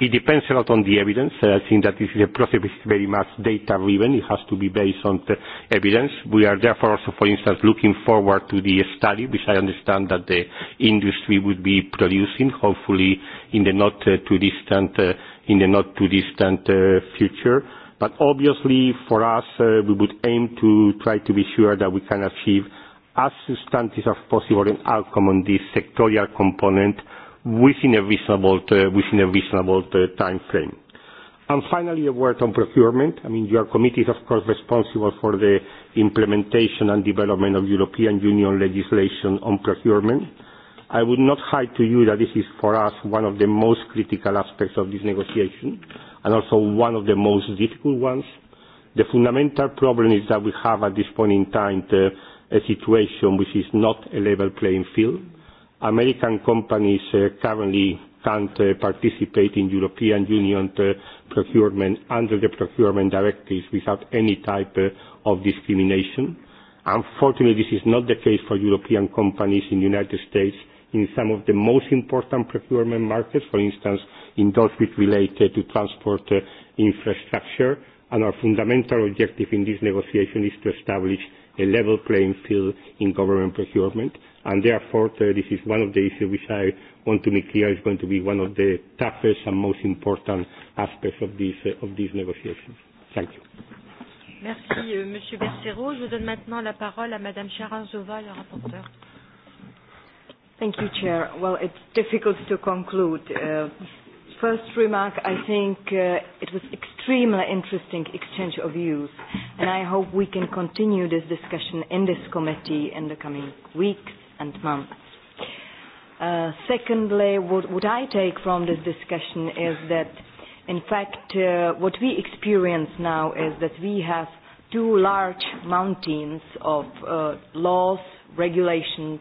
It depends a lot on the evidence. I think that this is a process which is very much data-driven. It has to be based on the uh, evidence. We are therefore also, for instance, looking forward to the study, which I understand that the industry would be producing, hopefully in the not uh, too distant, in the not too distant future But obviously, for us, uh, we would aim to try to be sure that we can achieve as substantive as possible an outcome on this sectorial component within a reasonable uh, within a reasonable uh, time frame. And Finally, a word on procurement. I mean, your committee is, of course, responsible for the implementation and development of European Union legislation on procurement. I would not hide to you that this is, for us, one of the most critical aspects of this negotiation and also one of the most difficult ones. The fundamental problem is that we have at this point in time the, a situation which is not a level playing field. American companies uh, currently can't uh, participate in European Union uh, procurement under the procurement directives without any type uh, of discrimination. Unfortunately, this is not the case for European companies in the United States in some of the most important procurement markets, for instance, in those with related to transport uh, infrastructure, and our fundamental objective in this negotiation is to establish a level playing field in government procurement, and therefore uh, this is one of the issues which I want to make clear is going to be one of the toughest and most important aspects of this, uh, of these negotiations. Thank you. Merci, euh, Monsieur Bercero. Je donne maintenant la parole à Madame Charanzova, la rapporteure. Thank you, Chair. Well, it's difficult to conclude. Uh, first remark, I think uh, it was extremely interesting exchange of views, and I hope we can continue this discussion in this committee in the coming weeks and months. Uh, secondly, what, what I take from this discussion is that, in fact, uh, what we experience now is that we have two large mountains of uh, laws, regulations,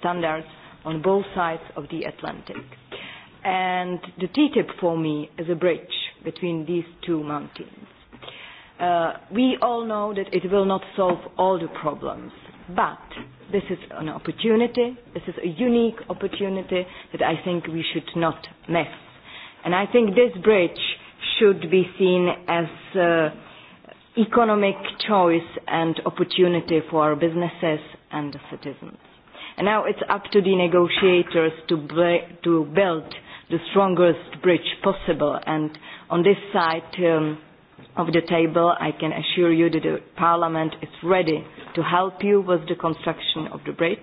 standards on both sides of the Atlantic and the TTIP for me is a bridge between these two mountains. Uh, we all know that it will not solve all the problems, but this is an opportunity, this is a unique opportunity that I think we should not miss. And I think this bridge should be seen as uh, economic choice and opportunity for our businesses and the citizens. And now it's up to the negotiators to, to build the strongest bridge possible. And on this side um, of the table, I can assure you that the Parliament is ready to help you with the construction of the bridge.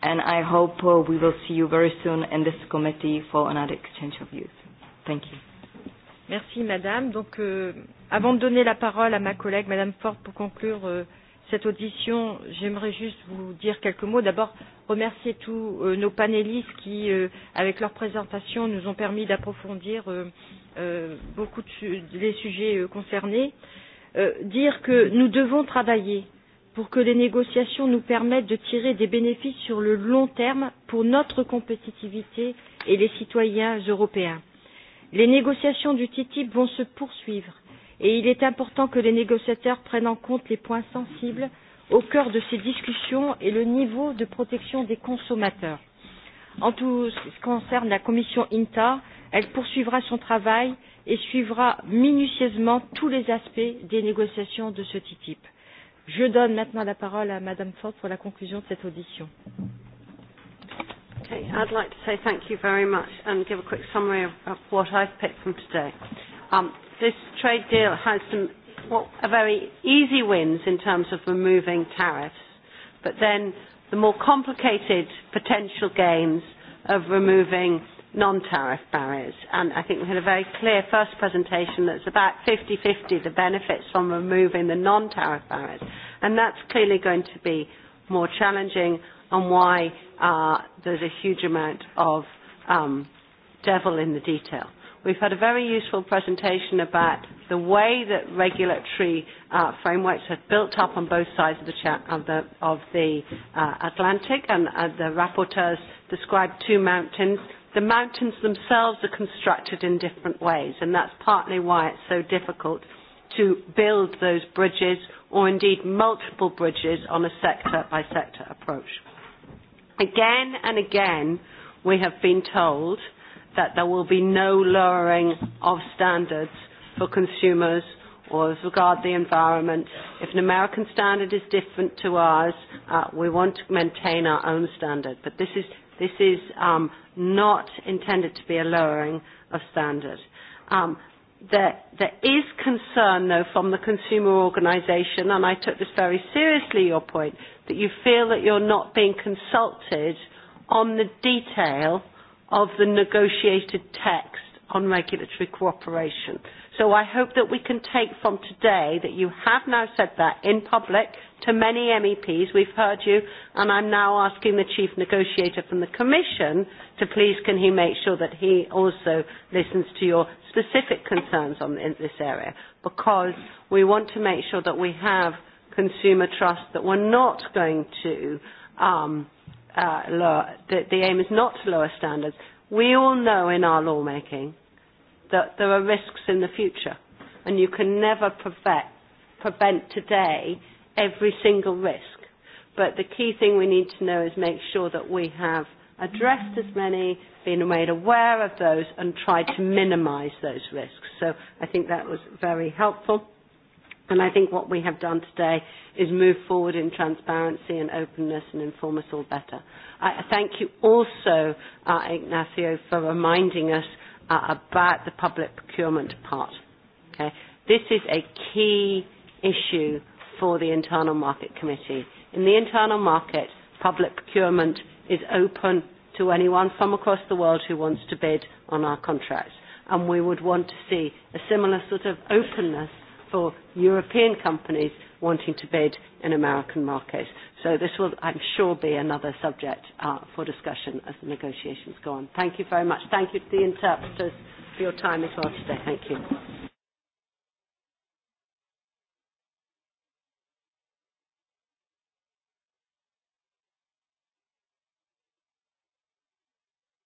And I hope uh, we will see you very soon in this committee for another exchange of views. Thank you. Merci, Madame. Donc, euh, avant de donner la parole à ma collègue, Madame Ford, pour conclure. Euh, cette audition, j'aimerais juste vous dire quelques mots. D'abord, remercier tous euh, nos panélistes qui, euh, avec leur présentation, nous ont permis d'approfondir euh, euh, beaucoup de su les sujets euh, concernés. Euh, dire que nous devons travailler pour que les négociations nous permettent de tirer des bénéfices sur le long terme pour notre compétitivité et les citoyens européens. Les négociations du TTIP vont se poursuivre et il est important que les négociateurs prennent en compte les points sensibles au cœur de ces discussions et le niveau de protection des consommateurs. En tout ce qui concerne la commission INTA, elle poursuivra son travail et suivra minutieusement tous les aspects des négociations de ce TTIP. Je donne maintenant la parole à Madame Ford pour la conclusion de cette audition. Okay, I'd like to say thank you very much and give a quick summary of, of what I've picked from today. Um, this trade deal has some well, a very easy wins in terms of removing tariffs, but then the more complicated potential gains of removing non-tariff barriers. And I think we had a very clear first presentation that's about 50-50 the benefits from removing the non-tariff barriers. And that's clearly going to be more challenging and why uh, there's a huge amount of um, devil in the detail. We've had a very useful presentation about the way that regulatory uh, frameworks have built up on both sides of the, cha- of the, of the uh, Atlantic, and uh, the rapporteurs described two mountains. The mountains themselves are constructed in different ways, and that's partly why it's so difficult to build those bridges or indeed multiple bridges on a sector by sector approach. Again and again, we have been told that there will be no lowering of standards for consumers or as regard the environment. If an American standard is different to ours, uh, we want to maintain our own standard. But this is, this is um, not intended to be a lowering of standard. Um, there, there is concern, though, from the consumer organisation, and I took this very seriously, your point, that you feel that you're not being consulted on the detail – of the negotiated text on regulatory cooperation. So I hope that we can take from today that you have now said that in public to many MEPs. We've heard you, and I'm now asking the chief negotiator from the Commission to please can he make sure that he also listens to your specific concerns on in this area, because we want to make sure that we have consumer trust that we're not going to. Um, uh, lower, the, the aim is not to lower standards. We all know in our lawmaking that there are risks in the future, and you can never prevent, prevent today every single risk. But the key thing we need to know is make sure that we have addressed as many, been made aware of those, and tried to minimize those risks. So I think that was very helpful. And I think what we have done today is move forward in transparency and openness and inform us all better. I thank you also, uh, Ignacio, for reminding us uh, about the public procurement part. Okay? This is a key issue for the Internal Market Committee. In the internal market, public procurement is open to anyone from across the world who wants to bid on our contracts. And we would want to see a similar sort of openness for European companies wanting to bid in American markets. So this will, I'm sure, be another subject uh, for discussion as the negotiations go on. Thank you very much. Thank you to the interpreters for your time as well today. Thank you.